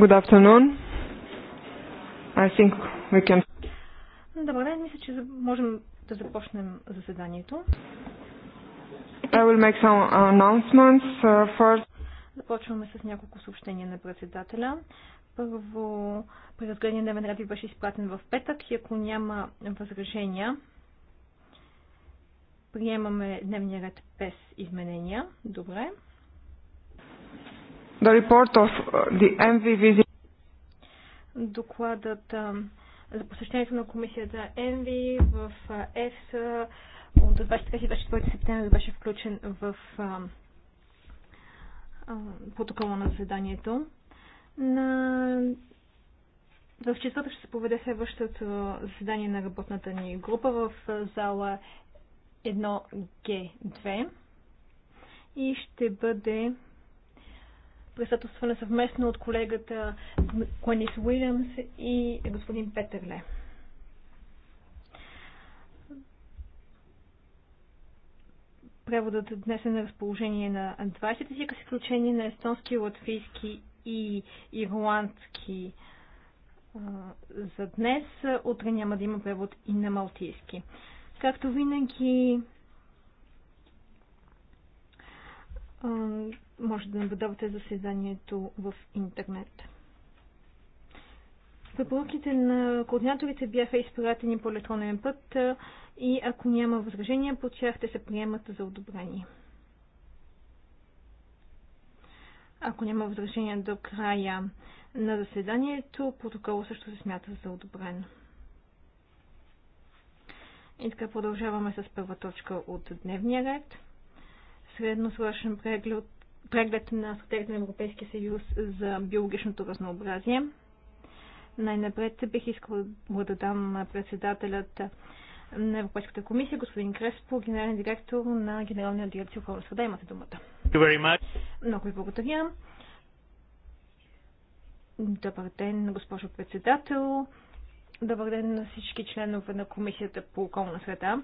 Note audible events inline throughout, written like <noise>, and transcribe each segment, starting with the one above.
Good afternoon. I think we can... Добър ден, мисля, че можем да започнем заседанието. I will make some announcements uh, first. Започваме с няколко съобщения на председателя. Първо, преразгледният дневен ред ви беше изпратен в петък и ако няма възражения, приемаме дневния ред без изменения. Добре. The report of uh, the visit. Докладът за посещението на комисията ЕНВИ в ЕС от 23-24 септември беше включен в протокола на заседанието. На... В четвъртък ще се поведе следващото заседание на работната ни група в зала 1G2 и ще бъде председателствана съвместно от колегата Куанис Уилямс и господин Петърле. Преводът днес е на разположение на 20 езика, с изключение на естонски, латвийски и ирландски за днес. Утре няма да има превод и на малтийски. Както винаги, може да наблюдавате заседанието в интернет. Препоръките на координаторите бяха изпратени по електронен път и ако няма възражения по тях, те се приемат за одобрение. Ако няма възражения до края на заседанието, протокол също се смята за одобрен. И така продължаваме с първа точка от дневния ред. Средносрочен преглед преглед на стратегията на Европейския съюз за биологичното разнообразие. Най-напред бих искала да дам председателят на Европейската комисия, господин Креспо, генерален директор на Генералния дирекция околна среда. Имате думата. Много ви благодаря. Добър ден, госпожо председател. Добър ден на всички членове на Комисията по околна среда.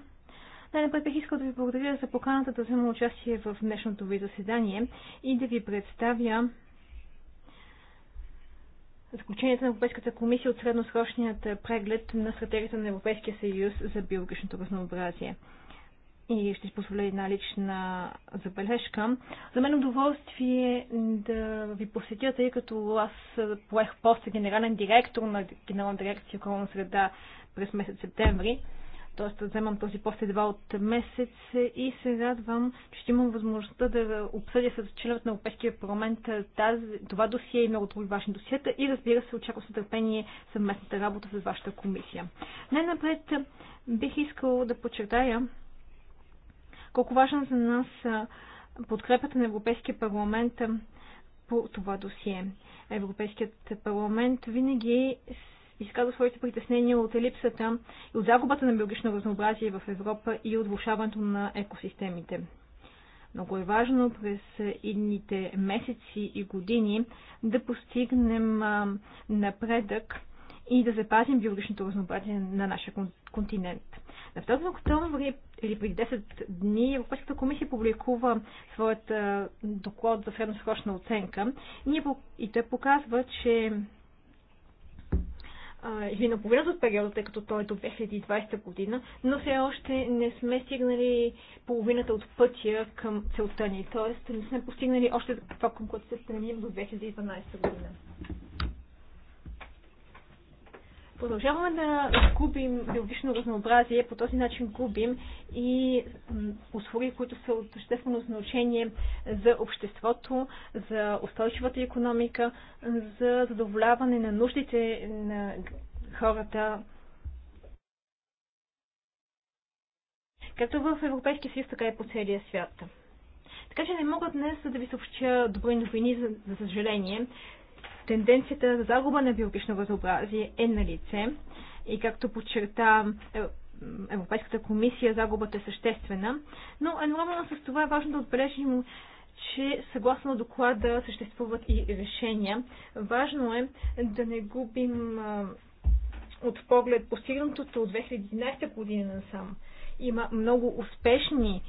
Най-напред бих искал да ви благодаря за поканата да взема участие в днешното ви заседание и да ви представя заключенията на Европейската комисия от средносрочният преглед на стратегията на Европейския съюз за биологичното разнообразие. И ще си позволя една лична забележка. За мен удоволствие е да ви посетя, тъй като аз поех поста генерален директор на Генерална дирекция околна среда през месец септември т.е. вземам този пост едва от месец и се радвам, че ще имам възможността да обсъдя с членът на Европейския парламент тази, това досие и много други важни досиета и разбира се, очаквам с търпение съвместната работа с вашата комисия. Най-напред бих искал да подчертая колко важен за нас подкрепата на Европейския парламент по това досие. Европейският парламент винаги Изказва своите притеснения от елипсата и от загубата на биологично разнообразие в Европа и от влушаването на екосистемите. Много е важно през идните месеци и години да постигнем напредък и да запазим биологичното разнообразие на нашия континент. На 2 октомври или преди 10 дни Европейската комисия публикува своят доклад за средносрочна оценка и той показва, че или на от периода, тъй като той е до 2020 година, но все още не сме стигнали половината от пътя към целта ни. Тоест не сме постигнали още това, към което се стремим до 2012 година. Продължаваме да губим биологично разнообразие, по този начин губим и услуги, които са от съществено значение за обществото, за устойчивата економика, за задоволяване на нуждите на хората както в Европейския съюз, така и по целия свят. Така че не мога днес да ви съобща добри новини, за, за съжаление, тенденцията за загуба на биологично разнообразие е на лице и както подчерта е, Европейската комисия, загубата е съществена, но едновременно с това е важно да отбележим че съгласно доклада съществуват и решения. Важно е да не губим от поглед постигнатото от 2011 година насам. Има много успешни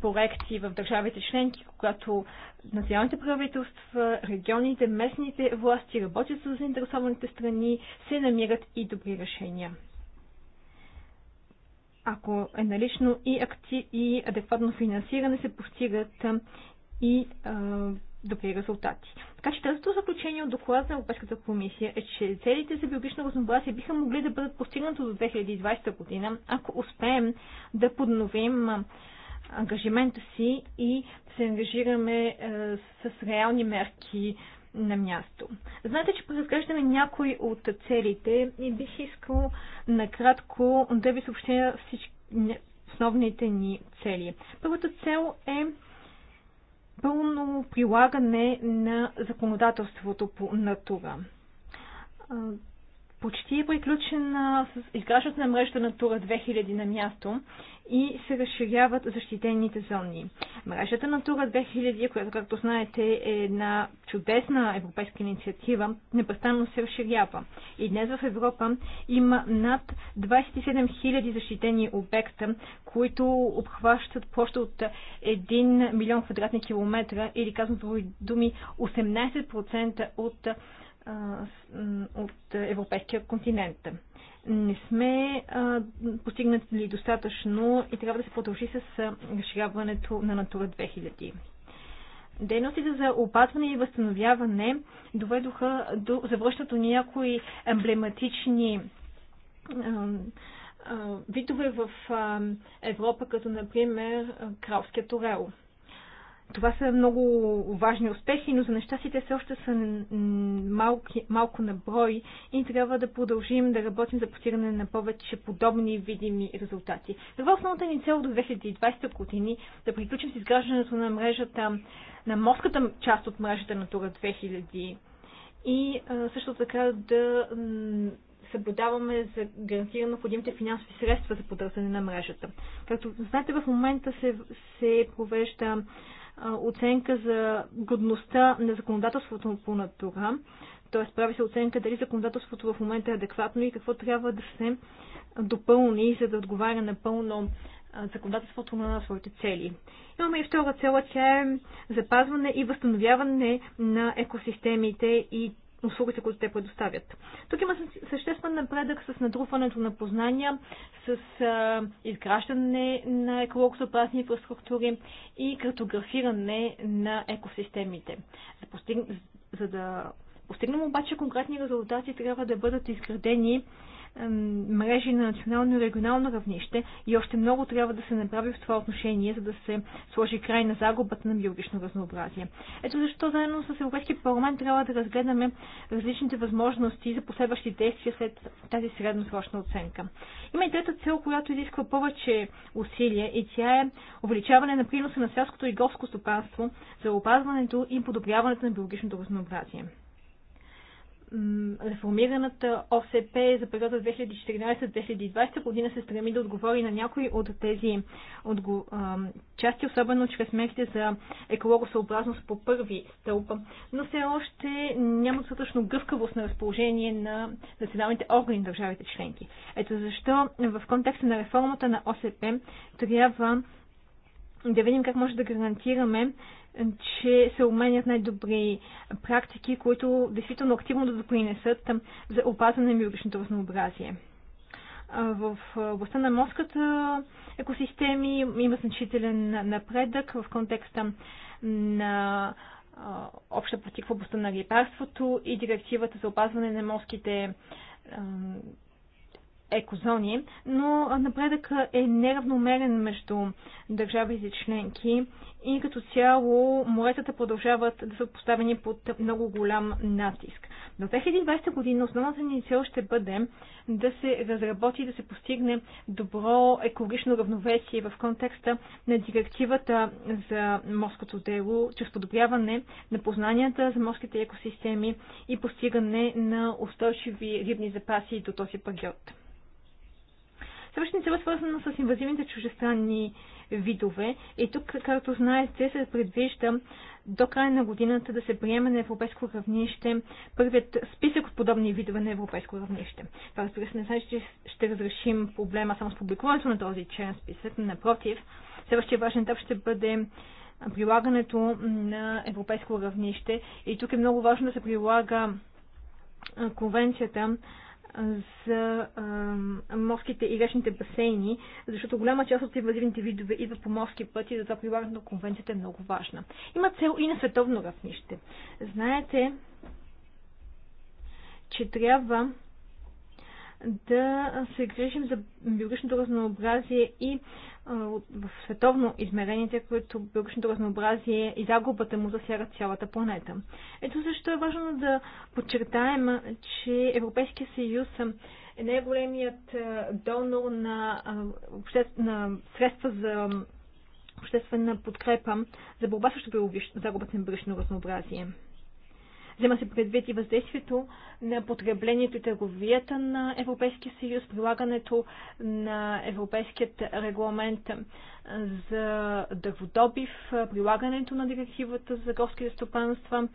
проекти в държавите членки, когато националните правителства, регионите, местните власти работят с заинтересованите страни, се намират и добри решения. Ако е налично и, акти, и адекватно финансиране, се постигат и а, добри резултати. Така че третото заключение от доклада на Европейската комисия е, че целите за биологично разнообразие биха могли да бъдат постигнати до 2020 година, ако успеем да подновим ангажимента си и се ангажираме е, с реални мерки на място. Знаете, че подразграждаме някои от целите и бих искал накратко да ви съобщя всички основните ни цели. Първата цел е пълно прилагане на законодателството по натура почти е приключена с изграждането на мрежата на Тура 2000 на място и се разширяват защитените зони. Мрежата на Тура 2000, която, както знаете, е една чудесна европейска инициатива, непрестанно се разширява. И днес в Европа има над 27 000 защитени обекта, които обхващат площа от 1 милион квадратни километра или казвам думи 18% от от европейския континент. Не сме постигнали достатъчно и трябва да се продължи с разширяването на Натура 2000. Дейностите за опазване и възстановяване доведоха до завръщането някои емблематични видове в Европа, като например кралският орел. Това са много важни успехи, но за нещастите те все още са малки, малко на брой и трябва да продължим да работим за постигане на повече подобни видими резултати. е основната ни цел до 2020 години да приключим с изграждането на мрежата, на морската част от мрежата Натура 2000 и също така да съблюдаваме за гарантирано необходимите финансови средства за поддържане на мрежата. Както знаете, в момента се, се провежда оценка за годността на законодателството по натура, т.е. прави се оценка дали законодателството в момента е адекватно и какво трябва да се допълни, за да отговаря напълно законодателството на своите цели. Имаме и втора цела, тя е запазване и възстановяване на екосистемите и услугите, които те предоставят. Тук има съществен напредък с натрупването на познания, с а, изграждане на екологосъобразни инфраструктури и картографиране на екосистемите. За, постиг... За да постигнем обаче конкретни резултати, трябва да бъдат изградени мрежи на национално и регионално равнище и още много трябва да се направи в това отношение, за да се сложи край на загубата на биологично разнообразие. Ето защо заедно с Европейския парламент трябва да разгледаме различните възможности за последващи действия след тази средносрочна оценка. Има и трета цел, която изисква повече усилия и тя е увеличаване на приноса на селското и горско стопанство за опазването и подобряването на биологичното разнообразие реформираната ОСП за периода 2014-2020 година се стреми да отговори на някои от тези отго... части, особено чрез мерките за екологосъобразност по първи стълб, но все още няма достатъчно гъвкавост на разположение на националните органи на държавите членки. Ето защо в контекста на реформата на ОСП трябва да видим как може да гарантираме че се обменят най-добри практики, които действително активно да допринесат за опазване на биологичното разнообразие. В областта на морската екосистеми има значителен напредък в контекста на обща практика в областта на рибарството и директивата за опазване на морските екозони, но напредък е неравномерен между държавите членки и като цяло моретата продължават да са поставени под много голям натиск. До 2020 година основната ни цел ще бъде да се разработи и да се постигне добро екологично равновесие в контекста на директивата за морското дело, чрез подобряване на познанията за морските екосистеми и постигане на устойчиви рибни запаси до този период. Следващия цел е свързано с инвазивните чужестранни видове. И тук, както знаете, се предвижда до края на годината да се приеме на европейско равнище първият списък от подобни видове на европейско равнище. Това разбира се не значи, че ще разрешим проблема само с публикуването на този черен списък. Напротив, следващия важен етап ще бъде прилагането на европейско равнище. И тук е много важно да се прилага конвенцията за морските и речните басейни, защото голяма част от инвазивните видове идват по морски пъти, затова прилагането на конвенцията е много важна. Има цел и на световно равнище. Знаете, че трябва да се грижим за биологичното разнообразие и в световно измерение, тъй като биологичното разнообразие и загубата му засягат цялата планета. Ето защо е важно да подчертаем, че Европейския съюз е най-големият донор на, на средства за обществена подкрепа за борба срещу загубата на биологично разнообразие. Взема се предвид и въздействието на потреблението и търговията на Европейския съюз, прилагането на Европейският регламент за дърводобив, прилагането на директивата за горските стопанства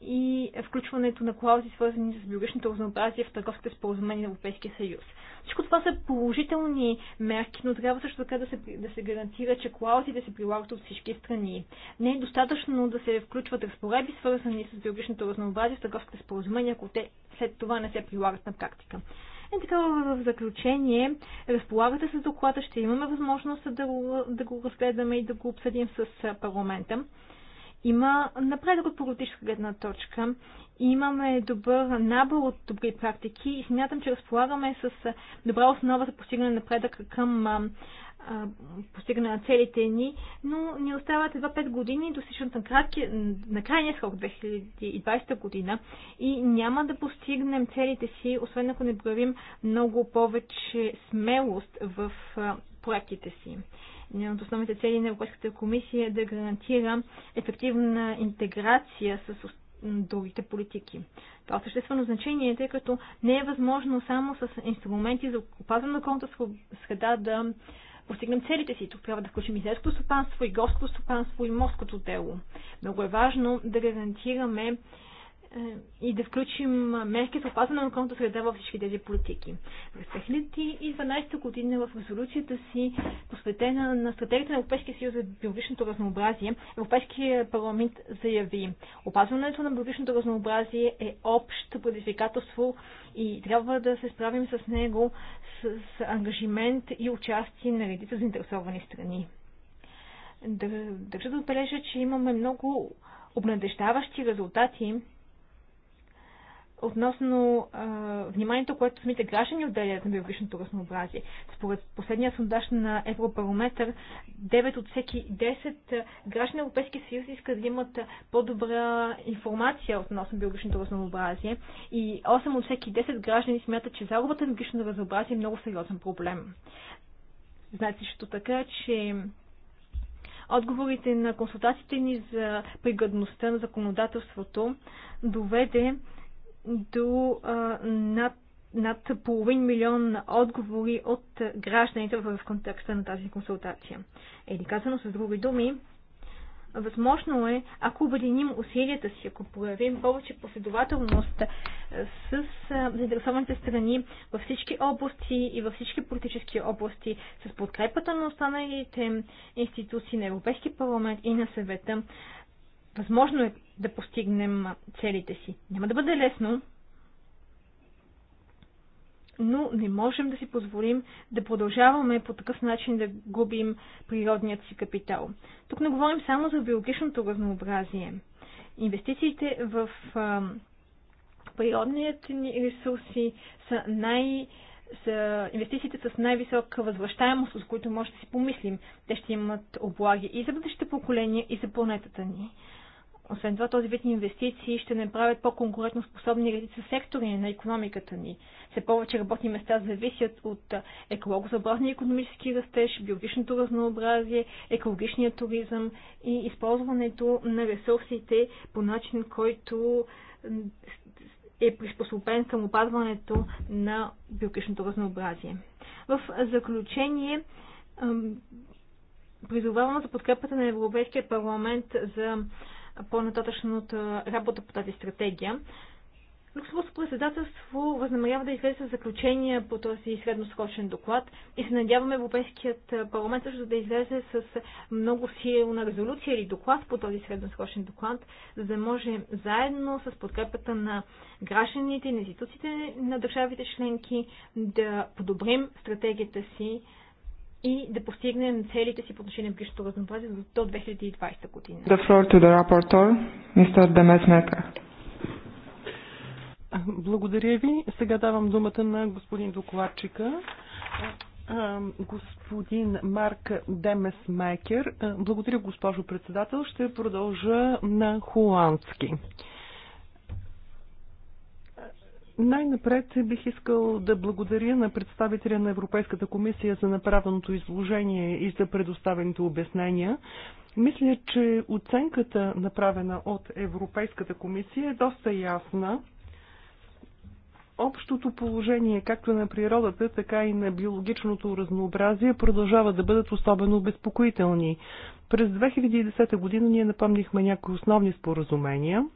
и включването на клаузи, свързани с биологичното разнообразие в търговските споразумения на Европейския съюз. Всичко това са положителни мерки, но трябва също така да се, да се гарантира, че клаузите се прилагат от всички страни. Не е достатъчно да се включват разпореди, свързани с биологичното разнообразие в търговските споразумения, ако те след това не се прилагат на практика. Е така, в заключение, разполагате с доклада, ще имаме възможност да го, да го разгледаме и да го обсъдим с парламента. Има напредък от политическа гледна точка. Имаме добър набор от добри практики и смятам, че разполагаме с добра основа за постигане напредък към постигане на целите ни, но ни остават едва 5 години до всичко на, кратки, на крайния срок 2020 година и няма да постигнем целите си, освен ако не проявим много повече смелост в проектите си от основните цели на Европейската комисия е да гарантира ефективна интеграция с другите политики. Това е съществено значение, тъй като не е възможно само с инструменти за опазване на околната среда да постигнем целите си. Тук трябва да включим и селското стопанство, и горското стопанство, и морското дело. Много е важно да гарантираме е, и да включим мерки за опазване на околната среда във всички тези политики. През 2012 година в резолюцията си, посветена на стратегията на Европейския съюз за биологичното разнообразие, Европейския парламент заяви, опазването на биологичното разнообразие е общо предизвикателство и трябва да се справим с него с, с ангажимент и участие на редица заинтересовани страни. Държа да отбележа, че имаме много обнадеждаващи резултати относно а, вниманието, което самите граждани отделят на биологичното разнообразие. Според последния сондаж на Европарометър, 9 от всеки 10 граждани на Европейския съюз искат да имат по-добра информация относно биологичното разнообразие и 8 от всеки 10 граждани смятат, че загубата на биологичното разнообразие е много сериозен проблем. Знаете също така, че отговорите на консултациите ни за пригодността на законодателството доведе до а, над, над половин милион отговори от гражданите в контекста на тази консултация. Или казано с други думи, възможно е, ако обединим усилията си, ако проявим повече последователност с заинтересованите страни във всички области и във всички политически области, с подкрепата на останалите институции на Европейски парламент и на съвета, Възможно е да постигнем целите си. Няма да бъде лесно, но не можем да си позволим да продължаваме по такъв начин да губим природният си капитал. Тук не говорим само за биологичното разнообразие. Инвестициите в а, природният ни ресурси са най- са инвестициите с най-висока възвръщаемост, с които може да си помислим. Те ще имат облаги и за бъдещите поколения, и за планетата ни. Освен това, този вид инвестиции ще направят по-конкурентно способни редица сектори на економиката ни. Все повече работни места зависят от екологосъобразния економически растеж, биологичното разнообразие, екологичния туризъм и използването на ресурсите по начин, който е приспособен към опазването на биологичното разнообразие. В заключение, призовавам за подкрепата на Европейския парламент за по-нататъчната работа по тази стратегия. Люксембургското председателство възнамерява да излезе с заключения по този средносрочен доклад и се надяваме Европейският парламент също да излезе с много силна резолюция или доклад по този средносрочен доклад, за да може заедно с подкрепата на гражданите и на институциите на държавите членки да подобрим стратегията си и да постигнем целите си по отношение на бъдещето разнообразие до 2020 година. The floor to the rapporteur, Mr. Demesmaker. Благодаря ви. Сега давам думата на господин докладчика. Господин Марк Демесмекер. Благодаря, госпожо председател. Ще продължа на холандски. Най-напред бих искал да благодаря на представителя на Европейската комисия за направеното изложение и за предоставените обяснения. Мисля, че оценката, направена от Европейската комисия, е доста ясна. Общото положение, както на природата, така и на биологичното разнообразие, продължава да бъдат особено обезпокоителни. През 2010 година ние напомнихме някои основни споразумения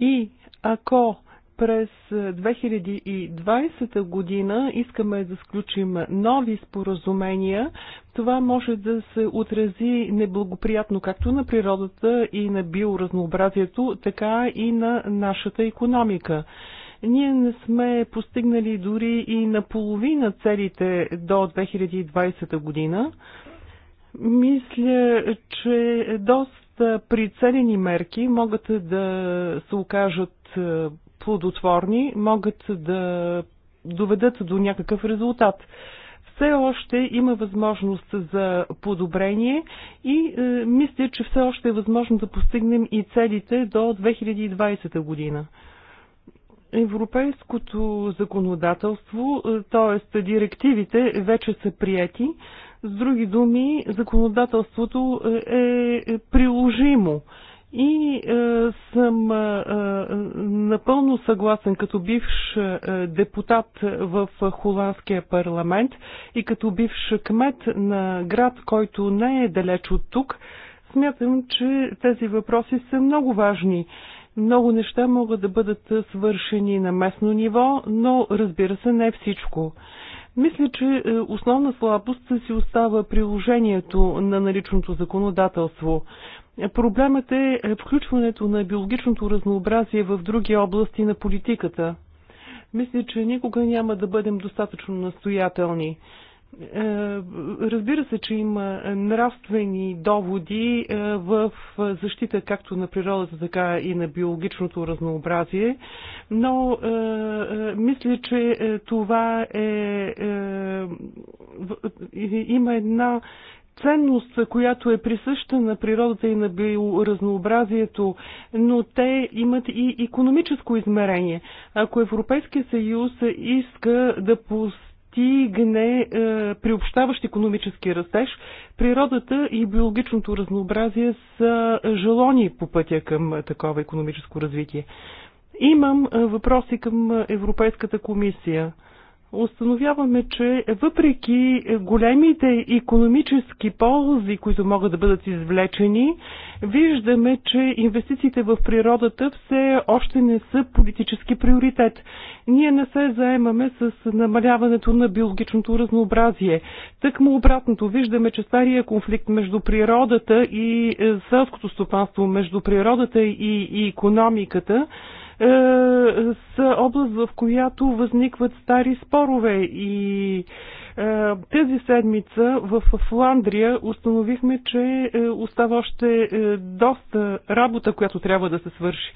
и ако през 2020 е, година искаме да сключим нови споразумения, това може да се отрази неблагоприятно както на природата и на биоразнообразието, така и на нашата економика. Ние не сме постигнали дори и наполовина целите до 2020 година. Мисля, че доста прицелени мерки могат да се окажат е, плодотворни, могат да доведат до някакъв резултат. Все още има възможност за подобрение и е, мисля, че все още е възможно да постигнем и целите до 2020 година. Европейското законодателство, т.е. директивите, вече са прияти. С други думи, законодателството е, е приложимо. И е, съм е, е, напълно съгласен като бивш е, депутат в Холандския парламент и като бивш кмет на град, който не е далеч от тук, смятам, че тези въпроси са много важни. Много неща могат да бъдат свършени на местно ниво, но разбира се не е всичко. Мисля, че е, основна слабост си остава приложението на наличното законодателство. Проблемът е, е включването на биологичното разнообразие в други области на политиката. Мисля, че никога няма да бъдем достатъчно настоятелни. Е, разбира се, че има нравствени доводи е, в защита както на природата, така и на биологичното разнообразие, но мисля, че това е. Има една ценност, която е присъща на природата и на биоразнообразието, но те имат и економическо измерение. Ако Европейския съюз иска да постигне е, приобщаващ економически растеж, природата и биологичното разнообразие са желони по пътя към такова економическо развитие. Имам е, въпроси към Европейската комисия установяваме, че въпреки големите економически ползи, които могат да бъдат извлечени, виждаме, че инвестициите в природата все още не са политически приоритет. Ние не се заемаме с намаляването на биологичното разнообразие. Тъкмо обратното, виждаме, че стария конфликт между природата и селското стопанство, между природата и економиката, е, са област, в която възникват стари спорове и е, тази седмица в Фландрия установихме, че е, остава още доста работа, която трябва да се свърши.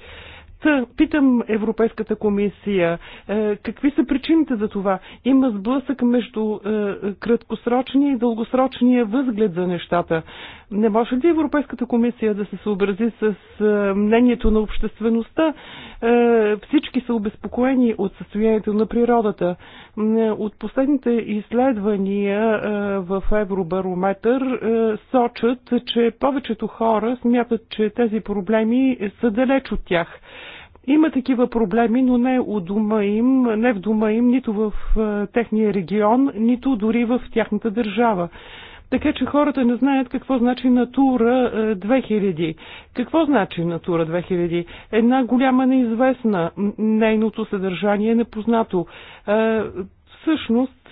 Та, питам Европейската комисия, е, какви са причините за това? Има сблъсък между е, краткосрочния и дългосрочния възглед за нещата. Не може ли Европейската комисия да се съобрази с е, мнението на обществеността? Всички са обезпокоени от състоянието на природата. От последните изследвания в Евробарометър сочат, че повечето хора смятат, че тези проблеми са далеч от тях. Има такива проблеми, но не, у дома им, не в дома им, нито в техния регион, нито дори в тяхната държава. Така че хората не знаят какво значи Натура 2000. Какво значи Натура 2000? Една голяма неизвестна. Нейното съдържание е непознато. Всъщност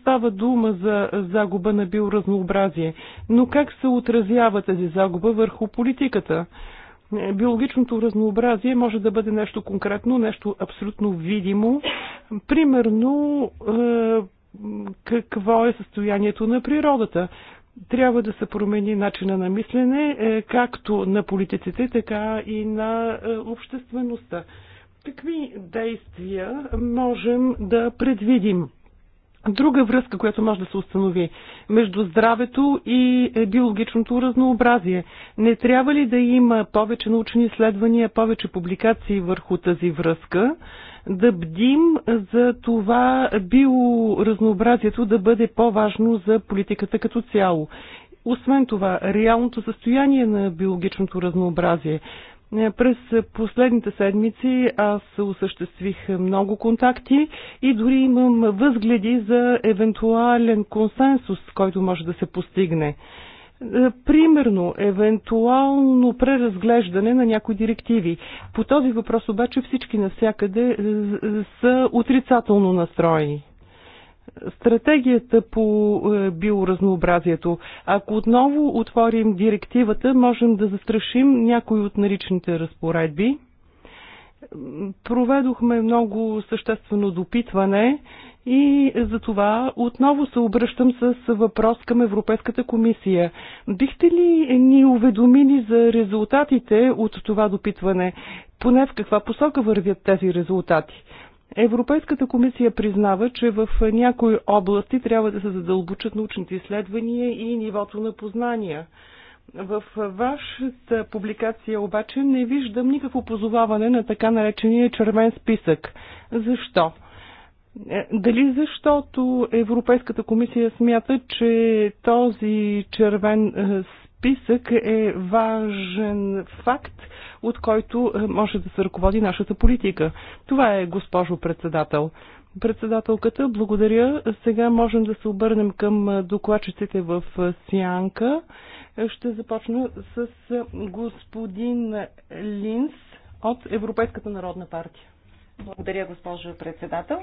става дума за загуба на биоразнообразие. Но как се отразява тази загуба върху политиката? биологичното разнообразие може да бъде нещо конкретно, нещо абсолютно видимо. Примерно, е, какво е състоянието на природата. Трябва да се промени начина на мислене, е, както на политиците, така и на е, обществеността. Какви действия можем да предвидим? друга връзка, която може да се установи между здравето и биологичното разнообразие. Не трябва ли да има повече научни изследвания, повече публикации върху тази връзка? Да бдим за това биоразнообразието да бъде по-важно за политиката като цяло. Освен това, реалното състояние на биологичното разнообразие, е, през последните седмици аз осъществих много контакти и дори имам възгледи за евентуален консенсус, който може да се постигне. Е, примерно, евентуално преразглеждане на някои директиви. По този въпрос обаче всички навсякъде е, са отрицателно настроени стратегията по е, биоразнообразието. Ако отново отворим директивата, можем да застрашим някои от наличните разпоредби. Проведохме много съществено допитване и за това отново се обръщам с въпрос към Европейската комисия. Бихте ли ни уведомили за резултатите от това допитване? Поне в каква посока вървят тези резултати? Европейската комисия признава, че в някои области трябва да се задълбочат научните изследвания и нивото на познания. В вашата публикация обаче не виждам никакво позоваване на така наречения червен списък. Защо? Е, дали защото Европейската комисия смята, че този червен е, списък е важен факт, от който е, може да се ръководи нашата политика. Това е, госпожо председател. Председателката, благодаря. Сега можем да се обърнем към е, докладчиците в е, Сянка. Ще започна с господин Линс от Европейската народна партия. Благодаря, госпожо председател.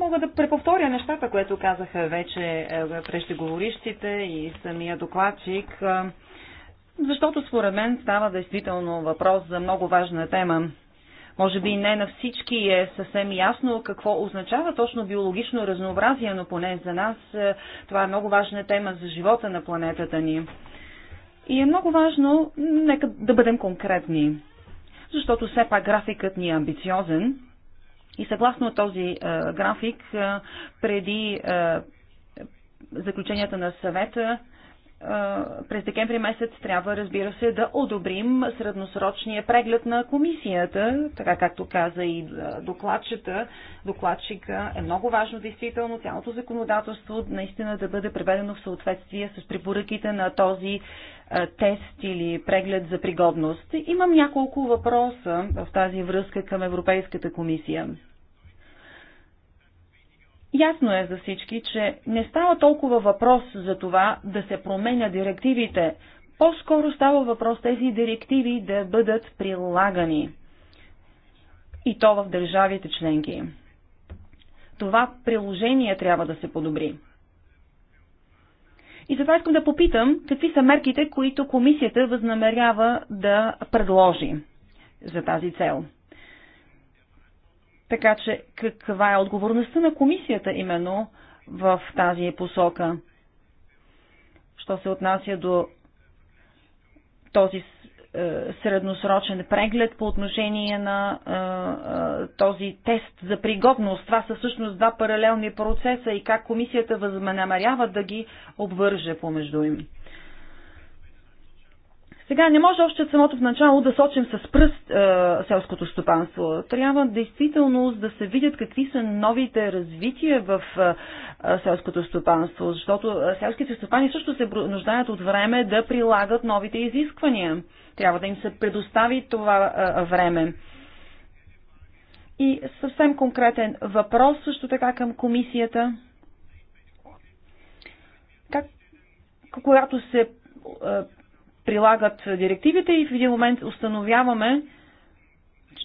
Мога да преповторя нещата, което казаха вече е, преждеговорищите и самия докладчик, е, защото според мен става действително въпрос за много важна тема. Може би не на всички е съвсем ясно какво означава точно биологично разнообразие, но поне за нас е, това е много важна тема за живота на планетата ни. И е много важно, нека да бъдем конкретни, защото все пак графикът ни е амбициозен и съгласно този е, график, е, преди е, заключенията на съвета, през декември месец трябва, разбира се, да одобрим средносрочния преглед на комисията, така както каза и докладчета, докладчика. Е много важно, действително, цялото законодателство наистина да бъде преведено в съответствие с препоръките на този тест или преглед за пригодност. Имам няколко въпроса в тази връзка към Европейската комисия. Ясно е за всички, че не става толкова въпрос за това да се променя директивите. По-скоро става въпрос тези директиви да бъдат прилагани. И то в държавите членки. Това приложение трябва да се подобри. И затова искам да попитам какви са мерките, които комисията възнамерява да предложи за тази цел. Така че каква е отговорността на комисията именно в тази посока? Що се отнася до този е, средносрочен преглед по отношение на е, е, този тест за пригодност. Това са всъщност два паралелни процеса и как комисията възнамерява да ги обвърже помежду им. Сега не може още от самото в начало да сочим с пръст е, селското стопанство. Трябва действително да се видят какви са новите развития в е, е селското стопанство, защото е, селските стопани също се нуждаят от време да прилагат новите изисквания. Трябва да им се предостави това е, време. И съвсем конкретен въпрос също така към комисията. Как, когато се е, прилагат директивите и в един момент установяваме,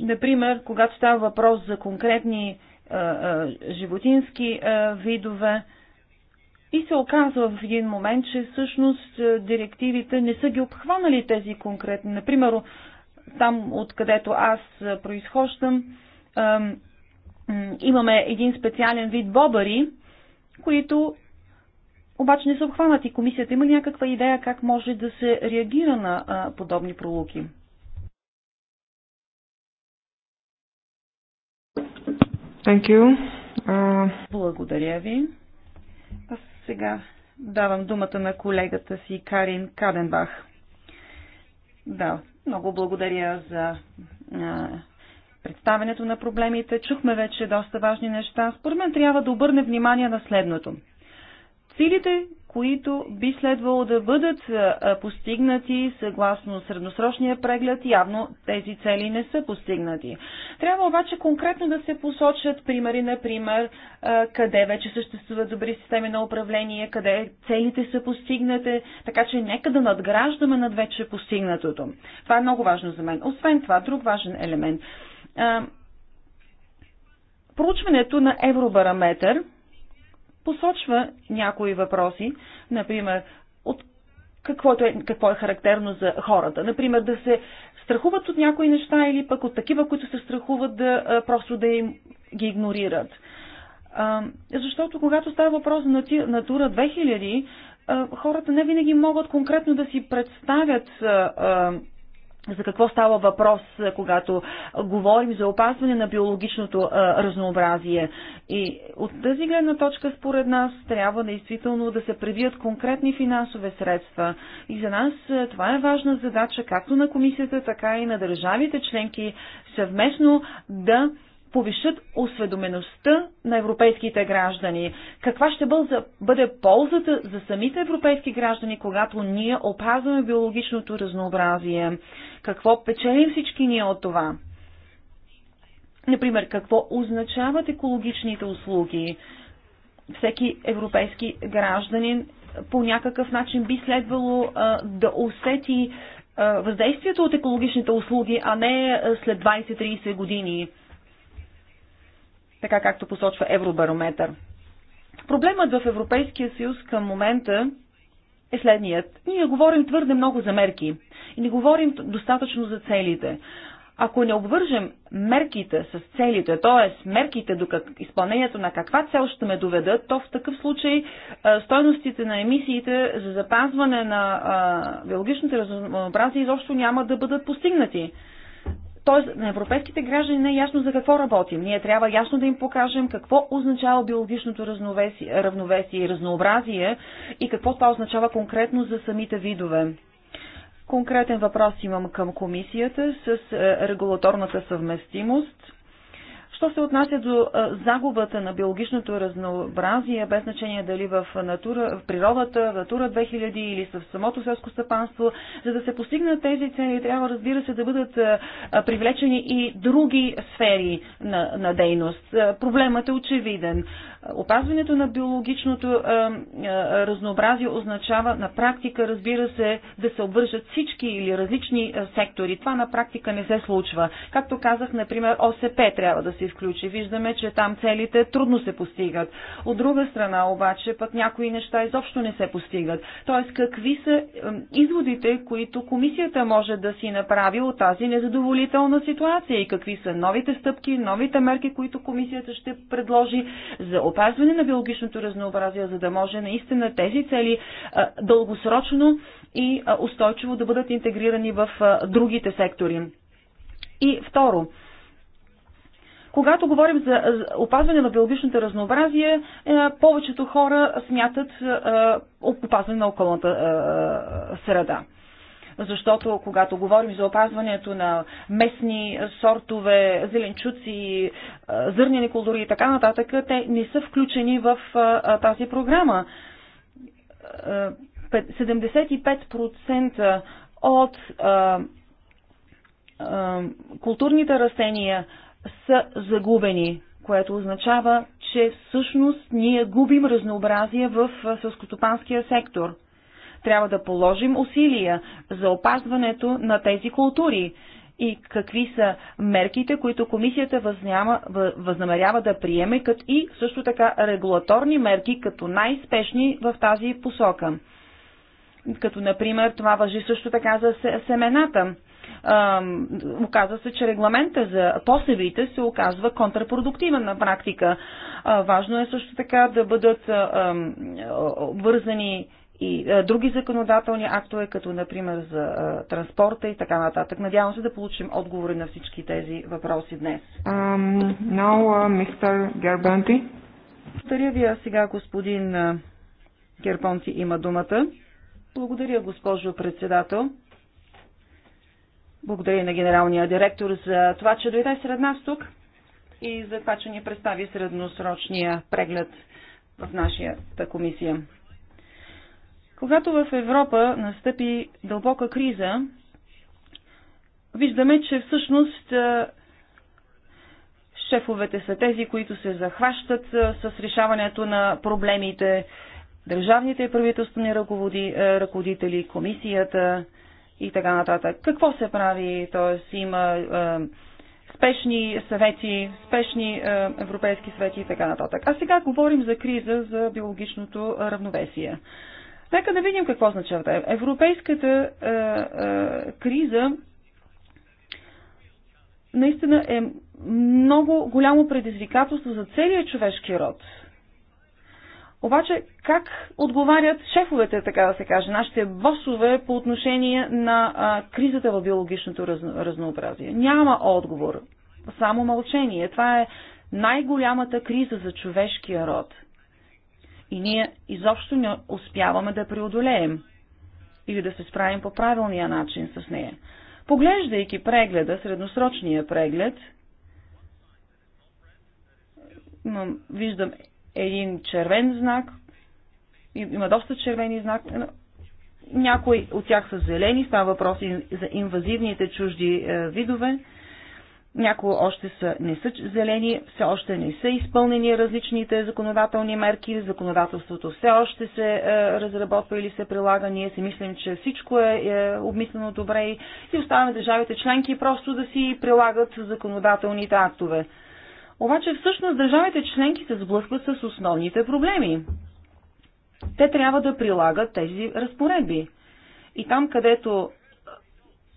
например, когато става въпрос за конкретни а, е, а, е, животински а, е, видове, и се оказва в един момент, че всъщност директивите не са ги обхванали тези конкретни. Например, там, откъдето аз произхождам, имаме един специален вид бобари, които обаче не са обхванати. Комисията има ли някаква идея как може да се реагира на а, подобни пролуки? Thank you. Uh... Благодаря ви. Аз сега давам думата на колегата си Карин Каденбах. Да, много благодаря за а, представенето на проблемите. Чухме вече доста важни неща. Според мен трябва да обърне внимание на следното – Целите, които би следвало да бъдат постигнати съгласно средносрочния преглед, явно тези цели не са постигнати. Трябва обаче конкретно да се посочат примери, например, къде вече съществуват добри системи на управление, къде целите са постигнати, така че нека да надграждаме над вече постигнатото. Това е много важно за мен. Освен това, друг важен елемент. Проучването на Евробараметър посочва някои въпроси, например, от каквото е, какво е характерно за хората. Например, да се страхуват от някои неща или пък от такива, които се страхуват да просто да им ги игнорират. А, защото когато става въпрос за Натура 2000, а, хората не винаги могат конкретно да си представят а, за какво става въпрос, е, когато говорим за опазване на биологичното а, е, разнообразие. И от тази гледна точка, според нас, трябва действително да се предвидят конкретни финансове средства. И за нас е, това е важна задача, както на комисията, така и на държавите членки, съвместно да повишат осведомеността на европейските граждани. Каква ще бъде ползата за самите европейски граждани, когато ние опазваме биологичното разнообразие? Какво печелим всички ние от това? Например, какво означават екологичните услуги? Всеки европейски гражданин по някакъв начин би следвало а, да усети а, въздействието от екологичните услуги, а не след 20-30 години така както посочва Евробарометър. Проблемът в Европейския съюз към момента е следният. Ние говорим твърде много за мерки и не говорим достатъчно за целите. Ако не обвържем мерките с целите, т.е. мерките до как, изпълнението на каква цел ще ме доведат, то в такъв случай стойностите на емисиите за запазване на биологичните разнообразия изобщо няма да бъдат постигнати. Тоест, на европейските граждани не е ясно за какво работим. Ние трябва ясно да им покажем какво означава биологичното равновесие, равновесие и разнообразие и какво това означава конкретно за самите видове. Конкретен въпрос имам към комисията с е, регулаторната съвместимост. Що се отнася до загубата на биологичното разнообразие, без значение дали в, натура, в природата, в Натура 2000 или в самото селско стъпанство, за да се постигнат тези цели, трябва разбира се да бъдат привлечени и други сфери на, на дейност. Проблемът е очевиден. Опазването на биологичното разнообразие означава на практика, разбира се, да се обвържат всички или различни сектори. Това на практика не се случва. Както казах, например, ОСП трябва да се изключи. Виждаме, че там целите трудно се постигат. От друга страна обаче, пък някои неща изобщо не се постигат. Тоест, какви са изводите, които комисията може да си направи от тази незадоволителна ситуация и какви са новите стъпки, новите мерки, които комисията ще предложи за опазване на биологичното разнообразие, за да може наистина тези цели дългосрочно и устойчиво да бъдат интегрирани в другите сектори. И второ, когато говорим за опазване на биологичното разнообразие, повечето хора смятат опазване на околната среда защото когато говорим за опазването на местни сортове, зеленчуци, е, зърнени култури и така нататък, те не са включени в е, е, тази програма. 75% от културните растения са загубени, което означава, че всъщност ние губим разнообразие в съскотопанския сектор трябва да положим усилия за опазването на тези култури и какви са мерките, които комисията възняма, възнамерява да приеме, като и също така регулаторни мерки като най-спешни в тази посока. Като, например, това въжи също така за семената. Оказва се, че регламента за посевите се оказва контрпродуктивен на практика. Важно е също така да бъдат обвързани и а, е, други законодателни актове, като например за а, е, транспорта и така нататък. Надявам се да получим отговори на всички тези въпроси днес. Um, uh, Благодаря ви, а сега господин а, е, Гербонти има думата. Благодаря, госпожо председател. Благодаря на генералния директор за това, че дойде сред нас тук и за това, че ни представи средносрочния преглед в нашата комисия. Когато в Европа настъпи дълбока криза, виждаме, че всъщност шефовете са тези, които се захващат с решаването на проблемите, държавните правителствени ръководи, ръководители, комисията и така нататък. Какво се прави? Тоест има е, спешни съвети, спешни е, европейски съвети и така нататък. А сега говорим за криза за биологичното равновесие. Нека да видим какво означава. Европейската а, е, а, е, криза наистина е много голямо предизвикателство за целия човешки род. Обаче, как отговарят шефовете, така да се каже, нашите босове по отношение на а, кризата в биологичното разно, разнообразие? Няма отговор, само мълчение. Това е най-голямата криза за човешкия род – и ние изобщо не успяваме да преодолеем или да се справим по правилния начин с нея. Поглеждайки прегледа, средносрочния преглед, имам, виждам един червен знак, има доста червени знак, някои от тях са зелени, става въпрос за инвазивните чужди е, видове, някои още са, не са зелени, все още не са изпълнени различните законодателни мерки, законодателството все още се е, разработва или се прилага. Ние си мислим, че всичко е, е обмислено добре и, и оставяме държавите членки просто да си прилагат законодателните актове. Обаче всъщност държавите членки се сблъскват с основните проблеми. Те трябва да прилагат тези разпоредби. И там, където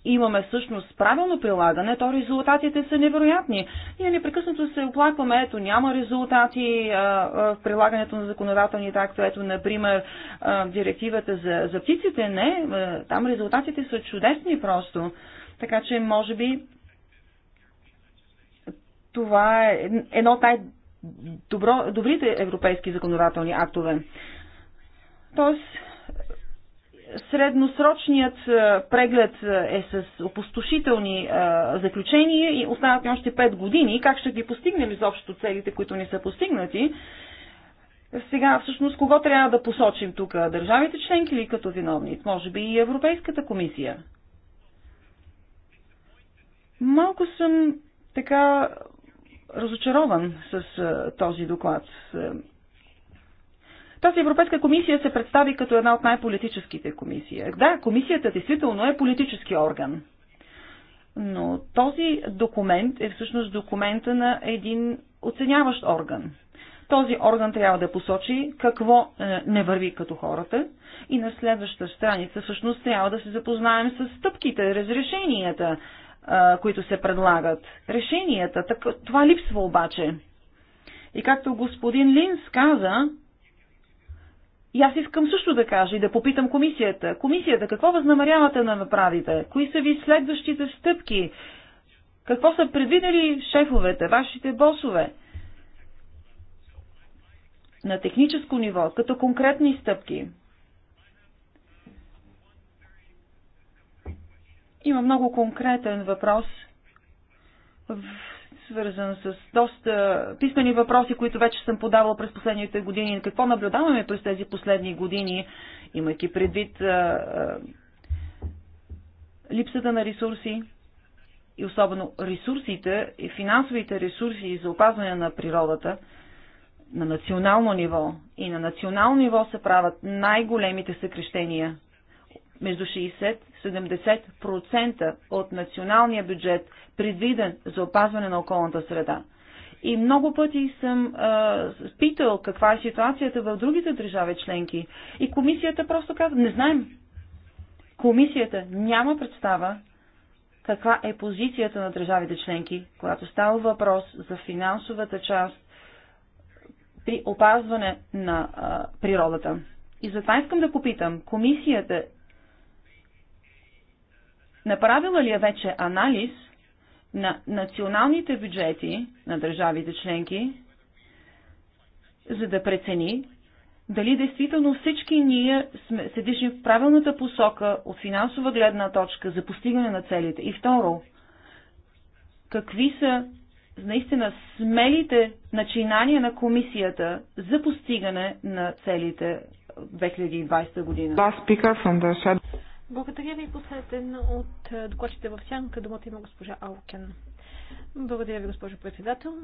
имаме всъщност правилно прилагане, то резултатите са невероятни. Ние непрекъснато се оплакваме, ето няма резултати а, а, в прилагането на законодателните такто, ето например а, директивата за, за птиците, не, а, там резултатите са чудесни просто. Така че може би това е едно от най-добрите европейски законодателни актове. Тоест, Средносрочният преглед е с опустошителни заключения и остават ни още 5 години. Как ще ги постигнем изобщо целите, които ни са постигнати? Сега всъщност кого трябва да посочим тук? Държавите членки или като виновни? Може би и Европейската комисия. Малко съм така разочарован с този доклад. Тази Европейска комисия се представи като една от най-политическите комисии. Да, комисията действително е политически орган. Но този документ е всъщност документа на един оценяващ орган. Този орган трябва да посочи какво е, не върви като хората и на следващата страница всъщност трябва да се запознаем с стъпките, разрешенията, е, които се предлагат. Решенията, так, това липсва обаче. И както господин Линс каза, и аз искам също да кажа и да попитам комисията. Комисията, какво възнамерявате да направите? Кои са ви следващите стъпки? Какво са предвидели шефовете, вашите босове? На техническо ниво, като конкретни стъпки. Има много конкретен въпрос, свързан с доста писмени въпроси, които вече съм подавал през последните години. Какво наблюдаваме през тези последни години, имайки предвид а, а, липсата на ресурси и особено ресурсите и финансовите ресурси за опазване на природата на национално ниво. И на национално ниво се правят най-големите съкрещения между 60-70% от националния бюджет, предвиден за опазване на околната среда. И много пъти съм а, питал каква е ситуацията в другите държави членки. И комисията просто казва, не знаем. Комисията няма представа каква е позицията на държавите членки, когато става въпрос за финансовата част при опазване на а, природата. И затова искам да попитам, комисията Направила ли е вече анализ на националните бюджети на държавите членки, за да прецени дали действително всички ние сме, се движим в правилната посока от финансова гледна точка за постигане на целите? И второ, какви са наистина смелите начинания на комисията за постигане на целите 2020 година? Благодаря ви последен от е, докладчите в сянка. Думата има госпожа Алкен. Благодаря ви, госпожо председател.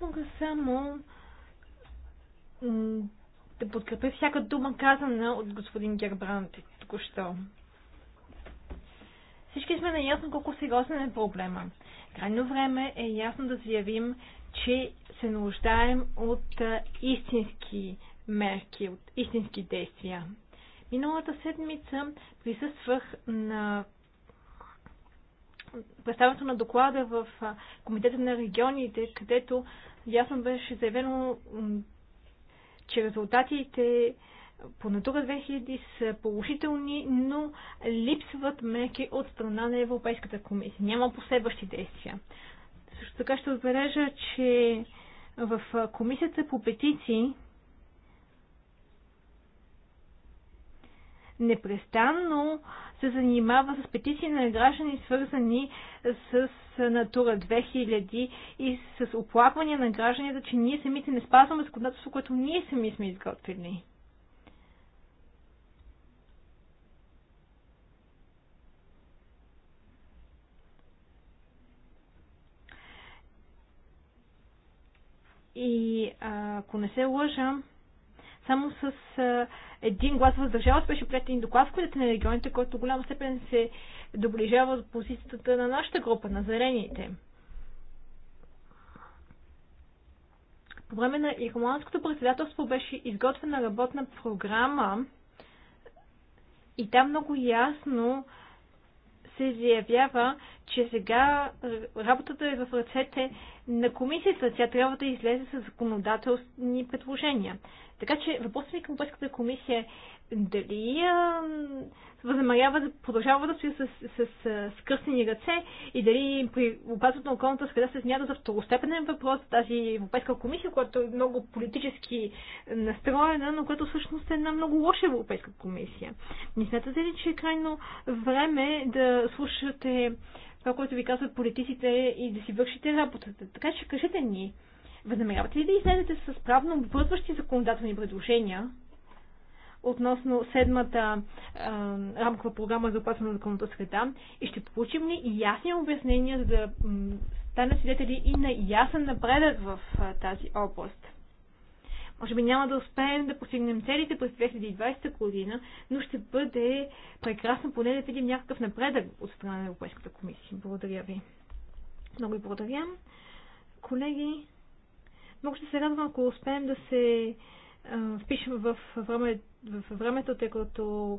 Мога само да подкрепя всяка дума казана от господин Гербрант току-що. Всички сме наясно колко сериозен е проблема. Крайно време е ясно да заявим, че се нуждаем от е, истински мерки, от истински действия. Миналата седмица присъствах на представянето на доклада в Комитета на регионите, където ясно беше заявено, че резултатите по Натура 2000 са положителни, но липсват мерки от страна на Европейската комисия. Няма последващи действия. Също така ще отбележа, че в Комисията по петиции непрестанно се занимава с петиции на граждани, свързани с Натура 2000 и с оплаквания на гражданите, че ние самите не спазваме законодателство, което ние сами сме изготвили. И ако не се лъжам, само с един глас въздържава се беше приятен и доклад в на регионите, който в голяма степен се доближава до позицията на нашата група, на зелените. По време на ирландското председателство беше изготвена работна програма и там много ясно се заявява, че сега работата е в ръцете на комисията. Тя трябва да излезе с законодателни предложения. Така че въпросът ми към Българската комисия е дали а, възнамерява да продължава да стои с, с, с кръстени ръце и дали при опазването на околната среда се смята за второстепенен въпрос тази Европейска комисия, която е много политически настроена, но която всъщност е една много лоша Европейска комисия. Не смятате ли, че е крайно време да слушате това, което ви казват политиците и да си вършите работата? Така че кажете ни, възнамерявате ли да излезете с правно обвързващи законодателни предложения? относно седмата а, рамкова програма за опасване на законната среда и ще получим ли ясни обяснения, за да станем свидетели и на ясен напредък в а, тази област. Може би няма да успеем да постигнем целите през 2020 година, но ще бъде прекрасно поне да видим някакъв напредък от страна на Европейската комисия. Благодаря ви. Много ви благодаря. Колеги, много ще се радвам, ако успеем да се впишем в времето във времето, тъй като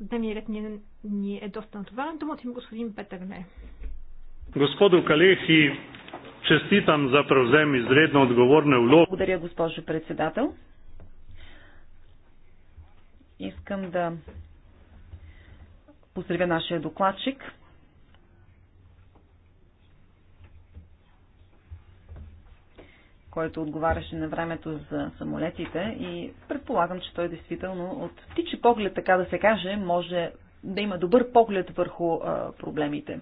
дневният ред ни, ни е доста натоварен. Думата има господин Петър Не. Господо Калехи, честитам за превзем изредно отговорна улога. Благодаря, госпожо председател. Искам да поздравя нашия докладчик който отговаряше на времето за самолетите и предполагам, че той действително от птичи поглед, така да се каже, може да има добър поглед върху а, проблемите.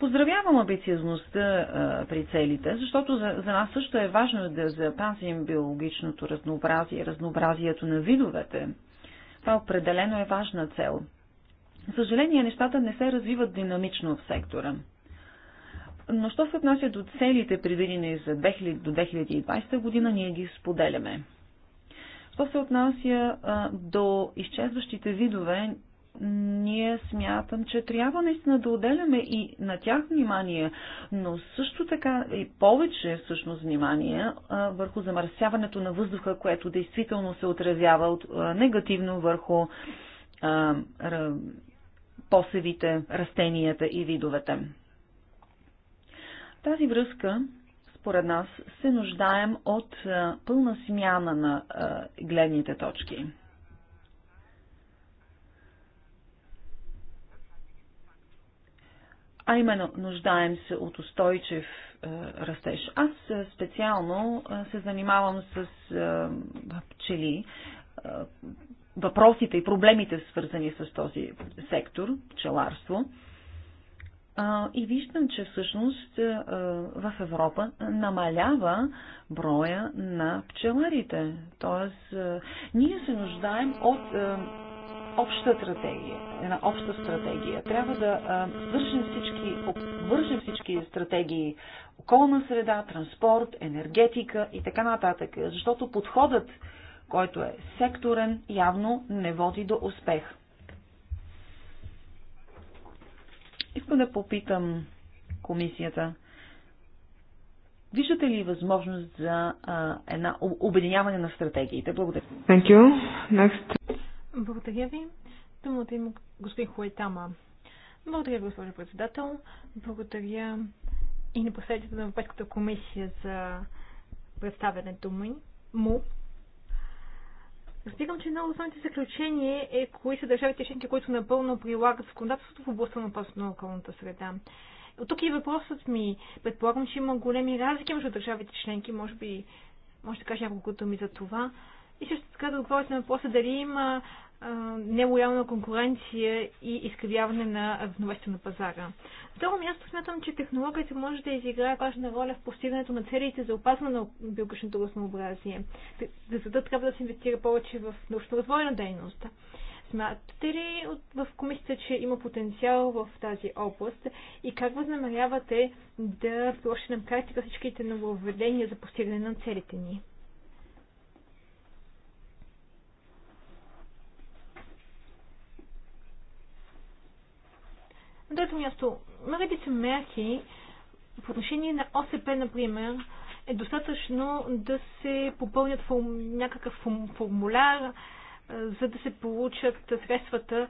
Поздравявам амбициозността при целите, защото за, за нас също е важно да запазим биологичното разнообразие, разнообразието на видовете. Това определено е важна цел. За съжаление, нещата не се развиват динамично в сектора. Но що се отнася до целите, предвидени за 2000, до 2020 година, ние ги споделяме. Що се отнася а, до изчезващите видове, ние смятам, че трябва наистина да отделяме и на тях внимание, но също така и повече всъщност внимание а, върху замърсяването на въздуха, което действително се отразява от, а, негативно върху а, посевите, растенията и видовете тази връзка, според нас, се нуждаем от пълна смяна на гледните точки. а именно нуждаем се от устойчив растеж. Аз специално се занимавам с пчели, въпросите и проблемите свързани с този сектор, пчеларство и виждам, че всъщност в Европа намалява броя на пчеларите. Тоест, ние се нуждаем от обща стратегия, една обща стратегия. Трябва да вършим всички, вържим всички стратегии околна среда, транспорт, енергетика и така нататък, защото подходът, който е секторен, явно не води до успех. Искам да попитам комисията. Виждате ли възможност за а, една обединяване на стратегиите? Благодаря. Thank you. Next. Благодаря ви. Думата има господин Хуайтама. Благодаря господин госпожо председател. Благодаря и на представителите на Европейската комисия за представянето му. Разбирам, че едно от основните заключения е кои са държавите членки, които напълно прилагат законодателството в областта на опасност на околната среда. От тук и въпросът ми. Предполагам, че има големи разлики между държавите членки, може би, може да кажа няколко думи за това. И също така да отговорите на въпроса дали има нелоялна конкуренция и изкривяване на равновесието на пазара. Второ място смятам, че технологията може да изиграе важна роля в постигането на целите за опазване на биологичното разнообразие. Затова трябва да се инвестира повече в научно-развойна дейност. Смятате ли в комисията, че има потенциал в тази област и как възнамерявате да приложите на практика всичките нововведения за постигане на целите ни? На трето място, редица мерки по отношение на ОСП, например, е достатъчно да се попълнят фор... някакъв формуляр, за да се получат средствата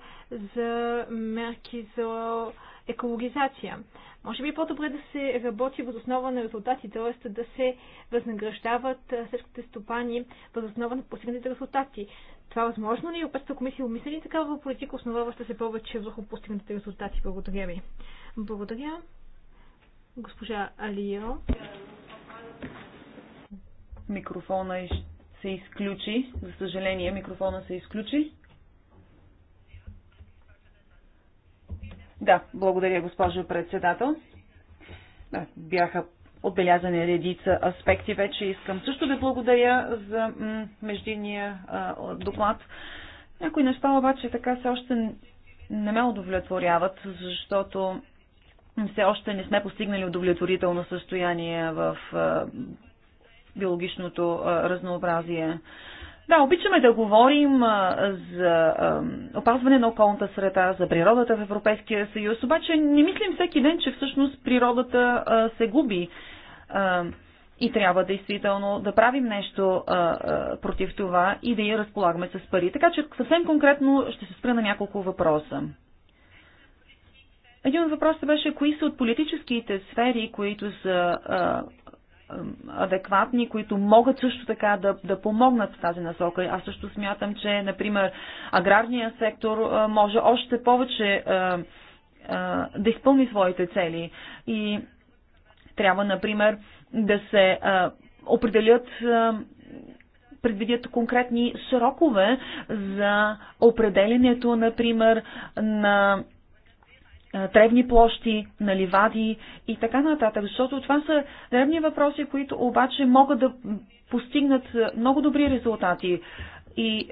за мерки за екологизация. Може би е по-добре да се работи въз основа на резултати, т.е. да се възнаграждават всичките стопани въз основа на постигнатите резултати. Това е възможно ли? Опетата комисия обмисли ли такава политика, основаваща се повече върху постигнатите резултати? Благодаря ви. Благодаря. Госпожа Алио. Микрофона се изключи. За съжаление, микрофона се изключи. Да, благодаря, госпожо председател. Да, бяха отбелязани редица аспекти. Вече искам също да благодаря за междинния доклад. Някои неща обаче така все още не ме удовлетворяват, защото все още не сме постигнали удовлетворително състояние в биологичното разнообразие. Да, обичаме да говорим за опазване на околната среда, за природата в Европейския съюз, обаче не мислим всеки ден, че всъщност природата се губи и трябва действително да правим нещо а, а, против това и да я разполагаме с пари. Така че съвсем конкретно ще се спра на няколко въпроса. Един от въпросите беше кои са от политическите сфери, които са а, адекватни, които могат също така да, да помогнат в тази насока. Аз също смятам, че, например, аграрния сектор може още повече да изпълни своите цели и трябва, например, да се определят предвидят конкретни срокове за определенето, например, на древни площи, на ливади и така нататък, защото това са древни въпроси, които обаче могат да постигнат много добри резултати. И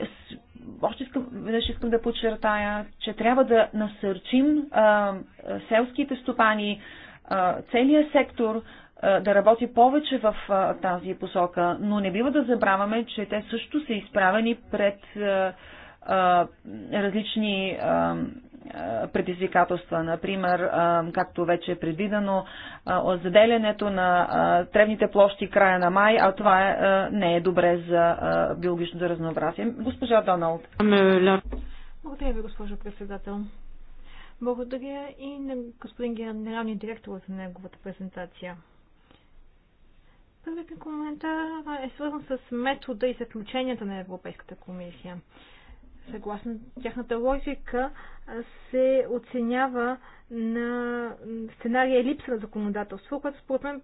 още искам, веднъж искам да подчертая, че трябва да насърчим а, селските стопани, целият сектор а, да работи повече в а, тази посока, но не бива да забравяме, че те също са изправени пред а, а, различни а, е, предизвикателства. Например, е, както вече е предвидено, е, заделянето на тревните площи края на май, а това не е добре за биологичното разнообразие. Госпожа Доналд. Благодаря ви, госпожо председател. Благодаря и на господин генералния директор за неговата презентация. Първият коментар е свързан с метода и заключенията на Европейската комисия съгласно тяхната логика, се оценява на сценария е липса на законодателство, което според мен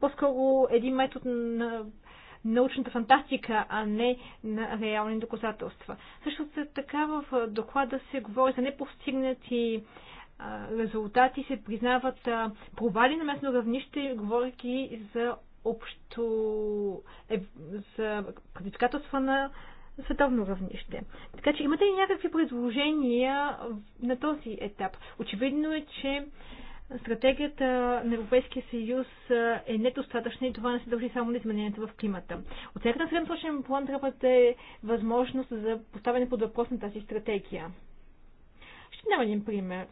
по-скоро е един метод на научната фантастика, а не на реални доказателства. Също така в доклада се говори за непостигнати резултати, се признават провали на местно равнище, говоряки за общо е, за предизвикателства на световно равнище. Така че имате ли някакви предложения на този етап? Очевидно е, че стратегията на Европейския съюз е недостатъчна и това не се дължи само на измененията в климата. От всяка на средносрочен план трябва да е възможност за поставяне под въпрос на тази стратегия. Ще дам един пример.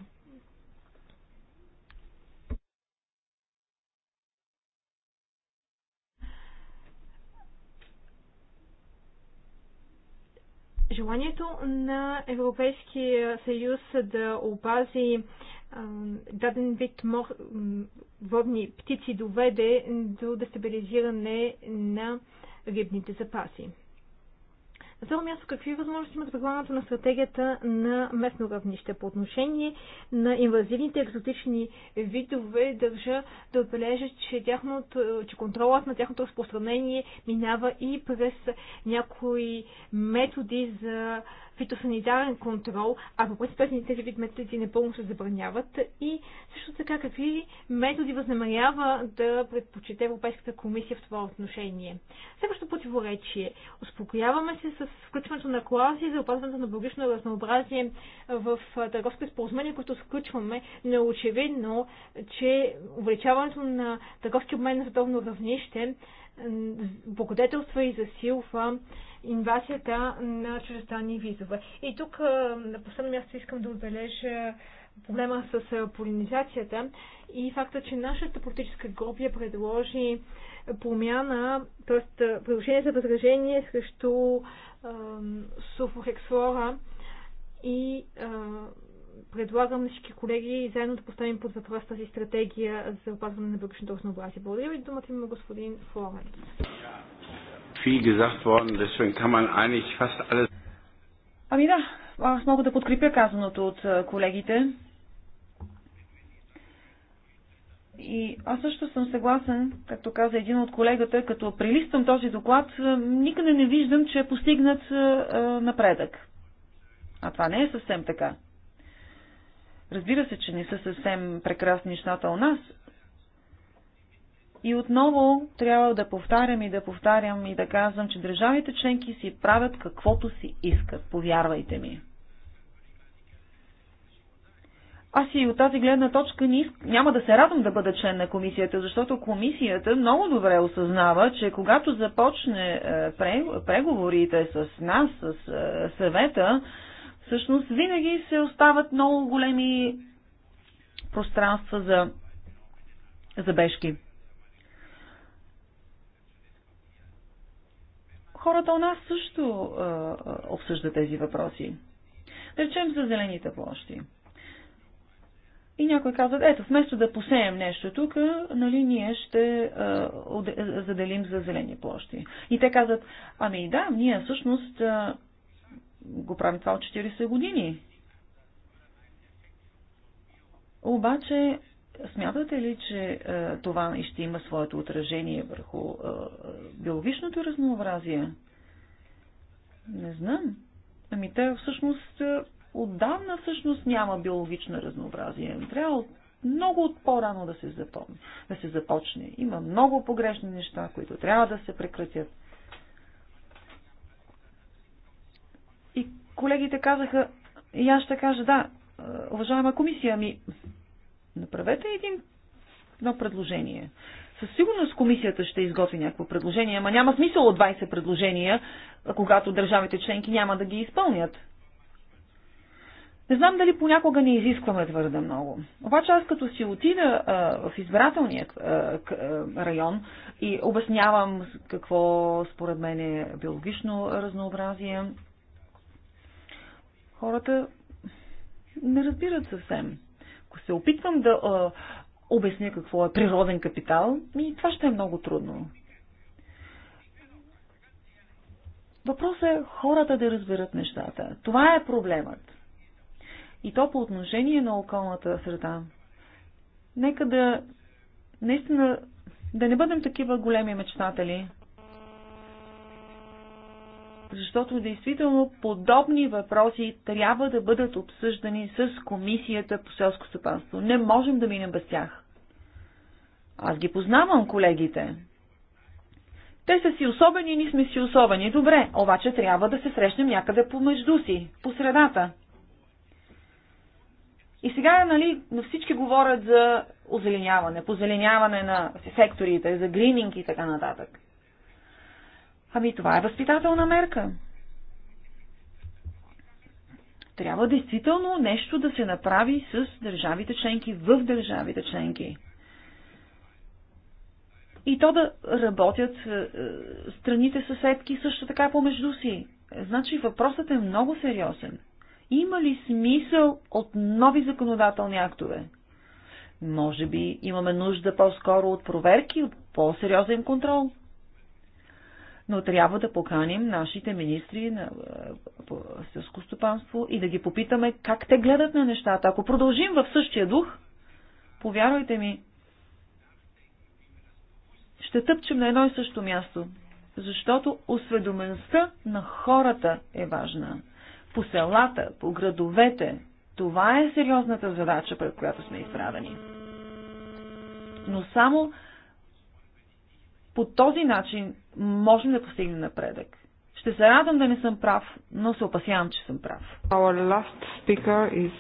Желанието на Европейския съюз да опази даден вид мор... водни птици доведе до дестабилизиране на рибните запаси. На второ място, какви възможности имат прилагането на стратегията на местно равнище? По отношение на инвазивните екзотични видове, държа да отбележа, че, тяхното, че контролът на тяхното разпространение минава и през някои методи за фитосанитарен контрол, а по принцип тези вид методи непълно се забраняват и също така какви методи възнамерява да предпочете Европейската комисия в това отношение. Следващото противоречие. Успокояваме се с включването на класи за опазването на биологично разнообразие в търговските споразумения, които включваме, но очевидно, че увеличаването на търговски обмен на световно равнище благодетелства и засилва инвазията на чуждестранни визове. И тук на последно място искам да отбележа проблема с полинизацията и факта, че нашата политическа група предложи промяна, т.е. предложение за възражение срещу суфохексфлора и предлагам на всички колеги заедно да поставим под въпрос тази стратегия за опазване на биологичното разнообразие. Благодаря ви, думата има господин Флорен. Ами да, аз мога да подкрепя казаното от колегите. И аз също съм съгласен, както каза един от колегата, като прилистам този доклад, никъде не виждам, че е постигнат напредък. А това не е съвсем така. Разбира се, че не са съвсем прекрасни нещата у нас. И отново трябва да повтарям и да повтарям и да казвам, че държавите членки си правят каквото си искат, повярвайте ми. Аз и от тази гледна точка няма да се радвам да бъда член на комисията, защото комисията много добре осъзнава, че когато започне е, преговорите с нас, с е, съвета, всъщност винаги се остават много големи пространства за бежки. Хората у нас също а, обсъждат тези въпроси. речем за зелените площи. И някой казват, ето, вместо да посеем нещо тук, нали, ние ще а, заделим за зелени площи. И те казват, ами да, ние всъщност а, го правим това от 40 години. Обаче, смятате ли, че е, това ще има своето отражение върху е, биологичното разнообразие? Не знам. Ами те всъщност е, отдавна всъщност няма биологично разнообразие. Трябва много от по-рано да се запомни, да се започне. Има много погрешни неща, които трябва да се прекратят. Колегите казаха, и аз ще кажа, да, е, уважаема комисия, ми направете един, едно предложение. Със сигурност комисията ще изготви някакво предложение, ама няма смисъл от 20 предложения, е, когато държавите членки няма да ги изпълнят. Не знам дали понякога не изискваме твърде много. Обаче аз като си отида а, е, в избирателния а, к, а, район и обяснявам какво според мен е биологично разнообразие, хората не разбират съвсем. Ако се опитвам да а, обясня какво е природен капитал, ми това ще е много трудно. Въпросът е хората да разберат нещата. Това е проблемът. И то по отношение на околната среда. Нека да наистина да не бъдем такива големи мечтатели защото действително подобни въпроси трябва да бъдат обсъждани с Комисията по селско стопанство. Не можем да минем без тях. Аз ги познавам, колегите. Те са си особени, ние сме си особени. Добре, обаче трябва да се срещнем някъде помежду си, по средата. И сега, нали, всички говорят за озеленяване, позеленяване на секторите, за грининг и така нататък. Ами това е възпитателна мерка. Трябва действително нещо да се направи с държавите членки, в държавите членки. И то да работят е, е, страните съседки също така помежду си. Значи въпросът е много сериозен. Има ли смисъл от нови законодателни актове? Може би имаме нужда по-скоро от проверки, от по-сериозен контрол но трябва да поканим нашите министри на е, селско стопанство и да ги попитаме как те гледат на нещата. Ако продължим в същия дух, повярвайте ми, ще тъпчем на едно и също място, защото осведомеността на хората е важна. По селата, по градовете, това е сериозната задача, пред която сме изправени. Но само по този начин можем да постигнем напредък. Ще се радвам да не съм прав, но се опасявам, че съм прав. Our last speaker is...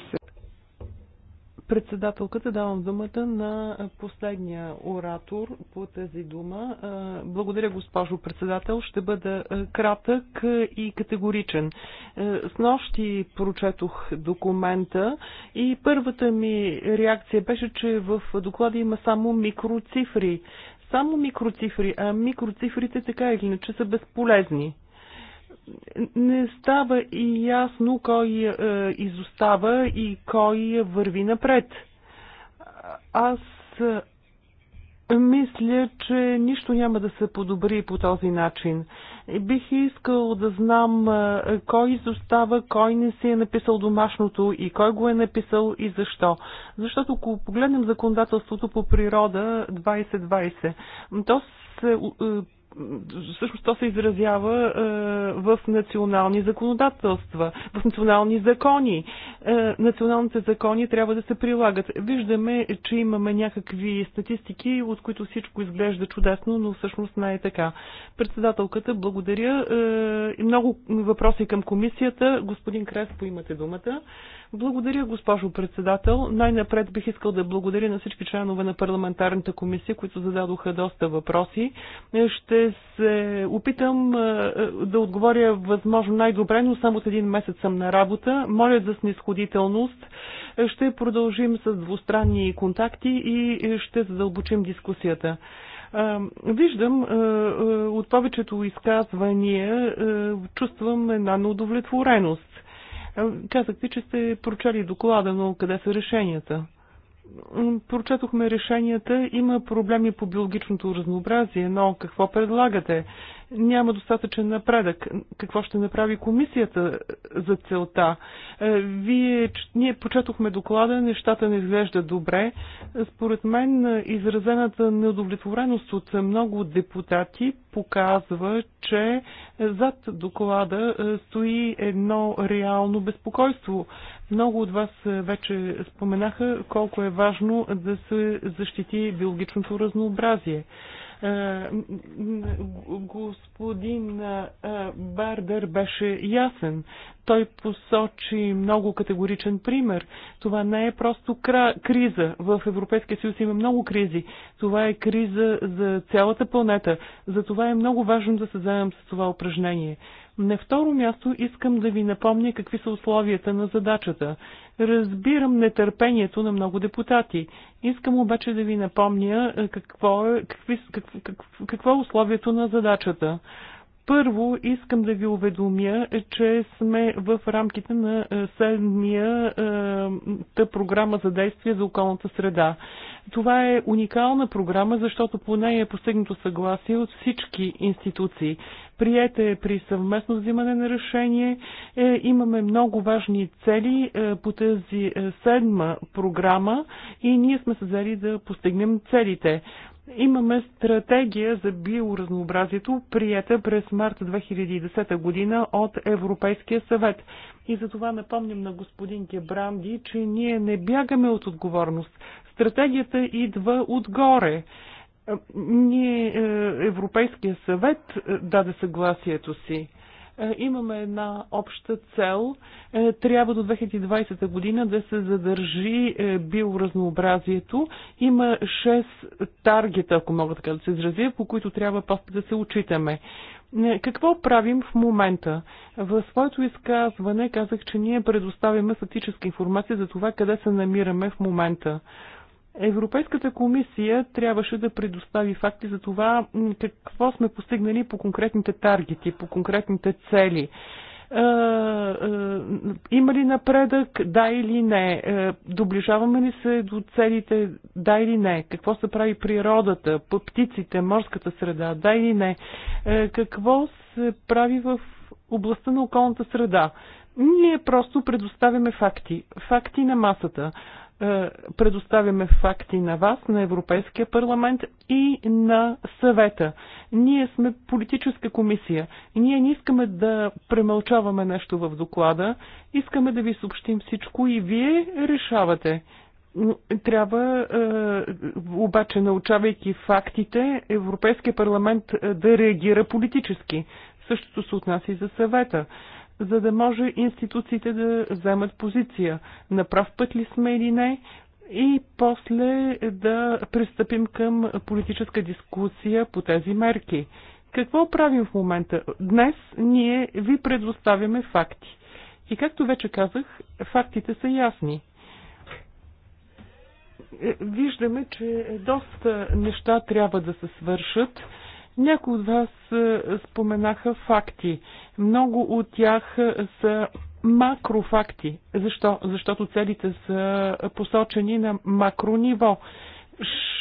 Председателката давам думата на последния оратор по тази дума. Благодаря, госпожо председател. Ще бъда кратък и категоричен. С нощи прочетох документа и първата ми реакция беше, че в доклада има само микроцифри само микроцифри, а микроцифрите така или иначе са безполезни. Не става и ясно кой е, изостава и кой върви напред. Аз мисля, че нищо няма да се подобри по този начин. Бих искал да знам кой изостава, кой не си е написал домашното и кой го е написал и защо. Защото ако погледнем законодателството по природа 2020, то се е, всъщност то се изразява е, в национални законодателства, в национални закони. Е, националните закони трябва да се прилагат. Виждаме, че имаме някакви статистики, от които всичко изглежда чудесно, но всъщност не е така. Председателката, благодаря. Е, много въпроси към комисията. Господин Креспо, имате думата. Благодаря, госпожо председател. Най-напред бих искал да благодаря на всички членове на парламентарната комисия, които зададоха доста въпроси. Ще се опитам е, е, да отговоря възможно най-добре, но само от един месец съм на работа. Моля за снисходителност. Ще продължим с двустранни контакти и ще задълбочим дискусията. Е, виждам от повечето изказвания, чувствам една неудовлетвореност. Казахте, че сте прочели доклада, но къде са решенията? прочетохме решенията, има проблеми по биологичното разнообразие, но какво предлагате? няма достатъчен напредък. Какво ще направи комисията за целта? Е, вие, ние почетохме доклада, нещата не изглеждат добре. Според мен изразената неудовлетвореност от много депутати показва, че зад доклада е, стои едно реално безпокойство. Много от вас е, вече споменаха колко е важно да се защити биологичното разнообразие. Господин Бардер беше ясен. Той посочи много категоричен пример. Това не е просто криза. В Европейския съюз има много кризи. Това е криза за цялата планета. Затова е много важно да се заемем с това упражнение. На второ място искам да ви напомня какви са условията на задачата. Разбирам нетърпението на много депутати. Искам обаче да ви напомня е, какво е, какви, какво, какво е условието на задачата. Първо искам да ви уведомя, че сме в рамките на е, седмията е, програма за действие за околната среда. Това е уникална програма, защото по нея е постигнато съгласие от всички институции. Приете е при съвместно взимане на решение. Е, имаме много важни цели е, по тази е, седма програма и ние сме се взели да постигнем целите. Имаме стратегия за биоразнообразието, прията през март 2010 година от Европейския съвет. И за това напомням на господин Гебранди, че ние не бягаме от отговорност. Стратегията идва отгоре. Ние, е, Европейския съвет, е, даде съгласието си. Е, имаме една обща цел. Е, трябва до 2020 година да се задържи е, биоразнообразието. Има 6 таргета, ако мога така да се изразя, по които трябва просто да се очитаме. Какво правим в момента? В своето изказване казах, че ние предоставяме фактическа информация за това къде се намираме в момента. Европейската комисия трябваше да предостави факти за това какво сме постигнали по конкретните таргети, по конкретните цели. Е, е, има ли напредък, да или не? Е, доближаваме ли се до целите, да или не? Какво се прави природата, по птиците, морската среда, да или не? Какво се прави в областта на околната среда? Ние просто предоставяме факти. Факти на масата. Е, предоставяме факти на вас, на Европейския парламент и на съвета. Ние сме политическа комисия. Ние не искаме да премълчаваме нещо в доклада. Искаме да ви съобщим всичко и вие решавате. Трябва, е, обаче, научавайки фактите, Европейския парламент е, да реагира политически. Същото се отнася и за съвета за да може институциите да вземат позиция. На прав път ли сме или не? И после да пристъпим към политическа дискусия по тези мерки. Какво правим в момента? Днес ние ви предоставяме факти. И както вече казах, фактите са ясни. Е, виждаме, че доста неща трябва да се свършат някои от вас е, споменаха факти. Много от тях е, са макрофакти. Защо? Защото целите са посочени на макрониво.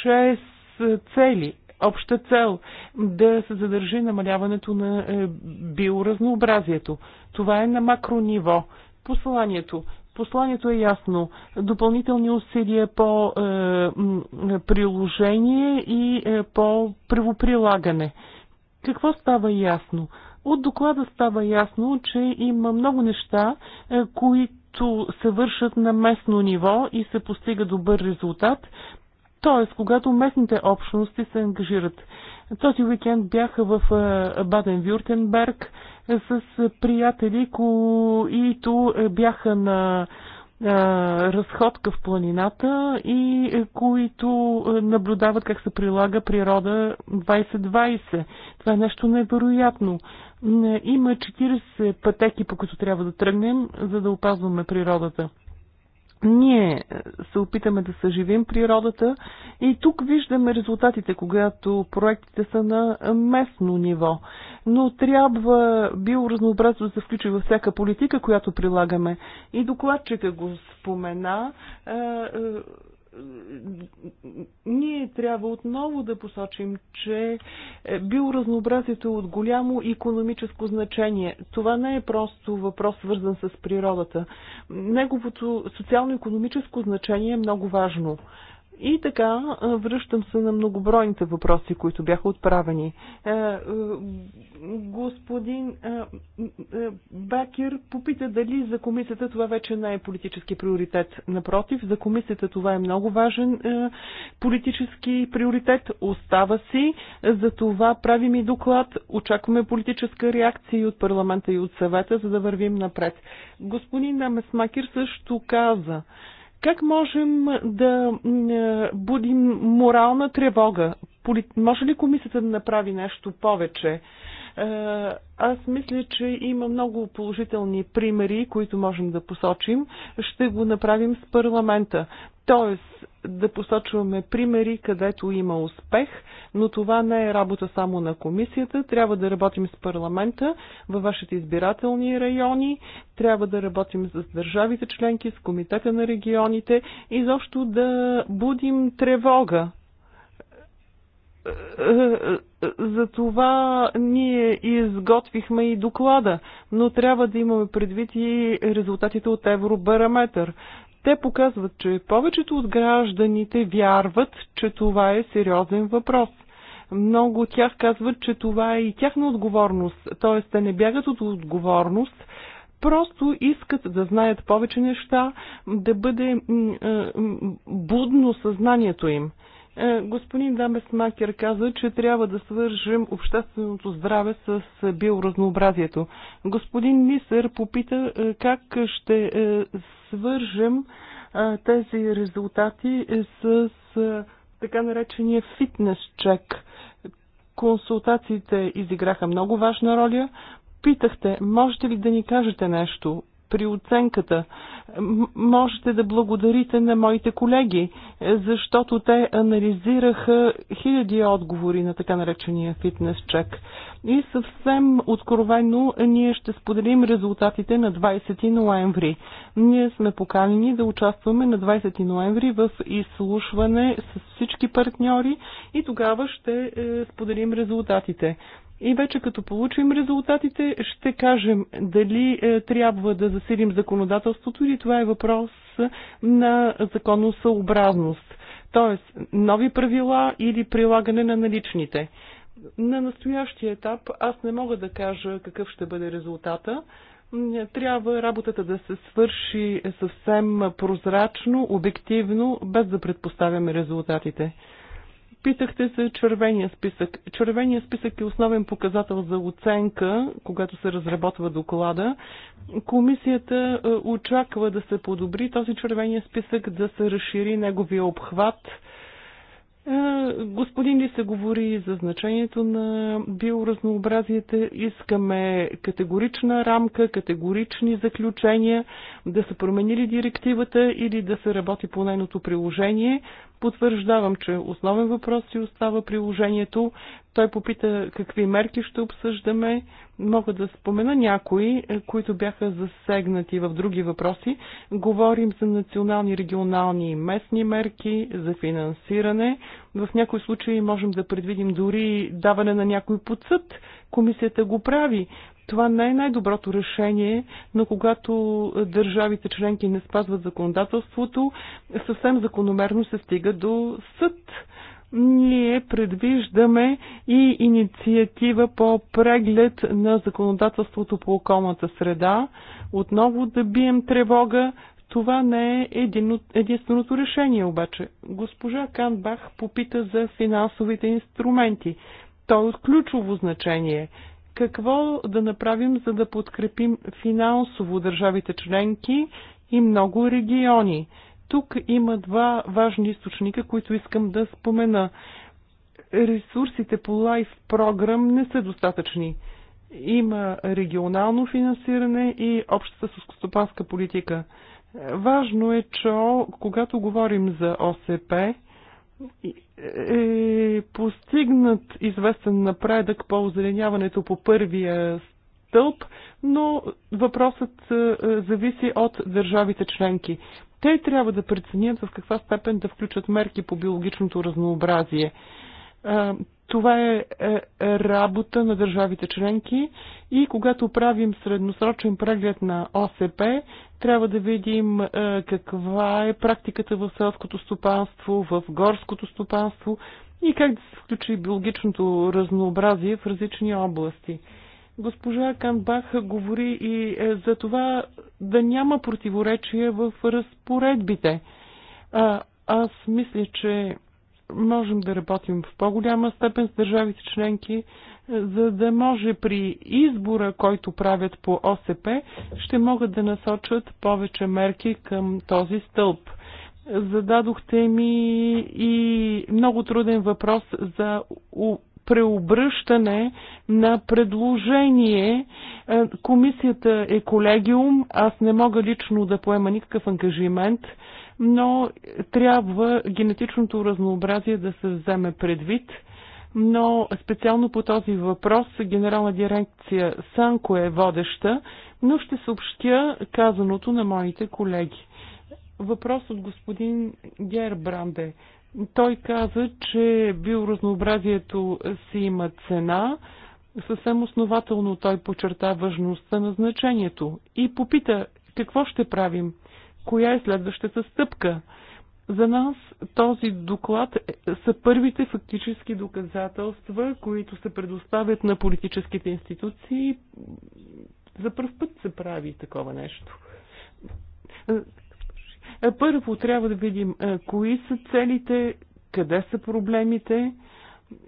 Шест цели. Обща цел да се задържи намаляването на е, биоразнообразието. Това е на макрониво. Посланието Посланието е ясно. Допълнителни усилия по е, приложение и е, по правоприлагане. Какво става ясно? От доклада става ясно, че има много неща, е, които се вършат на местно ниво и се постига добър резултат, Тоест, когато местните общности се ангажират. Този уикенд бяха в е, Баден-Вюртенберг с приятели, които бяха на е, разходка в планината и които наблюдават как се прилага природа 2020. Това е нещо невероятно. Има 40 пътеки, по които трябва да тръгнем, за да опазваме природата ние се опитаме да съживим природата и тук виждаме резултатите, когато проектите са на местно ниво. Но трябва биоразнообразието да се включи във всяка политика, която прилагаме. И докладчика го спомена. Е, е, ние трябва отново да посочим, че биоразнообразието е от голямо економическо значение. Това не е просто въпрос свързан с природата. Неговото социално-економическо значение е много важно. И така, връщам се на многобройните въпроси, които бяха отправени. Е, е, господин е, Бакер попита дали за комисията това вече не е политически приоритет. Напротив, за комисията това е много важен политически приоритет. Остава си. За това правим и доклад. Очакваме политическа реакция и от парламента и от съвета, за да вървим напред. Господин Намесмакер също каза, как можем да будим морална тревога? Може ли комисията да направи нещо повече? Аз мисля, че има много положителни примери, които можем да посочим. Ще го направим с парламента. Тоест да посочваме примери, където има успех, но това не е работа само на комисията. Трябва да работим с парламента във вашите избирателни райони, трябва да работим с държавите членки, с комитета на регионите и защо да будим тревога. За това ние изготвихме и доклада, но трябва да имаме предвид и резултатите от Евробараметър. Те показват, че повечето от гражданите вярват, че това е сериозен въпрос. Много от тях казват, че това е и тяхна отговорност, т.е. те не бягат от отговорност, просто искат да знаят повече неща, да бъде будно съзнанието им. Е, господин Дамес Макер каза, че трябва да свържем общественото здраве с биоразнообразието. Господин Мисър попита е, как ще е, свържем тези резултати с така наречения фитнес чек. Консултациите изиграха много важна роля. Питахте, можете ли да ни кажете нещо? при оценката. Можете да благодарите на моите колеги, е, защото те анализираха хиляди отговори на така наречения фитнес чек. И съвсем откровено ние ще споделим резултатите на 20 ноември. Ние сме поканени да участваме на 20 ноември в изслушване с всички партньори и тогава ще е, споделим резултатите и вече като получим резултатите, ще кажем дали е, трябва да засилим законодателството или това е въпрос на законосъобразност. Тоест, нови правила или прилагане на наличните. На настоящия етап аз не мога да кажа какъв ще бъде резултата. Трябва работата да се свърши съвсем прозрачно, обективно, без да предпоставяме резултатите. Питахте се червения списък. Червения списък е основен показател за оценка, когато се разработва доклада. Комисията е, очаква да се подобри този червения списък, да се разшири неговия обхват, е, господин ли се говори за значението на биоразнообразията? Искаме категорична рамка, категорични заключения, да се промени ли директивата или да се работи по нейното приложение. Потвърждавам, че основен въпрос си остава приложението. Той попита какви мерки ще обсъждаме. Мога да спомена някои, е, които бяха засегнати в други въпроси. Говорим за национални, регионални и местни мерки, за финансиране. В някои случаи можем да предвидим дори даване на някой подсъд. Комисията го прави. Това не е най-доброто решение, но когато държавите членки не спазват законодателството, съвсем закономерно се стига до съд ние предвиждаме и инициатива по преглед на законодателството по околната среда. Отново да бием тревога. Това не е един, единственото решение обаче. Госпожа Канбах попита за финансовите инструменти. Той е от ключово значение. Какво да направим, за да подкрепим финансово държавите членки и много региони? Тук има два важни източника, които искам да спомена. Ресурсите по лайф програм не са достатъчни. Има регионално финансиране и общата сускостопанска политика. Важно е, че когато говорим за ОСП, е постигнат известен напредък по озеленяването по първия стълб, но въпросът е, зависи от държавите членки. Те трябва да преценят в каква степен да включат мерки по биологичното разнообразие. Това е, е, е работа на държавите членки и когато правим средносрочен преглед на ОСП, трябва да видим е, каква е практиката в селското стопанство, в горското стопанство и как да се включи биологичното разнообразие в различни области. Госпожа Канбах говори и е, за това да няма противоречие в разпоредбите. А, аз мисля, че можем да работим в по-голяма степен с държавите членки, е, за да може при избора, който правят по ОСП, ще могат да насочат повече мерки към този стълб. Зададохте ми и много труден въпрос за преобръщане на предложение. Е, комисията е колегиум, аз не мога лично да поема никакъв ангажимент, но трябва генетичното разнообразие да се вземе предвид. Но специално по този въпрос генерална дирекция Санко е водеща, но ще съобщя казаното на моите колеги. Въпрос от господин Гербранде. Бранде той каза, че биоразнообразието си има цена. Съвсем основателно той подчерта важността на значението и попита какво ще правим, коя е следващата стъпка. За нас този доклад е- са първите фактически доказателства, които се предоставят на политическите институции. За първ път се прави такова нещо. Е, първо трябва да видим е, кои са целите, къде са проблемите.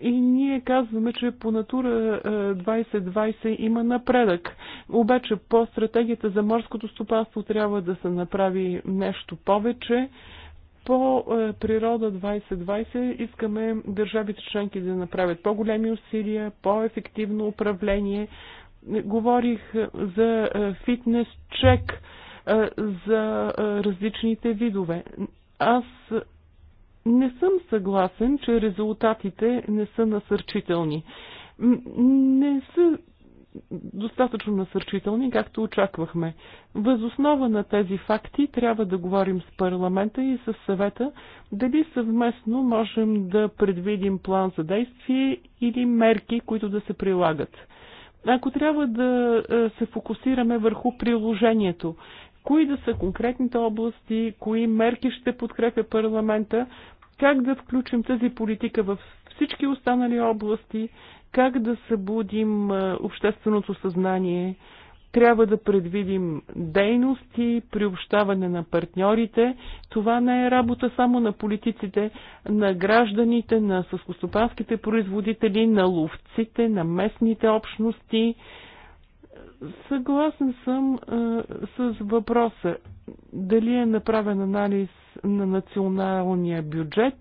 И ние казваме, че по Натура 2020 е, има напредък. Обаче по стратегията за морското стопанство трябва да се направи нещо повече. По природа 2020 искаме държавите членки да направят по-големи усилия, по-ефективно управление. Говорих за фитнес чек за различните видове. Аз не съм съгласен, че резултатите не са насърчителни. Не са достатъчно насърчителни, както очаквахме. Възоснова на тези факти трябва да говорим с парламента и с съвета дали съвместно можем да предвидим план за действие или мерки, които да се прилагат. Ако трябва да се фокусираме върху приложението, кои да са конкретните области, кои мерки ще подкрепя парламента, как да включим тази политика в всички останали области, как да събудим общественото съзнание, трябва да предвидим дейности, приобщаване на партньорите. Това не е работа само на политиците, на гражданите, на съскостопанските производители, на ловците, на местните общности. Съгласен съм а, с въпроса дали е направен анализ на националния бюджет.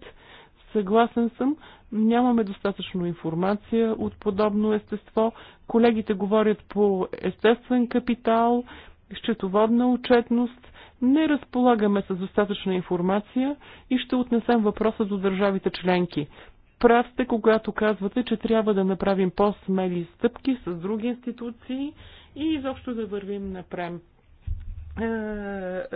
Съгласен съм, нямаме достатъчно информация от подобно естество. Колегите говорят по естествен капитал, счетоводна отчетност. Не разполагаме с достатъчна информация и ще отнесем въпроса до държавите членки. Прав сте, когато казвате, че трябва да направим по-смели стъпки с други институции и изобщо да вървим напрем. Е, е,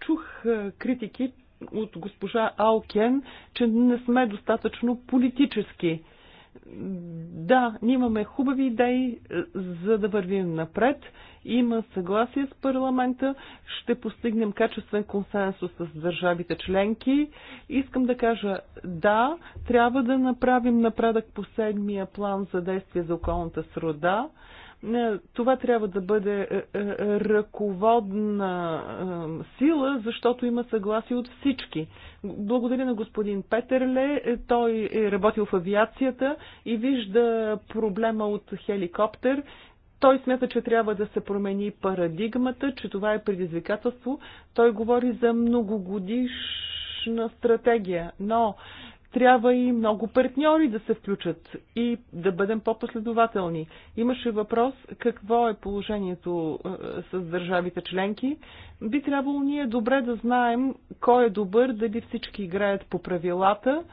чух е, критики от госпожа Алкен, че не сме достатъчно политически да, ние имаме хубави идеи, е, за да вървим напред. Има съгласие с парламента, ще постигнем качествен консенсус с държавите членки. Искам да кажа, да, трябва да направим напредък по седмия план за действие за околната среда. Е, това трябва да бъде е, е, ръководна сила, защото има съгласие от всички. Благодаря на господин Петерле. Той е работил в авиацията и вижда проблема от хеликоптер. Той смята, че трябва да се промени парадигмата, че това е предизвикателство. Той говори за многогодишна стратегия, но трябва и много партньори да се включат и да бъдем по-последователни. Имаше въпрос какво е положението е, с държавите членки. Би трябвало ние добре да знаем кой е добър, дали всички играят по правилата.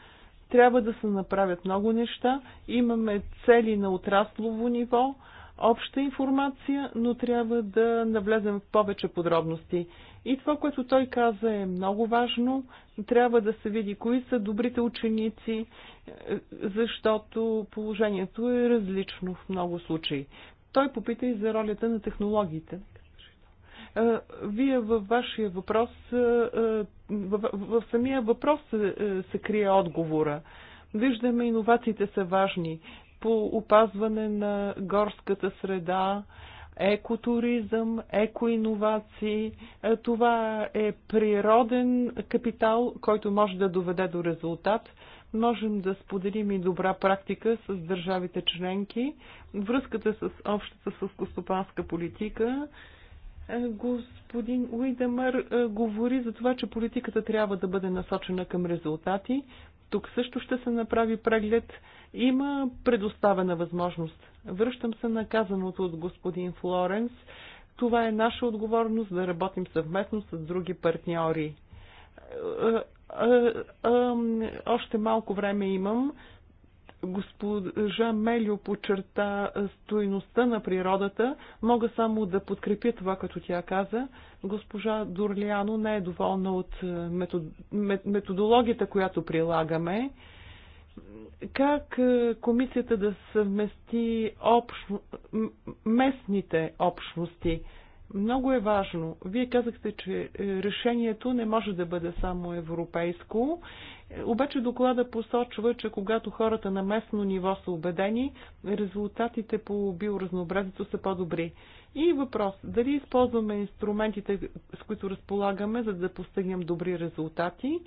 Трябва да се направят много неща. Имаме цели на отраслово ниво, обща информация, но трябва да навлезем в повече подробности. И това, което той каза е много важно. Трябва да се види кои са добрите ученици, е, защото положението е различно в много случаи. Той попита и за ролята на технологиите. Е, вие във вашия въпрос, е, в самия въпрос се крие отговора. Виждаме, иновациите са важни по опазване на горската среда, екотуризъм, екоинновации. Е, това е природен капитал, който може да доведе до резултат. Можем да споделим и добра практика с държавите членки. Връзката с общата съскостопанска политика. Е, господин Уидемър е, говори за това, че политиката трябва да бъде насочена към резултати. Тук също ще се направи преглед. Има предоставена възможност. Връщам се на казаното от господин Флоренс. Това е наша отговорност да работим съвместно с други партньори. Е, е, е, още малко време имам. Госпожа Мелио подчерта стойността на природата. Мога само да подкрепя това, като тя каза. Госпожа Дорлиано не е доволна от е, методологията, която прилагаме как е, комисията да съвмести общ... местните общности. Много е важно. Вие казахте, че е, решението не може да бъде само европейско. Е, обаче доклада посочва, че когато хората на местно ниво са убедени, резултатите по биоразнообразието са по-добри. И въпрос, дали използваме инструментите, с които разполагаме, за да постигнем добри резултати,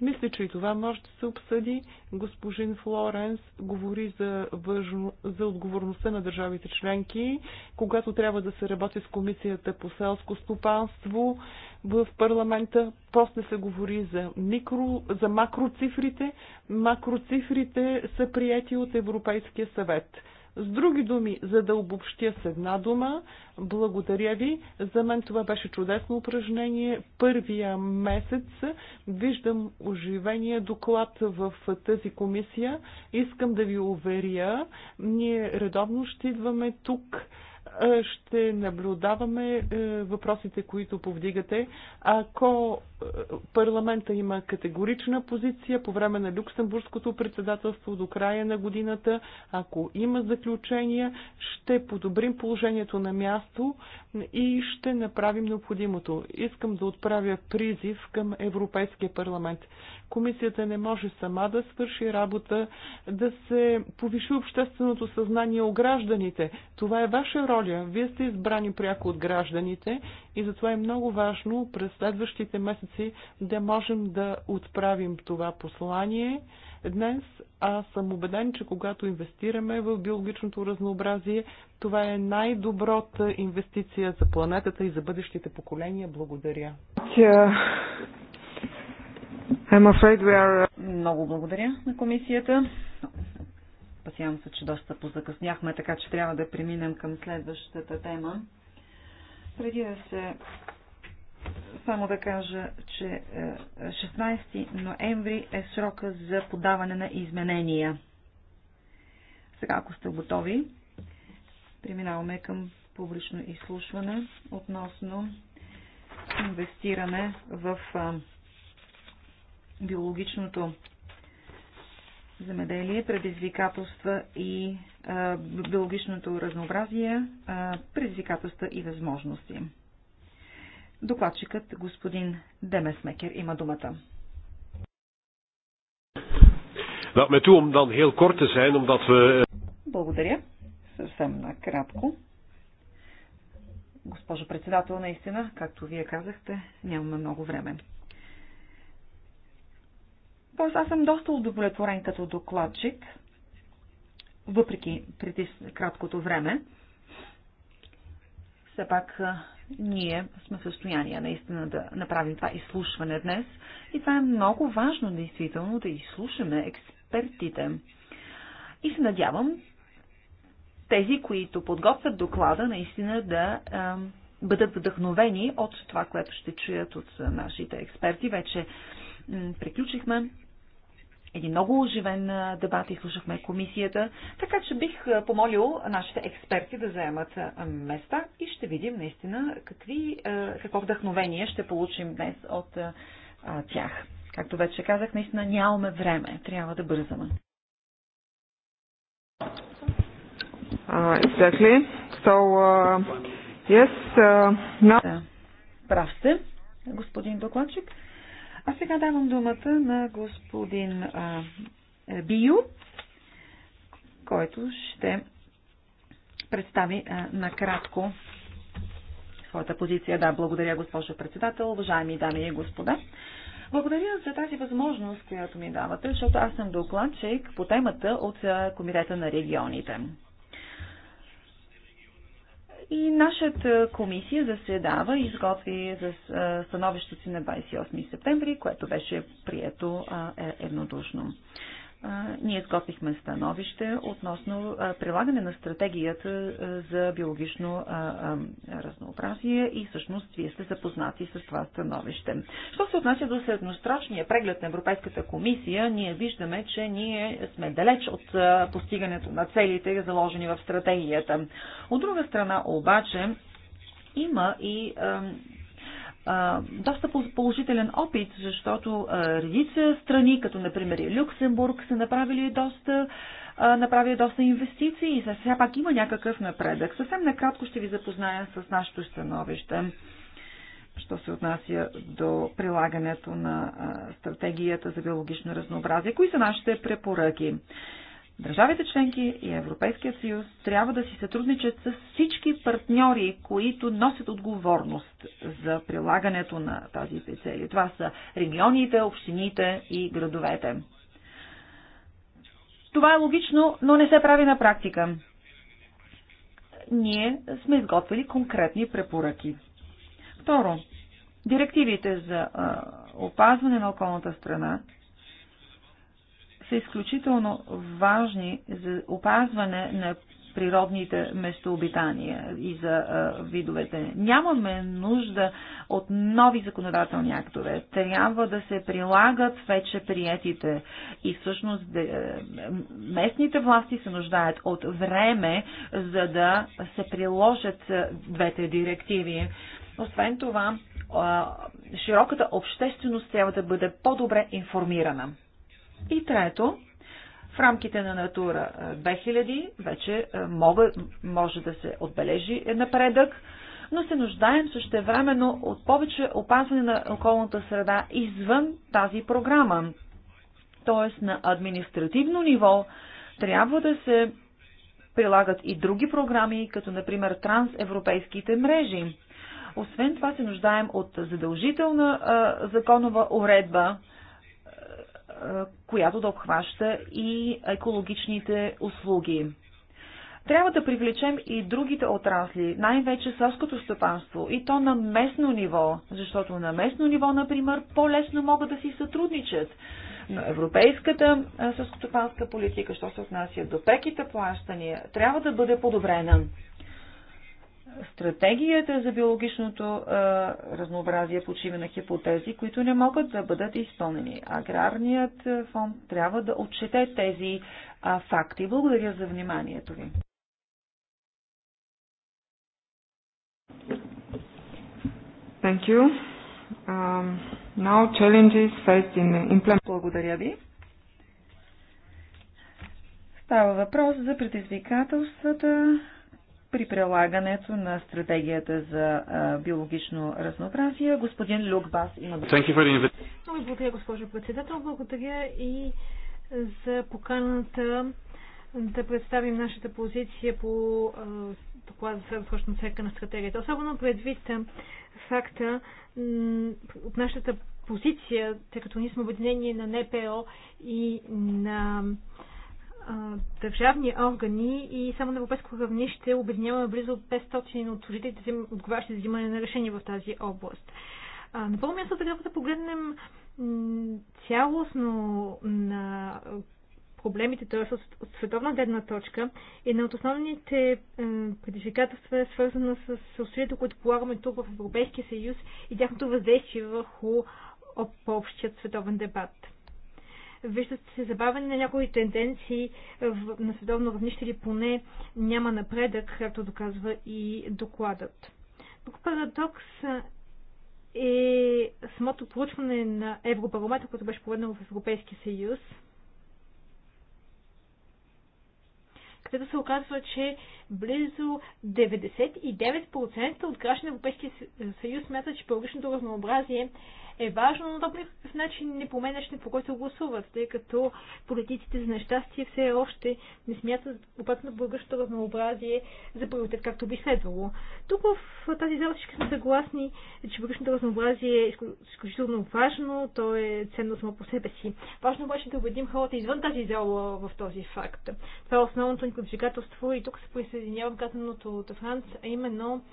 мисля, че и това може да се обсъди. Госпожин Флоренс говори за, въжно, за отговорността на държавите членки, когато трябва да се работи с Комисията по селско стопанство в парламента. После се говори за, микро, за макроцифрите. Макроцифрите са прияти от Европейския съвет. С други думи, за да обобщя с една дума, благодаря ви. За мен това беше чудесно упражнение. Първия месец виждам оживения доклад в тази комисия. Искам да ви уверя, ние редовно ще идваме тук е, ще наблюдаваме е, въпросите, които повдигате. Ако е, парламента има категорична позиция по време на Люксембургското председателство до края на годината, ако има заключения, ще подобрим положението на място и ще направим необходимото. Искам да отправя призив към Европейския парламент. Комисията не може сама да свърши работа, да се повиши общественото съзнание у гражданите. Това е ваша роля роля. Вие сте избрани пряко от гражданите и затова е много важно през следващите месеци да можем да отправим това послание. Днес аз съм убеден, че когато инвестираме в биологичното разнообразие, това е най-добрата инвестиция за планетата и за бъдещите поколения. Благодаря. I'm afraid we are... Uh, много благодаря на комисията. Опасявам се, че доста позакъсняхме, така че трябва да преминем към следващата тема. Преди да се само да кажа, че 16 е, ноември е срока за подаване на изменения. Сега, ако сте готови, преминаваме към публично изслушване относно инвестиране в е, биологичното земеделие, предизвикателства и а, биологичното разнообразие, а, предизвикателства и възможности. Докладчикът господин Демесмекер има думата. Laat me toe om dan heel kort te zijn, omdat we... Eh, Благодаря. Съвсем накратко. Госпожо председател, наистина, както вие казахте, нямаме много време. Тоест аз съм доста удовлетворен като докладчик, въпреки преди краткото време. Все пак ние сме в състояние наистина да направим това изслушване днес. И това е много важно, действително, да изслушаме експертите. И се надявам тези, които подготвят доклада, наистина да е, бъдат вдъхновени от това, което ще чуят от нашите експерти. Вече приключихме един много оживен дебат изслушахме комисията, така че бих помолил нашите експерти да заемат места и ще видим наистина какви, какво вдъхновение ще получим днес от тях. Както вече казах, наистина нямаме време, трябва да бързаме. Uh, exactly. So, uh, yes, uh, now... Прав сте, господин докладчик. А сега давам думата на господин а, е, Био, който ще представи а, накратко своята позиция. Да, благодаря, госпожо председател, уважаеми дами и господа. Благодаря за тази възможност, която ми давате, защото аз съм докладчик по темата от Комитета на регионите. И нашата комисия заседава и изготви за становището си на 28 септември, което беше прието е, еднодушно ние изготвихме становище относно прилагане на стратегията за биологично разнообразие и всъщност вие сте запознати с това становище. Що се отнася до среднострашния преглед на Европейската комисия, ние виждаме, че ние сме далеч от постигането на целите, заложени в стратегията. От друга страна обаче, има и доста положителен опит, защото а, редица страни, като например Люксембург, са направили доста, а, направили доста инвестиции и сега пак има някакъв напредък. Съвсем накратко ще ви запозная с нашето становище що се отнася до прилагането на стратегията за биологично разнообразие. Кои са нашите препоръки? Държавите членки и Европейския съюз трябва да си сътрудничат с всички партньори, които носят отговорност за прилагането на тази цели. Това са регионите, общините и градовете. Това е логично, но не се прави на практика. Ние сме изготвили конкретни препоръки. Второ, директивите за опазване на околната страна са изключително важни за опазване на природните местообитания и за а, видовете. Нямаме нужда от нови законодателни актове. Трябва да се прилагат вече приетите. И всъщност де, местните власти се нуждаят от време, за да се приложат двете директиви. Освен това, а, широката общественост трябва да бъде по-добре информирана. И трето, в рамките на Натура 2000 вече мога, може да се отбележи е, напредък, но се нуждаем същевременно от повече опазване на околната среда извън тази програма. Тоест на административно ниво трябва да се прилагат и други програми, като например трансевропейските мрежи. Освен това се нуждаем от задължителна а, законова уредба, която да обхваща и екологичните услуги. Трябва да привлечем и другите отрасли, най-вече селското стопанство, и то на местно ниво, защото на местно ниво, например, по-лесно могат да си сътрудничат. Но европейската селскостопанска политика, що се отнася до преките плащания, трябва да бъде подобрена. Стратегията за биологичното а, разнообразие почива на хипотези, които не могат да бъдат изпълнени. Аграрният фонд трябва да отчете тези а, факти. Благодаря за вниманието ви. Thank you. Um, now challenges faced in implement... Благодаря ви. Става въпрос за предизвикателствата при прилагането на стратегията за а, биологично разнообразие. Господин Люк Бас има Много благодаря, госпожо председател. Благодаря и за поканата да представим нашата позиция по доклада за средосрочна оценка на стратегията. Особено предвид факта от нашата позиция, тъй като ние сме обединение на НПО и на държавни органи и само на европейско равнище обединяваме близо 500 от служителите, отговарящи за взимане на решения в тази област. На първо място трябва да погледнем цялостно на проблемите, т.е. от световна гледна точка, една от основните предизвикателства е свързана с усилието, което полагаме тук в Европейския съюз и тяхното въздействие върху общият световен дебат. Виждат се забавени на някои тенденции на световно равнище или поне няма напредък, както доказва и докладът. Тук парадокс е самото проучване на Евробарометър, което беше проведено в Европейския съюз, където се оказва, че близо 99% от граждани на Европейския съюз смятат, че биологичното разнообразие е важно, но то по никакъв начин не поменяш начинът по който гласуват, тъй като политиците за нещастие все още не смятат опасно на българското разнообразие за приоритет, както би следвало. Тук в тази зала всички сме съгласни, че българското разнообразие е изключително важно, то е ценно само по себе си. Важно обаче да убедим хората извън тази зала в този факт. Това е основното ни предизвикателство и тук се присъединявам казаното от Франц, а именно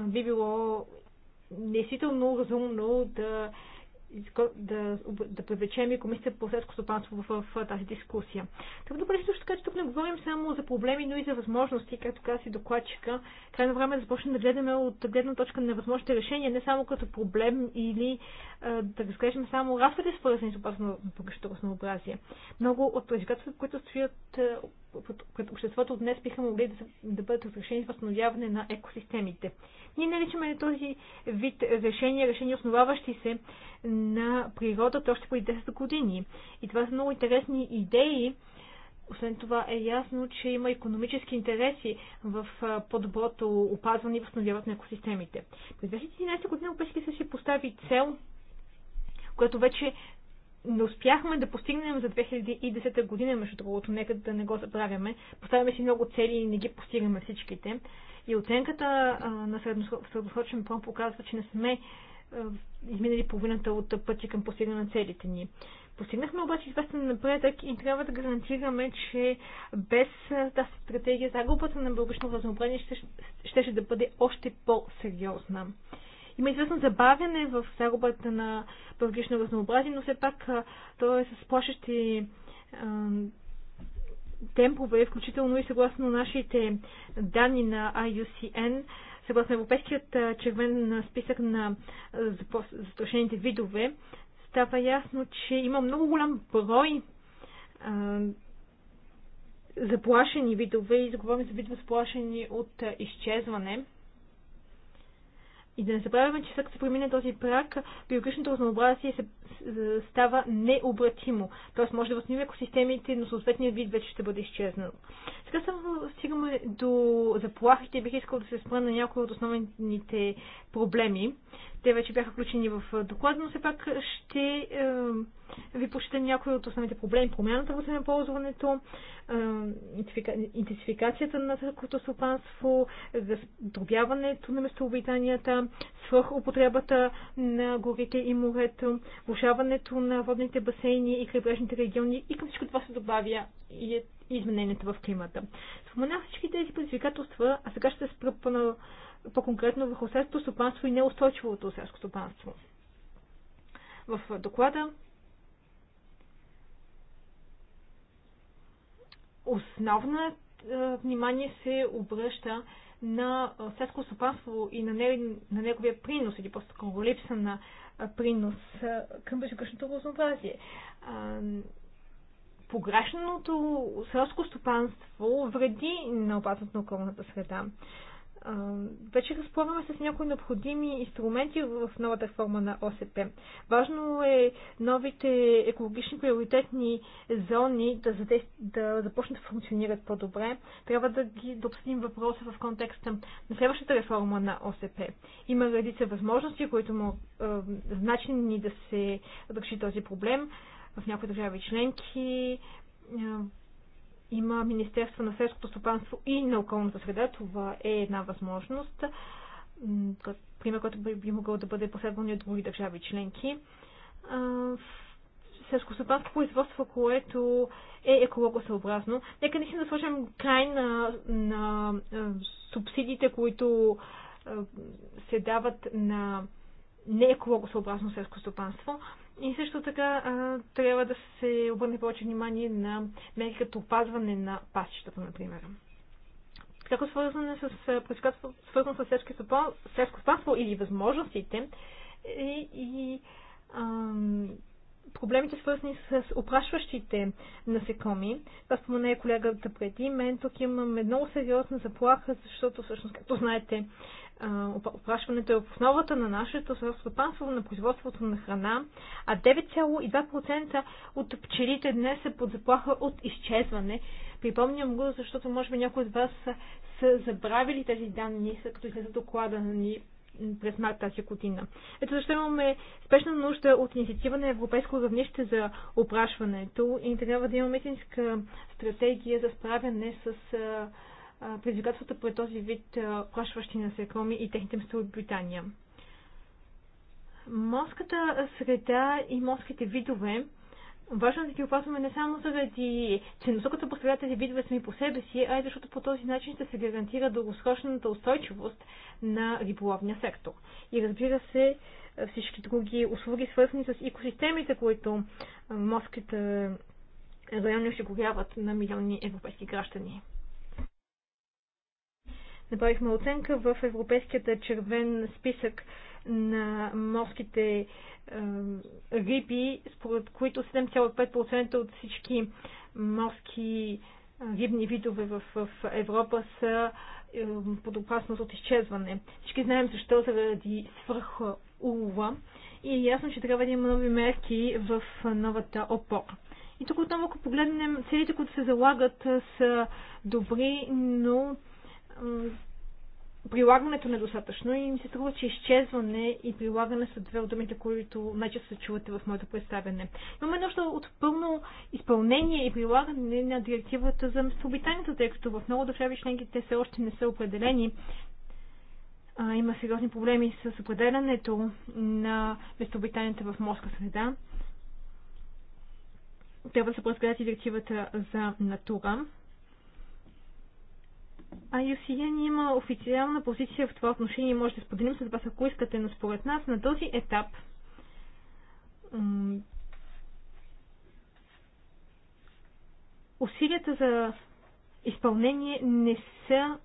би било действително е разумно да, да, да привлечем и комисията по селско стопанство в, в, в тази дискусия. Така добре също така, че тук не говорим само за проблеми, но и за възможности, както каза си докладчика. Крайно време е да започнем да гледаме от гледна точка на възможните решения, не само като проблем или а, да разглеждаме само разходите, свързани с опазването на разнообразие. Много от предизвикателствата, които стоят пред обществото днес биха могли да, да бъдат разрешени с възстановяване на екосистемите. Ние наричаме този вид решения, решения основаващи се на природата още преди 10 години. И това са много интересни идеи. Освен това е ясно, че има економически интереси в по-доброто опазване и възстановяване на екосистемите. През 2011 година Европейския съюз си постави цел, която вече не успяхме да постигнем за 2010 година, между другото, нека да не го забравяме. Поставяме си много цели и не ги постигаме всичките. И оценката а, на средносрочен план показва, че не сме а, изминали половината от пъти към постигане на целите ни. Постигнахме обаче известен напредък и трябва да гарантираме, че без тази стратегия загубата на българското разнообразие ще, ще, ще да бъде още по-сериозна. Има известно забавяне в загубата на биологично разнообразие, но все пак то е с плашещи темпове, включително и съгласно нашите данни на IUCN, съгласно Европейският червен списък на застрашените видове, става ясно, че има много голям брой заплашени видове и заговорим за видове заплашени от изчезване. И да не забравяме, че след като се премине този прак, биологичното разнообразие се, става необратимо. Тоест може да възстановим екосистемите, но съответният вид вече ще бъде изчезнал. Сега само стигаме до заплахите. Бих искал да се спра на някои от основните проблеми. Те вече бяха включени в доклада, но все пак ще ви почита някои от основните проблеми. Промяната в земеползването, интенсификацията на съркото стопанство, раздробяването на местообитанията, свръхупотребата на горите и морето, влушаването на водните басейни и крайбрежните региони и към всичко това се добавя и е- изменението в климата. Споменах всички тези предизвикателства, а сега ще се спръпна по-конкретно върху селското стопанство и неустойчивото селско стопанство. В доклада основна е, внимание се обръща на е, селско стопанство и на, не, на неговия принос или по-скоро липса на е, принос към безгрешното разнообразие. Погрешното селско стопанство вреди на опасност на околната среда вече разполагаме с някои необходими инструменти в новата форма на ОСП. Важно е новите екологични приоритетни зони да, заде... да започнат да функционират по-добре. Трябва да ги да обсъдим въпроса в контекста на следващата реформа на ОСП. Има редица възможности, които му е, значени да се реши този проблем в някои държави членки. Е, има Министерство на селското стопанство и на околната среда. Това е една възможност. Пример, който би могъл да бъде последван от други държави членки. стопанство производство, което е екологосъобразно. Нека не си да сложим край на, на субсидиите, които се дават на неекологосъобразно селско стопанство. И също така а, трябва да се обърне повече внимание на мерки като опазване на пасищата, например. Всяко свързане с предизвикателство, свързано с селско стопанство или възможностите е и, и а, проблемите свързани с опрашващите насекоми. Това спомена е колегата преди мен. Тук имаме много сериозна заплаха, защото всъщност, както знаете, опрашването е в основата на нашето селскостопанство, на производството на храна, а 9,2% от пчелите днес са под заплаха от изчезване. Припомням го, защото може би някои от вас са, са забравили тези данни, са като излезе доклада ни през март тази година. Ето защо имаме спешна нужда от инициатива на европейско равнище за опрашването и трябва да имаме истинска стратегия за справяне с предизвикателствата по този вид плашващи насекоми и техните местообитания. Морската среда и морските видове Важно е да ги опазваме не само заради ценността, като представляват тези видове сами по себе си, а и защото по този начин ще се гарантира дългосрочната устойчивост на риболовния сектор. И разбира се, всички други услуги, свързани с екосистемите, които морските райони осигуряват на милиони европейски граждани направихме оценка в Европейският червен списък на морските е, риби, според които 7,5% от всички морски рибни видове в, в Европа са е, под опасност от изчезване. Всички знаем защо заради свърха улова и е ясно, че трябва да има нови мерки в новата опор. И тук отново, ако погледнем целите, които се залагат, са добри, но прилагането недостатъчно и ми се трува, че изчезване и прилагане са две от думите, които най-често се чувате в моето представяне. Имаме нужда от пълно изпълнение и прилагане на директивата за местообитанието, тъй като в много държави членки те все още не са определени. А, има сериозни проблеми с определянето на местообитанието в морска среда. Трябва да се преразгледат и директивата за натура ни има официална позиция в това отношение и може да споделим с вас, ако искате, но според нас на този етап усилията за изпълнение не са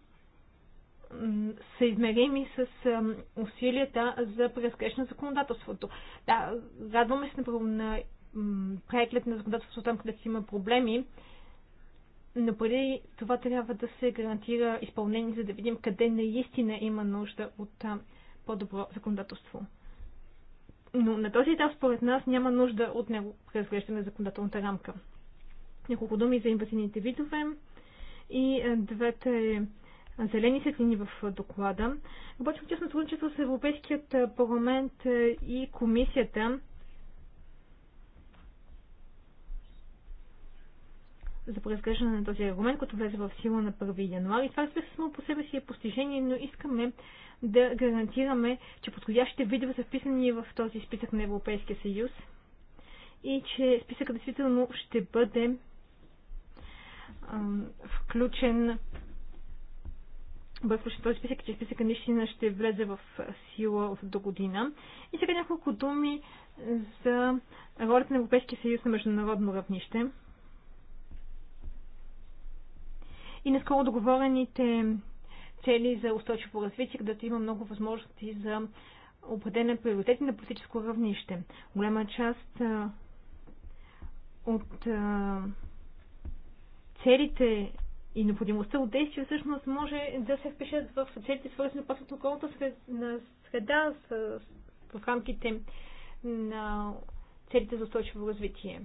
съизмерими с усилията за преразкрещане на законодателството. Да, радваме се на преглед на законодателството там, където има проблеми, но преди това трябва да се гарантира изпълнение, за да видим къде наистина има нужда от по-добро законодателство. Но на този етап, според нас, няма нужда от него разглеждане на законодателната рамка. Няколко думи за инвазивните видове и двете зелени светлини в доклада. Обаче, в тясно сътрудничество с Европейският парламент и комисията, за преразглеждане на този аргумент, който влезе в сила на 1 януари. Това разбира се само по себе си е постижение, но искаме да гарантираме, че подходящите видове са вписани в този списък на Европейския съюз и че списъкът действително ще бъде а, включен бъде включен този списък, че списъка наистина ще влезе в сила до година. И сега няколко думи за ролята на Европейския съюз на международно равнище. и наскоро договорените цели за устойчиво развитие, където има много възможности за определен на приоритети на политическо равнище. Голяма част от целите и необходимостта от действия всъщност може да се впишат в целите, свързани с околната среда в рамките на целите за устойчиво развитие.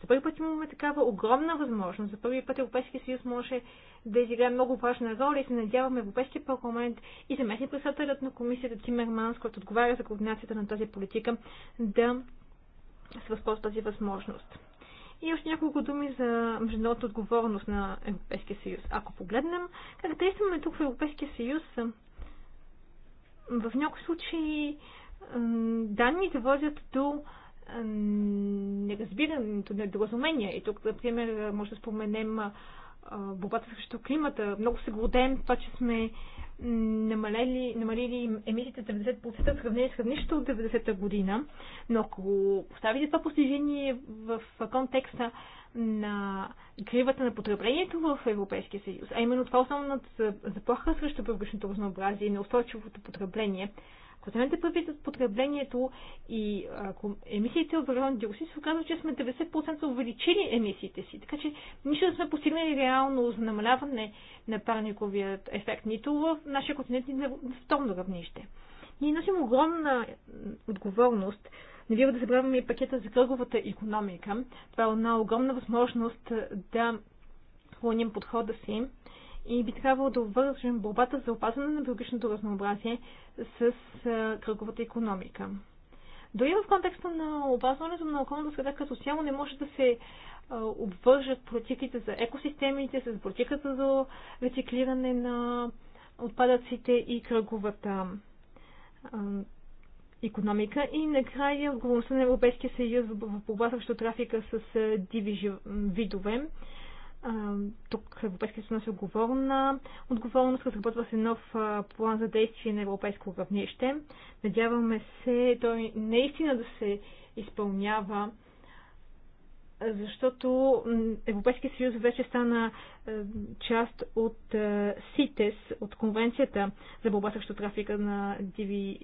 За първи път имаме такава огромна възможност. За първи път Европейския съюз може да изиграе много важна роля и се надяваме Европейския парламент и заместник председателят на комисията Тимерманс, който отговаря за координацията на тази политика, да се възползва тази възможност. И още няколко думи за международната отговорност на Европейския съюз. Ако погледнем как действаме тук в Европейския съюз, в някои случаи данните водят до неразбирането, недоразумение. И тук, например, може да споменем борбата срещу климата. Много се гордеем това, че сме намалели, намалили емисиите 90% в сравнение с равнището от 90-та година. Но ако поставите това постижение в контекста на кривата на потреблението в Европейския съюз, а именно това е основната заплаха срещу българското разнообразие и неустойчивото потребление, ако пъти за потреблението и ако емисиите от въглероден диоксид, се оказва, че сме 90% увеличили емисиите си. Така че нищо да сме постигнали реално за намаляване на парниковият ефект, нито в нашия континент, нито на световно равнище. Ние носим огромна отговорност. Не бива да забравяме и пакета за кръговата економика. Това е една огромна възможност да клоним подхода си и би трябвало да обвържем борбата за опазване на биологичното разнообразие с кръговата економика. Дори в контекста на опазването на околната среда като цяло не може да се обвържат политиките за екосистемите с политиката за рециклиране на отпадъците и кръговата економика и накрая отговорността на Европейския съюз в борба срещу трафика с диви видове тук Европейския съюз е отговорна отговорност, разработва се нов план за действие на европейско равнище. Надяваме се той наистина да се изпълнява, защото Европейския съюз вече стана част от СИТЕС, от Конвенцията за борба срещу трафика на диви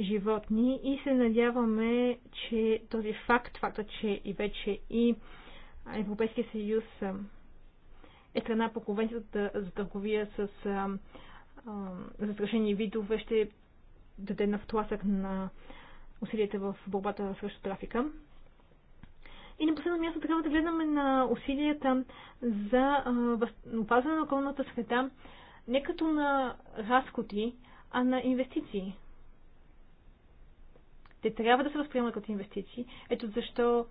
животни и се надяваме, че този факт, факта, че и вече и Европейския съюз е страна по конвенцията за търговия с застрашени видове, ще даде на втласък на усилията в борбата срещу трафика. И на последно място трябва да гледаме на усилията за опазване на околната среда не като на разходи, а на инвестиции. Те трябва да се възприемат като инвестиции. Ето защо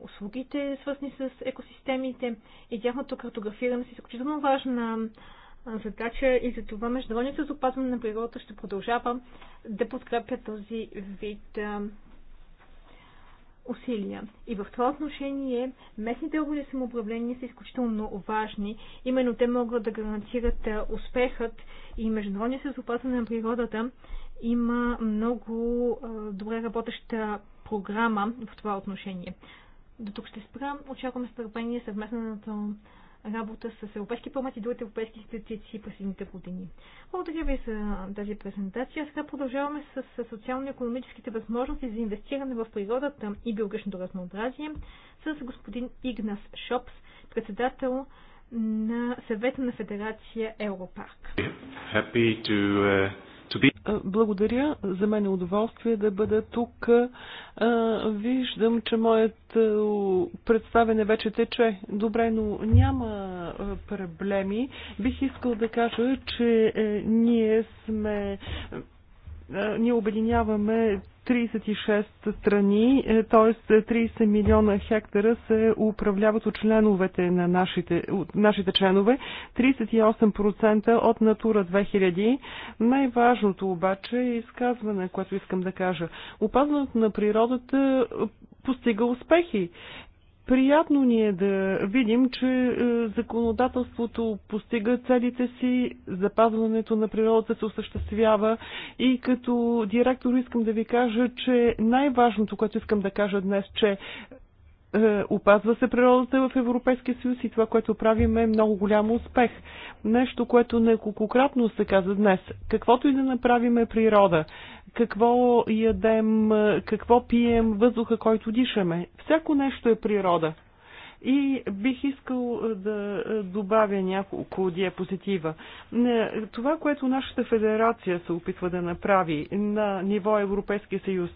услугите, свързани с екосистемите и тяхното картографиране са изключително важна задача и за това Международният за опазване на природата ще продължава да подкрепя този вид усилия. И в това отношение местните органи самоуправления са изключително важни. Именно те могат да гарантират успехът и Международният съюз опазване на природата има много добре работеща програма в това отношение. До тук ще спра. Очакваме с търпение съвместната работа с Европейски промет и другите европейски институции през едните години. Благодаря ви за тази презентация. Сега продължаваме с социално-економическите възможности за инвестиране в природата и биологичното разнообразие с господин Игнас Шопс, председател на съвета на Федерация Европарк. Happy to uh, благодаря. За мен е удоволствие да бъда тук. Виждам, че моят представене вече тече. Добре, но няма проблеми. Бих искал да кажа, че е, ние сме ние обединяваме 36 страни, т.е. 30 е, милиона хектара се управляват от членовете на нашите, от нашите членове, 38% от Натура 2000. Най-важното обаче е изказване, което искам да кажа. Опазването на природата е, постига успехи. Приятно ни е да видим, че е, законодателството постига целите си, запазването на природата се осъществява и като директор искам да ви кажа, че най-важното, което искам да кажа днес, че е, опазва се природата в Европейския съюз и това, което правим е много голям успех. Нещо, което неколкократно се каза днес. Каквото и да направим е природа. Какво ядем, е, какво пием, въздуха, който дишаме. Всяко нещо е природа. И бих искал е, да е, добавя няколко диапозитива. Е, това, което нашата федерация се опитва да направи на ниво Европейския съюз,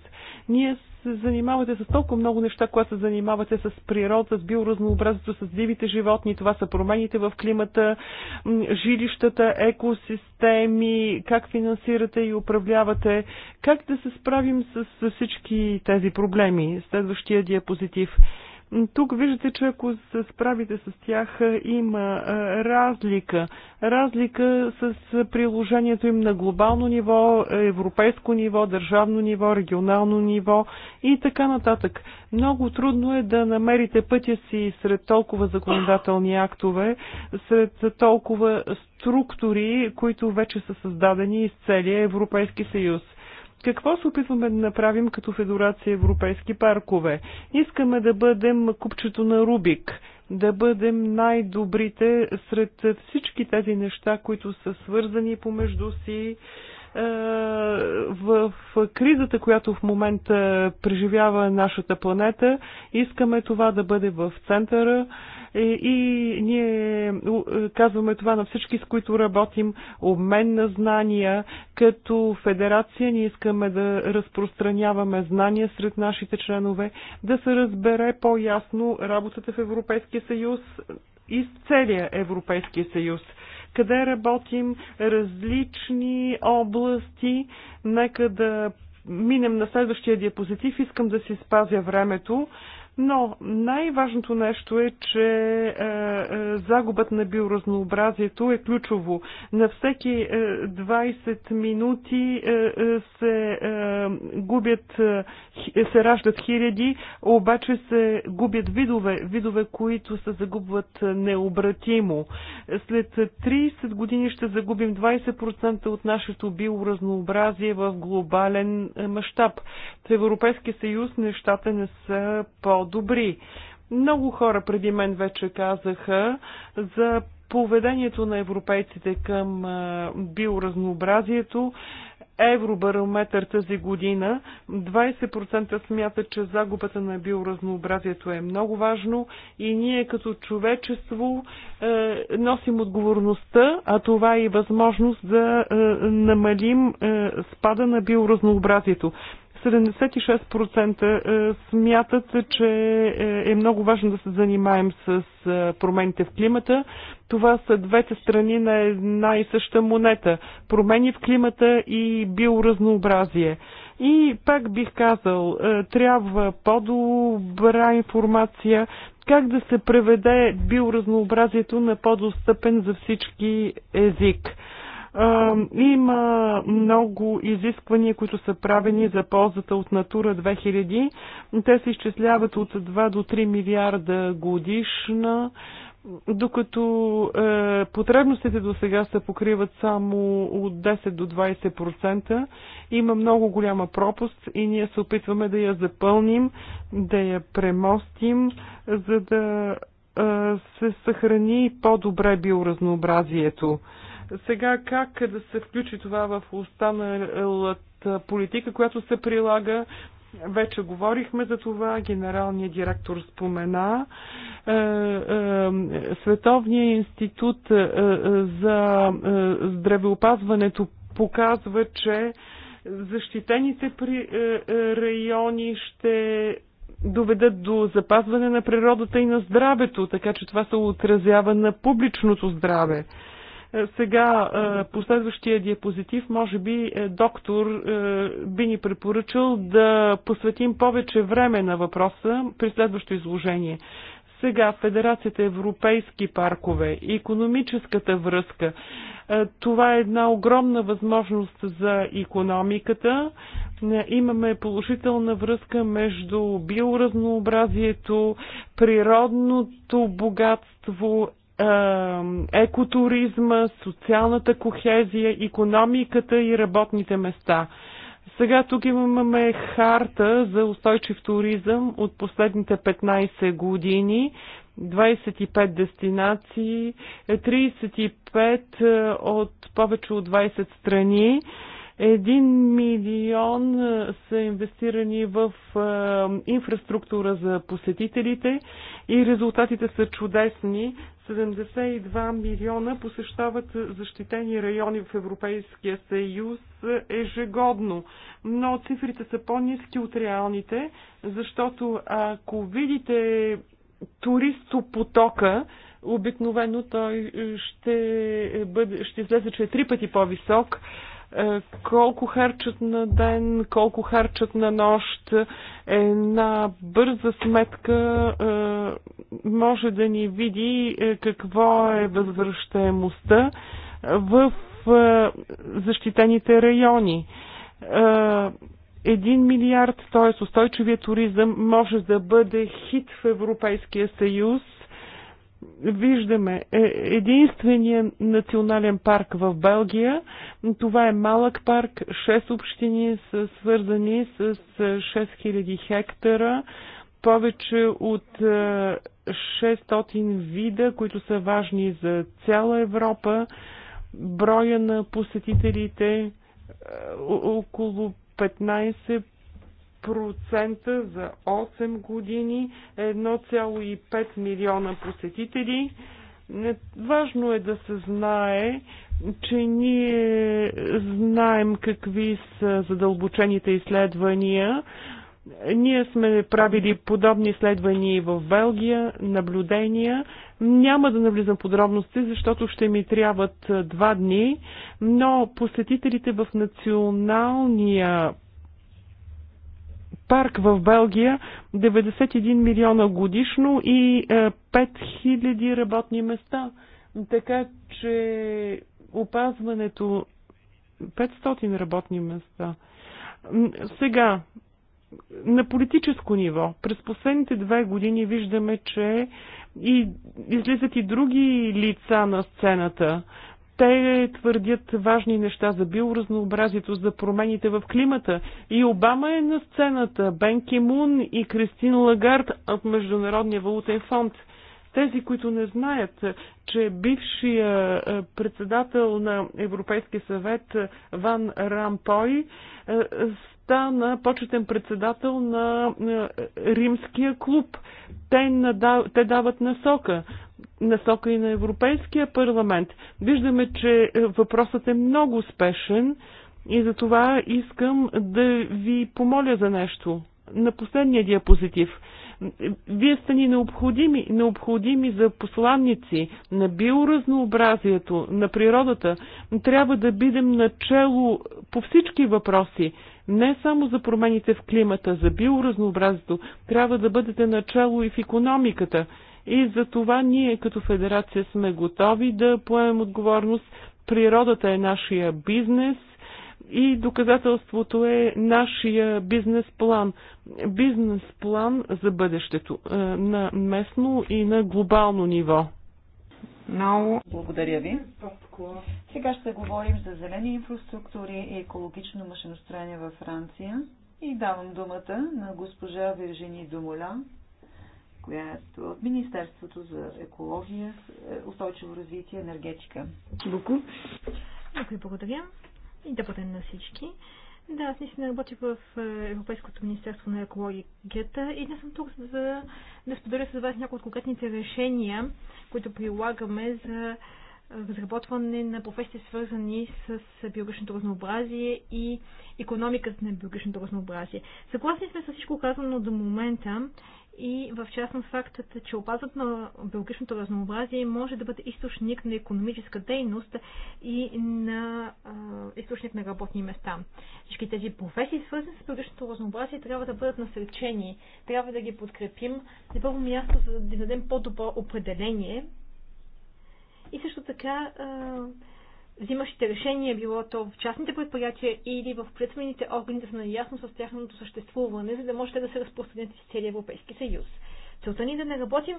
ние се занимавате с толкова много неща, когато се занимавате с природа, с биоразнообразието, с дивите животни. Това са промените в климата, жилищата, екосистеми, как финансирате и управлявате. Как да се справим с всички тези проблеми? Следващия диапозитив. Тук виждате, че ако се справите с тях, има разлика. Разлика с приложението им на глобално ниво, европейско ниво, държавно ниво, регионално ниво и така нататък. Много трудно е да намерите пътя си сред толкова законодателни актове, сред толкова структури, които вече са създадени из целия Европейски съюз. Какво се опитваме да направим като Федерация Европейски паркове? Искаме да бъдем купчето на Рубик, да бъдем най-добрите сред всички тези неща, които са свързани помежду си е, в кризата, която в момента преживява нашата планета, искаме това да бъде в центъра е, и ние е, казваме това на всички, с които работим, обмен на знания. Като федерация ние искаме да разпространяваме знания сред нашите членове, да се разбере по-ясно работата в Европейския съюз и с целия Европейския съюз къде работим, различни области. Нека да минем на следващия диапозитив. Искам да си спазя времето. Но най-важното нещо е, че е, е, загубът на биоразнообразието е ключово. На всеки е, 20 минути е, е, се е, губят, е, е, се раждат хиляди, обаче се губят видове, видове, които се загубват е, необратимо. След 30 години ще загубим 20% от нашето биоразнообразие в глобален е, мащаб. В Европейския съюз нещата не са под по-добри. Много хора преди мен вече казаха за поведението на европейците към биоразнообразието. Евробарометър тази година 20% смятат, че загубата на биоразнообразието е много важно и ние като човечество е, носим отговорността, а това е и възможност да е, намалим е, спада на биоразнообразието. 76% е, смятат, че е, е много важно да се занимаем с е, промените в климата. Това са двете страни на една и съща монета. Промени в климата и биоразнообразие. И пак бих казал, трябва по-добра информация как да се преведе биоразнообразието на по-достъпен за всички език. Има много изисквания, които са правени за ползата от Натура 2000. Те се изчисляват от 2 до 3 милиарда годишна докато е, потребностите до сега се покриват само от 10 до 20%, има много голяма пропуст и ние се опитваме да я запълним, да я премостим, за да е, се съхрани по-добре биоразнообразието. Сега как да се включи това в останалата политика, която се прилага? Вече говорихме за това, генералният директор спомена. Е, е, Световният институт е, за здравеопазването показва, че защитените при райони ще доведат до запазване на природата и на здравето, така че това се отразява на публичното здраве. Е, сега е, последващия диапозитив, може би е, доктор би ни препоръчал да посветим повече време на въпроса при следващо изложение. Сега Федерацията Европейски паркове, економическата връзка. Това е една огромна възможност за економиката. Имаме положителна връзка между биоразнообразието, природното богатство, екотуризма, социалната кохезия, економиката и работните места. Сега тук имаме харта за устойчив туризъм от последните 15 години. 25 дестинации, 35 от повече от 20 страни. Един милион са инвестирани в инфраструктура за посетителите и резултатите са чудесни. 72 милиона посещават защитени райони в Европейския съюз ежегодно. Но цифрите са по-низки от реалните, защото ако видите туристопотока, обикновено той ще, бъде, ще излезе, че е три пъти по-висок. Е, колко харчат на ден, колко харчат на нощ. Една бърза сметка е, може да ни види е, какво е възвръщаемостта в защитените райони. Един милиард, т.е. устойчивия туризъм може да бъде хит в Европейския съюз – виждаме е, единствения национален парк в Белгия. Това е малък парк, 6 общини са свързани с 6000 е, хектара, повече от 600 е, вида, които са важни за цяла Европа. Броя на посетителите около 15 процента за 8 години, 1,5 милиона посетители. Важно е да се знае, че ние знаем какви са задълбочените изследвания. Ние сме правили подобни изследвания в Белгия, наблюдения. Няма да навлизам в подробности, защото ще ми трябват два дни, но посетителите в националния парк в Белгия 91 милиона годишно и 5000 е, работни места. Така че опазването 500 работни места. Сега, на политическо ниво, през последните две години виждаме, че и излизат и други лица на сцената. Те твърдят важни неща за биоразнообразието, за промените в климата. И Обама е на сцената, Бен Кимун и Кристин Лагард от Международния валутен фонд. Тези, които не знаят, че бившия е, председател на Европейския съвет е, Ван Рампой е, стана почетен председател на Римския клуб. Те, надав... Те дават насока насока и на Европейския парламент. Виждаме, че е, въпросът е много спешен и за това искам да ви помоля за нещо. На последния диапозитив. Вие сте ни необходими, необходими за посланници на биоразнообразието, на природата. Трябва да бидем начело по всички въпроси. Не само за промените в климата, за биоразнообразието. Трябва да бъдете начало и в економиката. И за това ние като федерация сме готови да поемем отговорност. Природата е нашия бизнес и доказателството е нашия бизнес план. Бизнес план за бъдещето е, на местно и на глобално ниво. Много благодаря ви. Сега ще говорим за зелени инфраструктури и екологично машиностроение във Франция. И давам думата на госпожа Виржини Домолян, която от Министерството за екология, е, устойчиво развитие, енергетика. Буку. Много ви благодаря и да бъдем на всички. Да, аз наистина работя в е, Европейското министерство на екологията и днес съм тук за да споделя с вас някои от конкретните решения, които прилагаме за разработване на професии, свързани с биологичното разнообразие и економиката на биологичното разнообразие. Съгласни сме с всичко казано до момента и в частност фактът, че опазват на биологичното разнообразие може да бъде източник на економическа дейност и на а, източник на работни места. Всички тези професии, свързани с биологичното разнообразие, трябва да бъдат насречени, трябва да ги подкрепим. На първо място, за да дадем по-добро определение. И също така а, взимащите решения, било то в частните предприятия или в предсмените органи да са наясно с тяхното съществуване, за да може да се разпространят из целия Европейски съюз. Целта ни е да не работим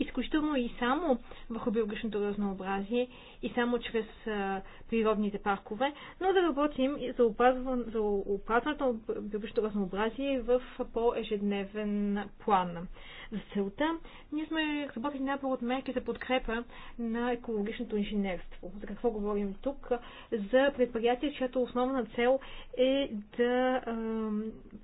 изключително и само върху биологичното разнообразие и само чрез а, природните паркове, но да работим за, опазван, за опазването на биологичното разнообразие в по-ежедневен план. За целта ние сме разработили набор от мерки за подкрепа на екологичното инженерство. За какво говорим тук? За предприятия, чиято основна цел е да е,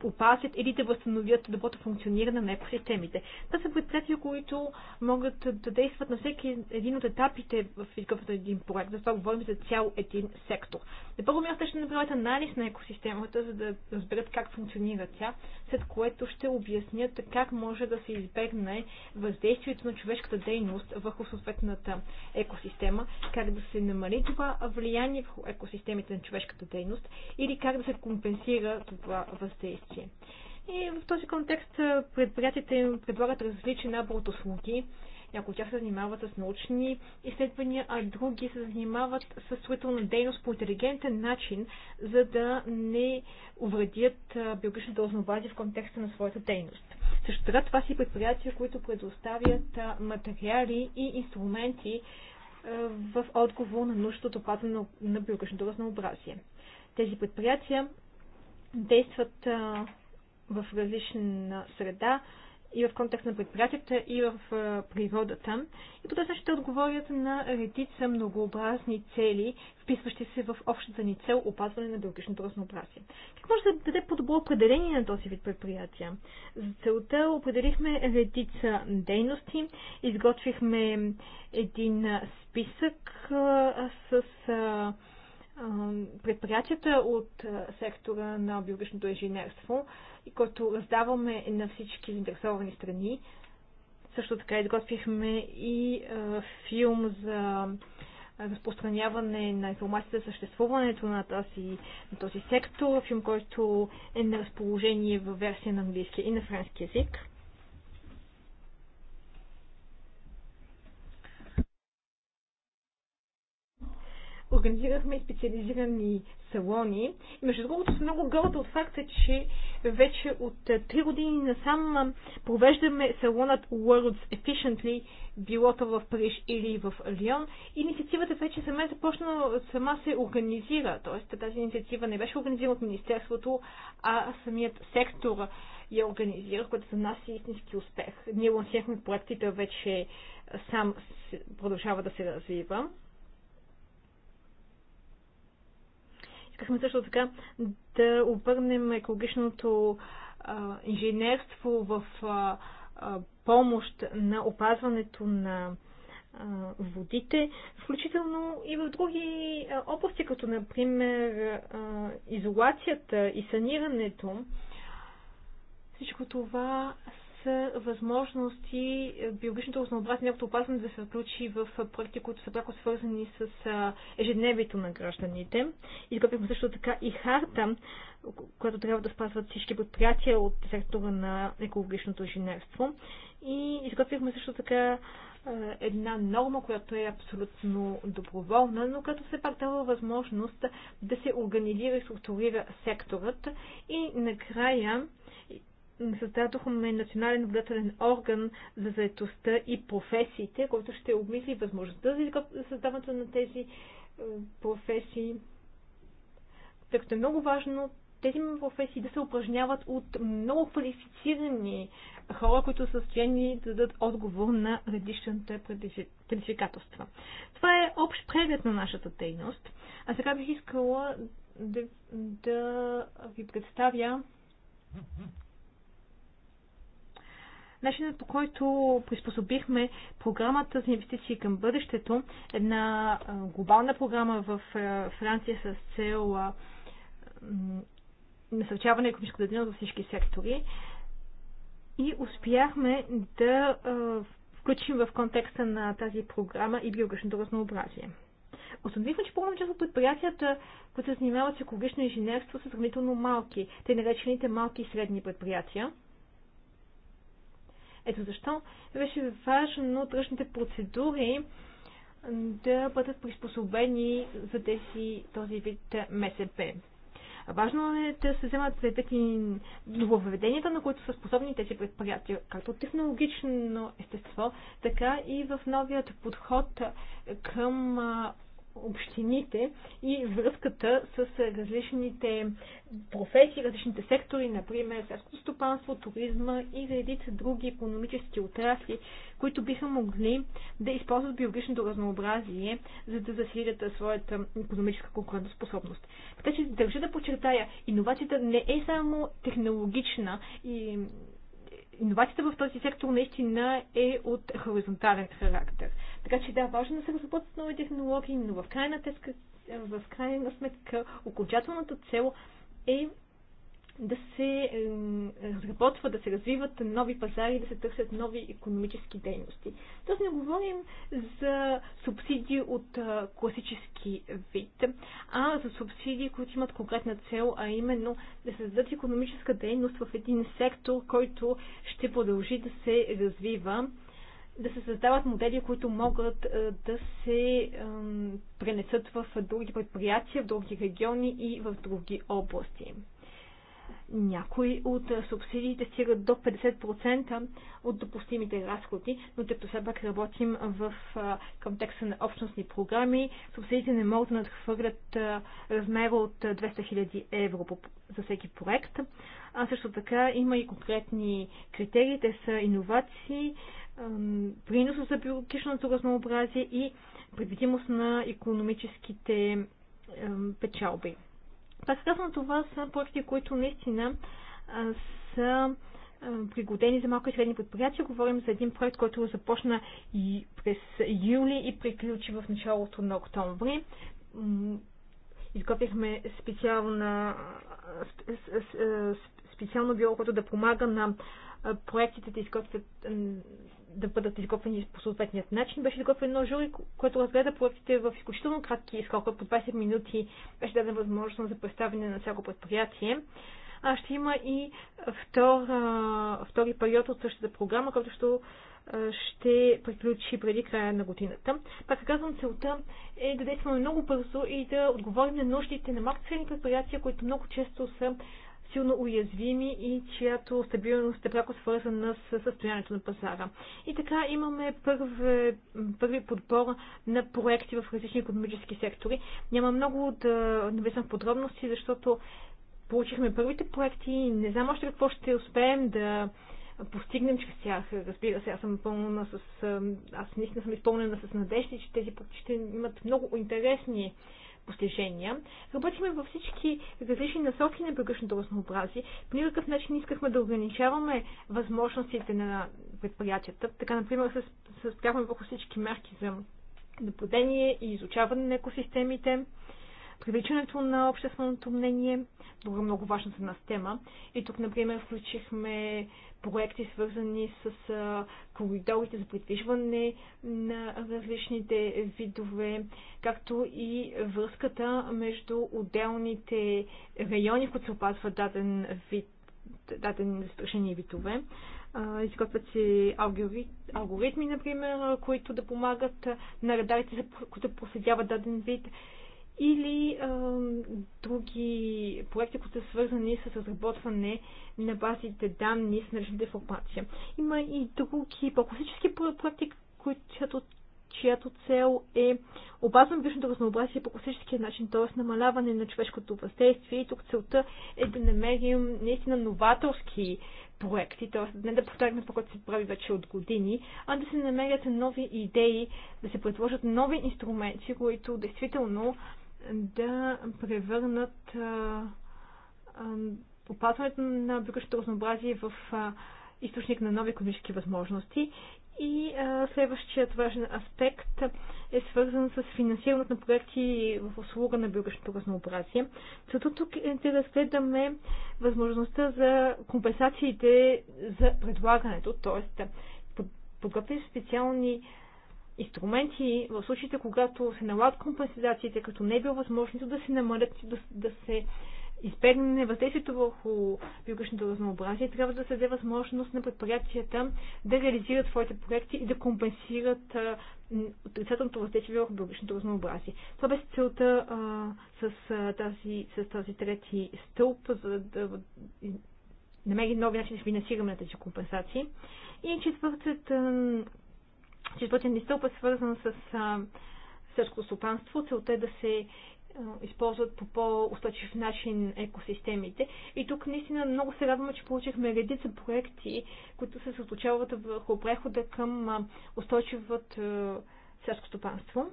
опазят или да възстановят доброто функциониране на екосистемите. Това са предприятия, които могат да действат на всеки един от етапите в един проект. това говорим за цял един сектор. На първо място ще направят анализ на екосистемата, за да разберат как функционира тя, след което ще обяснят как може да се избегне въздействието на човешката дейност върху съответната екосистема, как да се намали това влияние върху екосистемите на човешката дейност или как да се компенсира това въздействие. И в този контекст предприятията им предлагат различен набор от услуги, някои от тях се занимават с научни изследвания, а други се занимават с строителна дейност по интелигентен начин, за да не увредят биологичното разнообразие в контекста на своята дейност. Също така това си предприятия, които предоставят материали и инструменти в отговор на нуждата от на биологичното разнообразие. Тези предприятия действат в различна среда, и в контекст на предприятията, и в природата. И по този ще отговорят на редица многообразни цели, вписващи се в общата ни цел опазване на биологичното разнообразие. Как може да даде по-добро определение на този вид предприятия? За целта определихме редица дейности, изготвихме един списък с предприятията от сектора на биологичното инженерство, и който раздаваме на всички заинтересовани страни. Също така изготвихме и филм за разпространяване на информацията за съществуването на този, на този сектор, филм, който е на разположение в версия на английски и на френски язик. организирахме специализирани салони. И между другото съм много горда от факта, че вече от 3 е, години насам провеждаме салонът Worlds Efficiently, било то в Париж или в Лион. Инициативата вече сама е започна, сама се организира. Тоест тази инициатива не беше организирана от Министерството, а самият сектор я организира, което за нас е истински успех. Ние лансирахме проектите, вече сам продължава да се развива. Искахме също така да обърнем екологичното а, инженерство в а, а, помощ на опазването на а, водите, включително и в други а, области, като например а, изолацията и санирането. Всичко това са възможности биологичното разнообразие, някакво опасно да се включи в проекти, които са пряко свързани с ежедневието на гражданите. Изготвихме също така и харта, която трябва да спазват всички предприятия от сектора на екологичното инженерство. И изготвихме също така една норма, която е абсолютно доброволна, но като все пак дава възможност да се организира и структурира секторът. И накрая създадохме национален наблюдателен орган за заетостта и професиите, който ще обмисли възможността за създаването на тези е, професии. Тъй като е много важно тези професии да се упражняват от много квалифицирани хора, които са състояние да дадат отговор на различните предизвикателства. Това е общ преглед на нашата дейност. А сега бих искала да, да ви представя начинът по който приспособихме програмата за инвестиции към бъдещето, една глобална програма в Франция с цел насърчаване на економическата дейност във всички сектори и успяхме да включим в контекста на тази програма и биологичното разнообразие. Установихме, че по-голяма част от предприятията, които се занимават с екологично инженерство, са сравнително малки, те наречените малки и средни предприятия. Ето защо беше важно тръжните процедури да бъдат приспособени за тези, този вид МСП. Важно е да се вземат предвид и нововведенията, на които са способни тези предприятия, както технологично естество, така и в новият подход към общините и връзката с различните професии, различните сектори, например селското стопанство, туризма и редица други економически отрасли, които биха могли да използват биологичното разнообразие, за да засилят своята економическа конкурентоспособност. Така че държа да подчертая, иновацията не е само технологична и иновацията в този сектор наистина е от хоризонтален характер. Така че да, важно е да се разработят нови технологии, но в крайна, тезка, в крайна сметка окончателната цел е да се разработват, да се развиват нови пазари, да се търсят нови економически дейности. Тоест не говорим за субсидии от класически вид, а за субсидии, които имат конкретна цел, а именно да създадат економическа дейност в един сектор, който ще продължи да се развива да се създават модели, които могат е, да се пренесат в други предприятия, в други региони и в други области. Някои от субсидиите стигат до 50% от допустимите разходи, но тъй като все пак работим в контекста на общностни програми, субсидиите не могат да надхвърлят размера от 200 000 евро за всеки проект. А също така има и конкретни критерии, те са иновации, принос за биологичното разнообразие и предвидимост на економическите печалби. Пак казвам, това са проекти, които наистина а, са пригодени за малко и средни предприятия. Говорим за един проект, който започна и през юли и приключи в началото на октомври. Изготвихме специална, специално бюро, което да помага на проектите да изготвят да бъдат изготвени по съответният начин. Беше изготвено жури, което разгледа проектите в изключително кратки срокове, по 20 минути беше дадена възможност за представяне на всяко предприятие. А ще има и втор, втори период от същата програма, който ще, ще приключи преди края на годината. Пак казвам, целта е да действаме много бързо и да отговорим на нуждите на малките предприятия, които много често са силно уязвими и чиято стабилност е пряко свързана с състоянието на пазара. И така имаме първи, първи подбор на проекти в различни економически сектори. Няма много да навлизам в подробности, защото получихме първите проекти и не знам още какво ще успеем да постигнем чрез тях. Разбира се, аз съм пълна с... Аз наистина съм изпълнена с надежди, че тези проекти ще имат много интересни постижения. Работихме във всички различни насоки на биологичното разнообразие. По никакъв начин искахме да ограничаваме възможностите на предприятията. Така, например, се спряхме върху всички мерки за наблюдение и изучаване на екосистемите привличането на общественото мнение, друга много важна за нас тема. И тук, например, включихме проекти, свързани с коридорите за придвижване на различните видове, както и връзката между отделните райони, в които се опазва даден вид дадени застрашени видове. Изготвят се алгоритми, например, които да помагат на радарите, които проследяват даден вид или а, други проекти, които са свързани с разработване на базите данни с наличната информация. Има и други по-класически проекти, които чиято цел е опазване на разнообразие по класическия начин, т.е. намаляване на човешкото въздействие. И тук целта е да намерим наистина новаторски проекти, т.е. не да повтаряме това, което се прави вече от години, а да се намерят нови идеи, да се предложат нови инструменти, които действително да превърнат опазването на биологичното разнообразие в източник на нови економически възможности. И а, следващият важен аспект е свързан с финансирането на проекти в услуга на биологичното разнообразие. Целта тук е да разгледаме възможността за компенсациите за предлагането, т.е. подготвяме специални инструменти в случаите, когато се налагат компенсациите, като не е било възможно да се намалят, да, да се избегне въздействието върху биологичното разнообразие, трябва да се даде възможност на предприятията да реализират своите проекти и да компенсират отрицателното въздействие върху биологичното разнообразие. Това беше целта а, с, а, тази, с тази трети стълб, за да намери нови начин да финансираме на тези компенсации. И четвъртата че ни стълб е свързан с сърско стопанство. Целта е да се използват по по-устойчив начин екосистемите. И тук наистина много се радваме, че получихме редица проекти, които се съсочават върху прехода към устойчивото селско стопанство.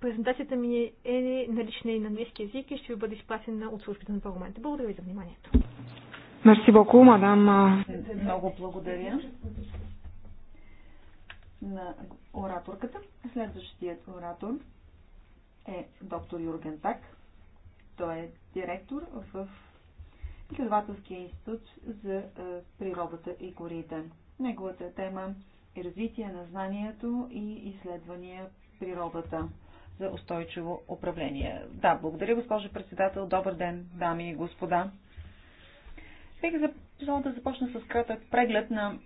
Презентацията ми е налична и на английски язик и ще ви бъде изпратена от службите на парламента. Благодаря ви за вниманието. Мерси Боку, мадам. Много благодаря на ораторката. Следващият оратор е доктор Юрген Так. Той е директор в изследователския институт за е, природата и горите. Неговата тема е развитие на знанието и изследвания природата за устойчиво управление. Да, благодаря, госпожо председател. Добър ден, дами и господа. Бих желал да започна с кратък преглед на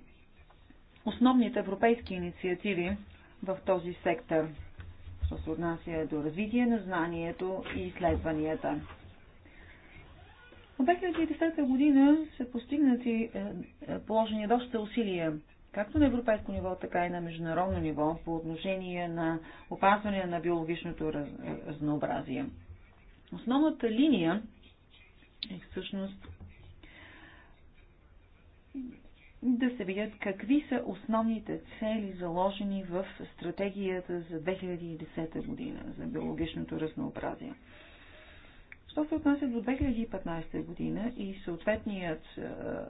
основните европейски инициативи в този сектор, що се отнася до развитие на знанието и изследванията. От 2010 година са постигнати е, е, положени доста усилия, както на европейско ниво, така и на международно ниво, по отношение на опазване на биологичното разнообразие. Основната линия е всъщност да се видят какви са основните цели заложени в стратегията за 2010 година за биологичното разнообразие. Що се отнася до 2015 година и съответният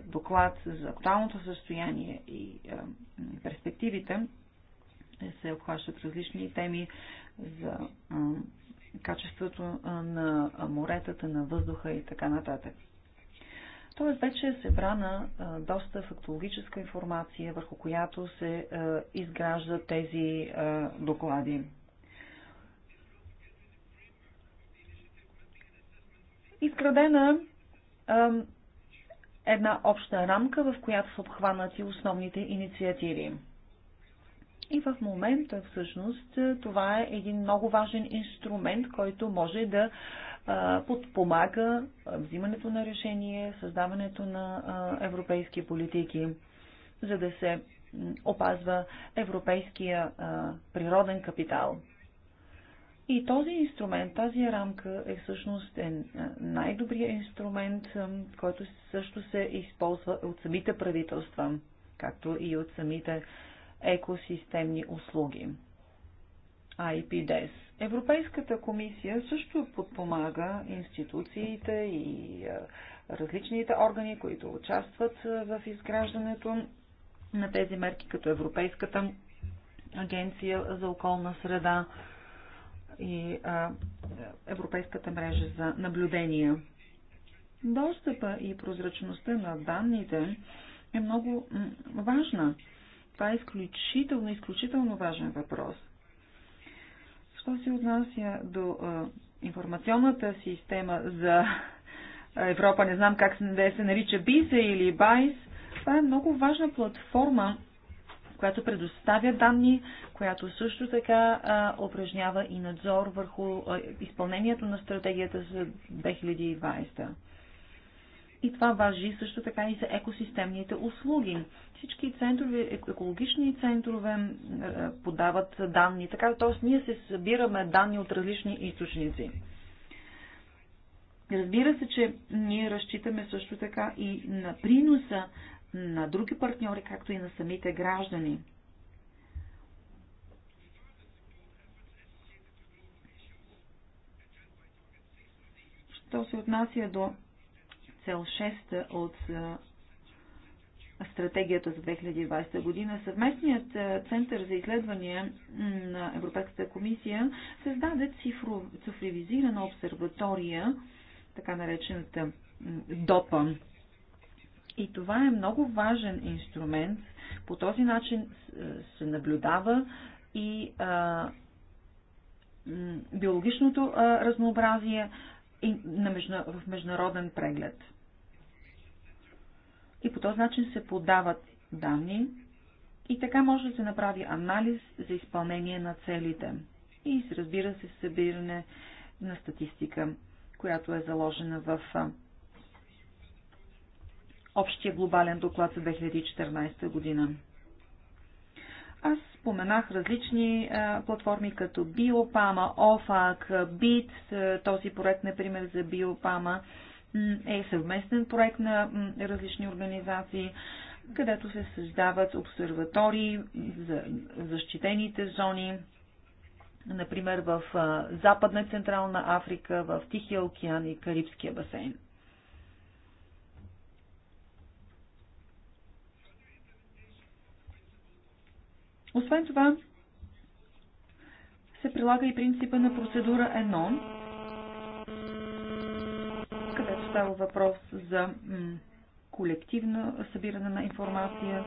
доклад за актуалното състояние и перспективите, се обхващат различни теми за качеството на моретата, на въздуха и така нататък. Т.е. вече е събрана доста фактологическа информация, върху която се изграждат тези доклади. Изградена една обща рамка, в която са обхванати основните инициативи. И в момента всъщност това е един много важен инструмент, който може да подпомага взимането на решение, създаването на европейски политики, за да се опазва европейския природен капитал. И този инструмент, тази рамка е всъщност е най-добрият инструмент, който също се използва от самите правителства, както и от самите екосистемни услуги. IPDES. Европейската комисия също подпомага институциите и различните органи, които участват в изграждането на тези мерки, като Европейската агенция за околна среда и Европейската мрежа за наблюдения. Достъпа и прозрачността на данните е много важна. Това е изключително, изключително важен въпрос. Що се отнася до информационната система за Европа, не знам как да се нарича БИСЕ или БАЙС, това е много важна платформа, която предоставя данни, която също така а, упражнява и надзор върху а, изпълнението на стратегията за 2020. И това важи също така и за екосистемните услуги. Всички центрове, е, екологични центрове е, е, подават данни, така т.е. ние се събираме данни от различни източници. Разбира се, че ние разчитаме също така и на приноса на други партньори, както и на самите граждани. Що се отнася до цел 6 от стратегията за 2020 година, съвместният център за изследвания на Европейската комисия създаде цифровизирана обсерватория, така наречената ДОПА. И това е много важен инструмент. По този начин се наблюдава и биологичното разнообразие в международен преглед и по този начин се подават данни и така може да се направи анализ за изпълнение на целите и разбира се събиране на статистика, която е заложена в общия глобален доклад за 2014 година. Аз споменах различни платформи като Биопама, ОФАК, БИТ, този проект, например, за Биопама е съвместен проект на различни организации, където се създават обсерватории за защитените зони, например в Западна Централна Африка, в Тихия океан и Карибския басейн. Освен това, се прилага и принципа на процедура ЕНОН, Става въпрос за колективно събиране на информация,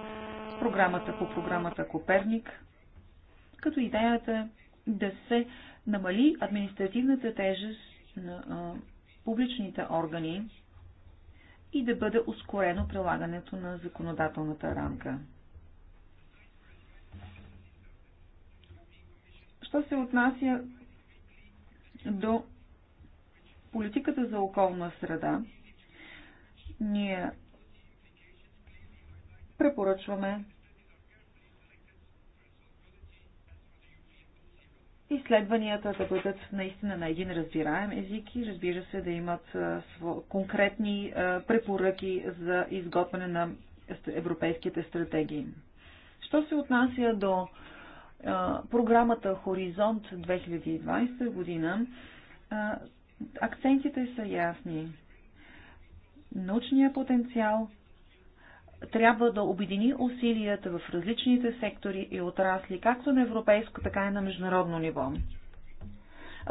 програмата по програмата Коперник, като идеята е да се намали административната тежест на а, публичните органи и да бъде ускорено прилагането на законодателната рамка. Що се отнася до политиката за околна среда ние препоръчваме изследванията да бъдат наистина на един разбираем език и разбира се да имат конкретни препоръки за изготвяне на европейските стратегии. Що се отнася до програмата Хоризонт 2020 година, акцентите са ясни. Научният потенциал трябва да обедини усилията в различните сектори и отрасли, както на европейско, така и на международно ниво.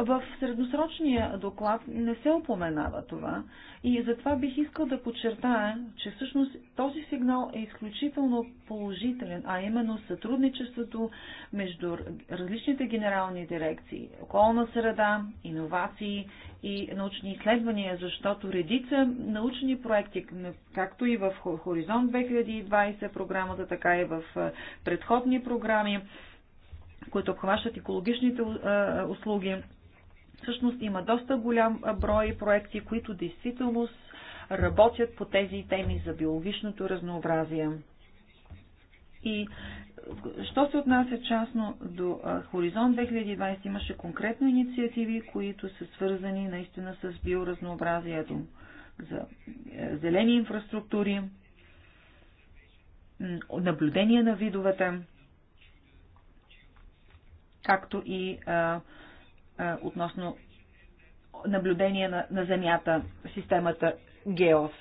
В средносрочния доклад не се опоменава това и затова бих искал да подчертая, че всъщност този сигнал е изключително положителен, а именно сътрудничеството между различните генерални дирекции – околна среда, иновации и научни изследвания, защото редица научни проекти, както и в Хоризонт 2020 програмата, така и в предходни програми, които обхващат екологичните услуги, всъщност има доста голям брой проекти, които действително работят по тези теми за биологичното разнообразие. И Що се отнася частно до Хоризонт 2020, имаше конкретно инициативи, които са свързани наистина с биоразнообразието за е, зелени инфраструктури, наблюдение на видовете, както и а, а, относно наблюдение на, на Земята, системата ГЕОС.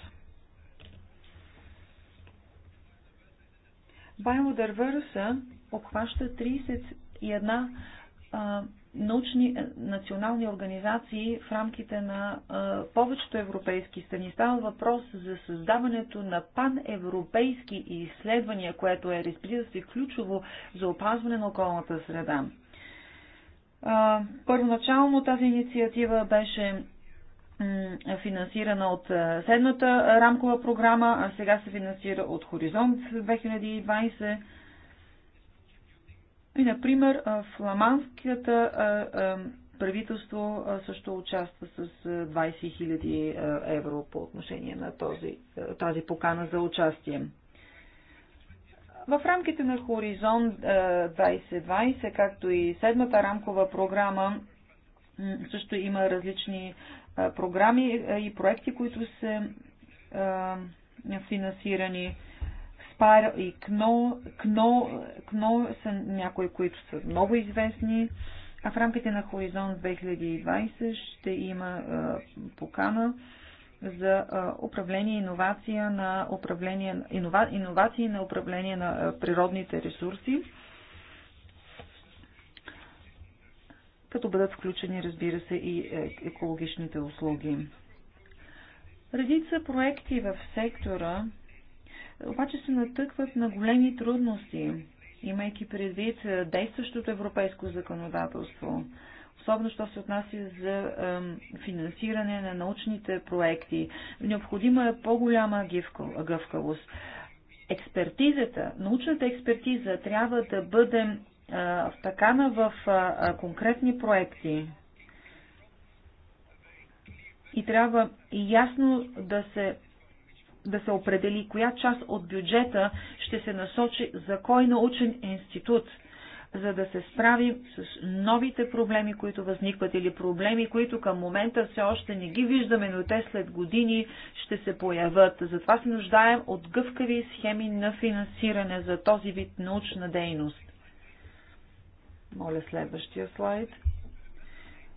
Biodiversa обхваща 31 а, научни е, национални организации в рамките на а, повечето европейски страни. Става въпрос за създаването на паневропейски изследвания, което е, разбира се, ключово за опазване на околната среда. А, първоначално тази инициатива беше финансирана от седмата рамкова програма, а сега се финансира от Хоризонт 2020. И, например, фламандската правителство също участва с 20 000 евро по отношение на този, тази покана за участие. В рамките на Хоризонт 2020, както и седмата рамкова програма, също има различни програми и проекти, които са финансирани. Спар и КНО, КНО, КНО са някои, които са много известни. А в рамките на Хоризонт 2020 ще има покана за управление и иновация на управление, инова, иновации на управление на природните ресурси като бъдат включени, разбира се, и е, екологичните услуги. Редица проекти в сектора обаче се натъкват на големи трудности, имайки предвид е, действащото европейско законодателство, особено що се отнася за е, финансиране на научните проекти. Необходима е по-голяма гъвкавост експертизата, научната експертиза трябва да бъде в такана в конкретни проекти. И трябва ясно да се, да се определи коя част от бюджета ще се насочи за кой научен институт, за да се справи с новите проблеми, които възникват или проблеми, които към момента все още не ги виждаме, но те след години ще се появят. Затова се нуждаем от гъвкави схеми на финансиране за този вид научна дейност. Моля следващия слайд.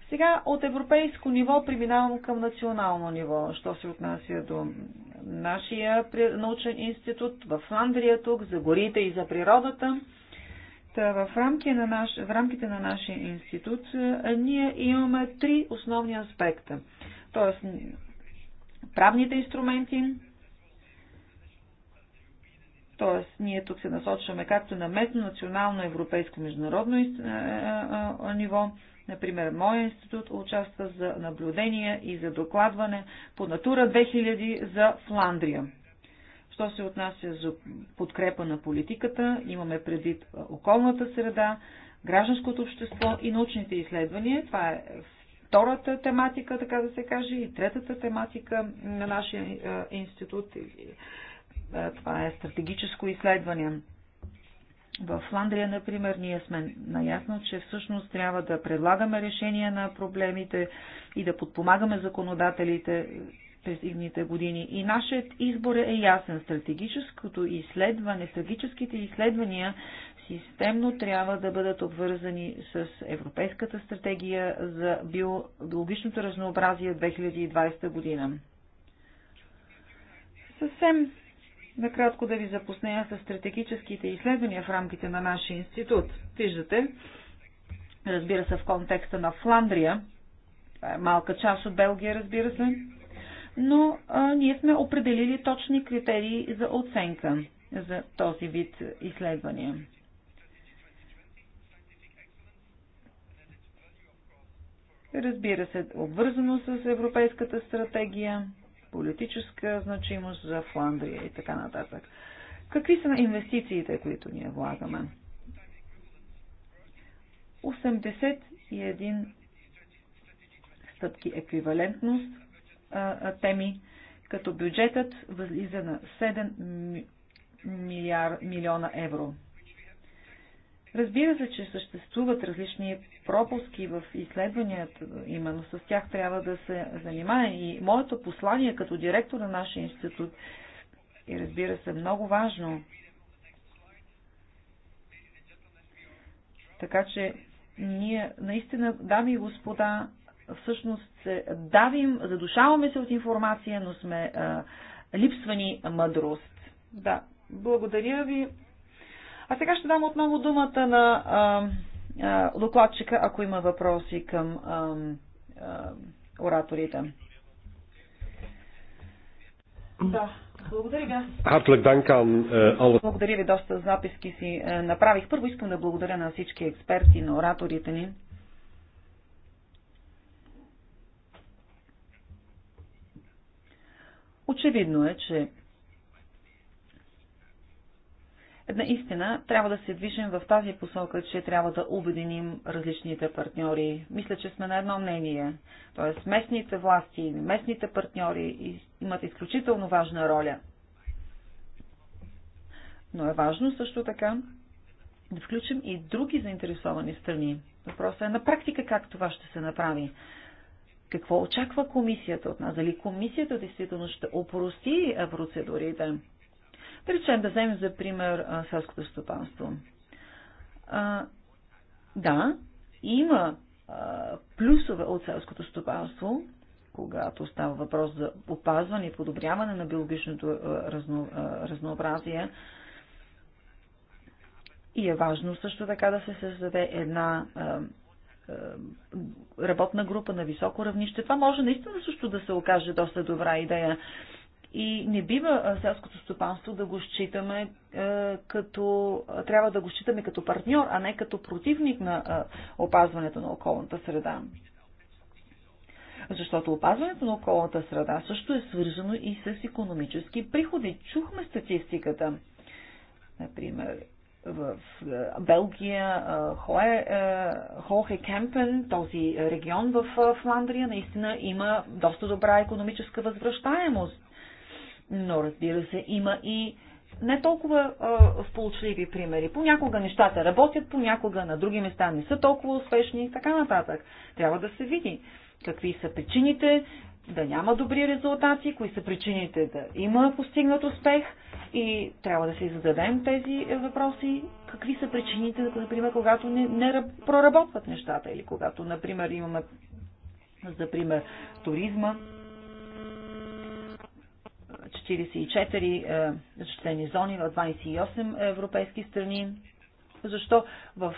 Сега от европейско ниво преминавам към национално ниво, що се отнася до нашия научен институт в Фландрия тук, за горите и за природата. Та в, рамки на наш, в рамките на нашия институт е, ние имаме три основни аспекта. Тоест правните инструменти, т.е. ние тук се насочваме както на местно, национално, европейско, международно е, е, е, ниво. Например, моя институт участва за наблюдение и за докладване по Натура 2000 за Фландрия. Що се отнася за подкрепа на политиката, имаме предвид околната среда, гражданското общество и научните изследвания. Това е втората тематика, така да се каже, и третата тематика на нашия институт е, това е стратегическо изследване. В Фландрия, например, ние сме наясно, че всъщност трябва да предлагаме решения на проблемите и да подпомагаме законодателите през идните години. И нашият избор е ясен. Стратегическото изследване, стратегическите изследвания системно трябва да бъдат обвързани с Европейската стратегия за биологичното разнообразие 2020 година. Съвсем накратко да ви запозная с стратегическите изследвания в рамките на нашия институт. Виждате, разбира се, в контекста на Фландрия, това е малка част от Белгия, разбира се, но а, ние сме определили точни критерии за оценка за този вид изследвания. Разбира се, обвързано с Европейската стратегия политическа значимост за Фландрия и така нататък. Какви са инвестициите, които ние влагаме? 81 стъпки еквивалентност теми, като бюджетът възлиза на 7 милиона евро. Разбира се, че съществуват различни пропуски в изследванията, именно с тях трябва да се занимае. И моето послание като директор на нашия институт и е, разбира се, много важно. Така че ние наистина, дами и господа, всъщност се давим, задушаваме се от информация, но сме а, липсвани мъдрост. Да, благодаря ви. А сега ще дам отново думата на а, а, докладчика, ако има въпроси към а, а, ораторите. Да. Благодаря ви. Eh, благодаря ви, доста записки си е, направих. Първо искам да благодаря на всички експерти, на ораторите ни. Очевидно е, че наистина трябва да се движим в тази посока, че трябва да обединим различните партньори. Мисля, че сме на едно мнение. Тоест местните власти и местните партньори имат изключително важна роля. Но е важно също така да включим и други заинтересовани страни. Въпросът е на практика как това ще се направи. Какво очаква комисията от нас? Дали комисията действително ще опрости процедурите? Да речем, да вземем за пример селското стопанство. Да, има плюсове от селското стопанство, когато става въпрос за опазване и подобряване на биологичното разно, разнообразие. И е важно също така да се създаде една работна група на високо равнище. Това може наистина също да се окаже доста добра идея. И не бива селското стопанство да го считаме е, като, трябва да го считаме като партньор, а не като противник на опазването на околната среда. Защото опазването на околната среда също е свързано и с економически приходи. Чухме статистиката. Например, в е, Белгия, е, Холхе Кемпен, този регион в Фландрия, наистина има доста добра економическа възвръщаемост но разбира се, има и не толкова а, сполучливи примери. Понякога нещата работят, понякога на други места не са толкова успешни и така нататък. Трябва да се види какви са причините да няма добри резултати, кои са причините да има постигнат успех и трябва да си зададем тези въпроси. Какви са причините, например, когато не, не проработват нещата или когато, например, имаме, за пример, туризма, 44 е, защитени зони в 28 европейски страни. Защо в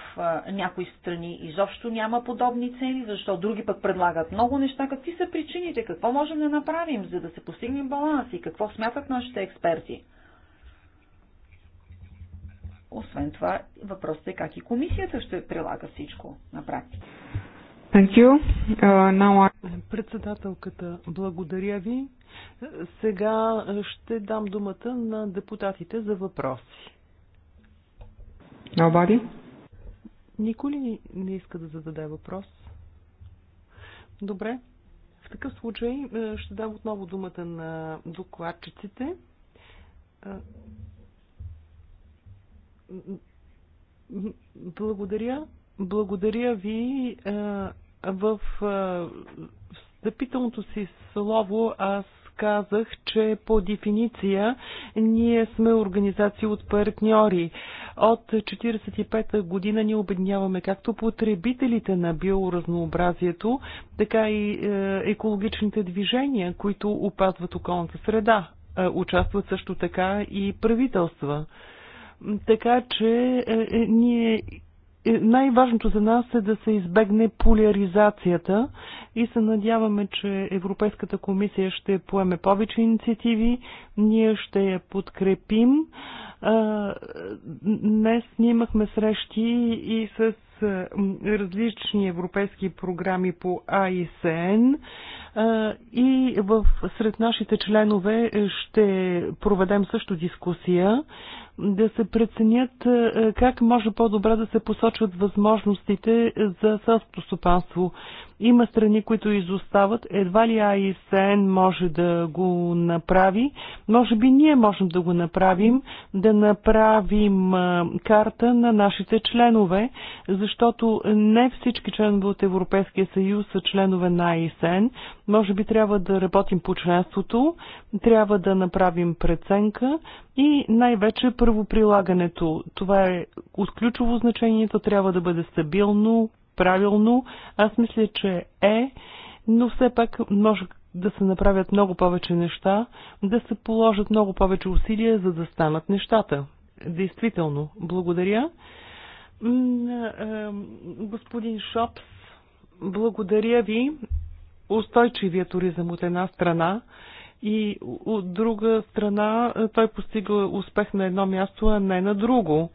е, някои страни изобщо няма подобни цели, защо други пък предлагат много неща, какви са причините, какво можем да направим, за да се постигнем баланс и какво смятат нашите експерти. Освен това, въпросът е как и комисията ще прилага всичко на практика. Thank you. Uh, now I... Председателката, благодаря ви. Сега ще дам думата на депутатите за въпроси. Nobody? Никой ли не иска да зададе въпрос? Добре. В такъв случай ще дам отново думата на докладчиците. Благодаря. Благодаря ви. В встъпителното си слово аз казах, че по дефиниция ние сме организации от партньори. От 1945 година ние обедняваме както потребителите на биоразнообразието, така и е, екологичните движения, които опазват околната среда. Е, участват също така и правителства. Така че е, ние най-важното за нас е да се избегне поляризацията и се надяваме, че Европейската комисия ще поеме повече инициативи, ние ще я подкрепим. Днес ние имахме срещи и с различни европейски програми по АИСН и в, сред нашите членове ще проведем също дискусия да се преценят е, как може по-добре да се посочват възможностите за селското стопанство. Има страни, които изостават. Едва ли АИСН може да го направи. Може би ние можем да го направим, да направим е, карта на нашите членове, защото не всички членове от Европейския съюз са членове на АИСН. Може би трябва да работим по членството, трябва да направим преценка и най-вече първо прилагането. Това е от ключово значение, то трябва да бъде стабилно, правилно. Аз мисля, че е, но все пак може да се направят много повече неща, да се положат много повече усилия, за да станат нещата. Действително, благодаря. Господин Шопс, благодаря ви. Устойчивия туризъм от една страна и от друга страна е, той постига успех на едно място, а не на друго.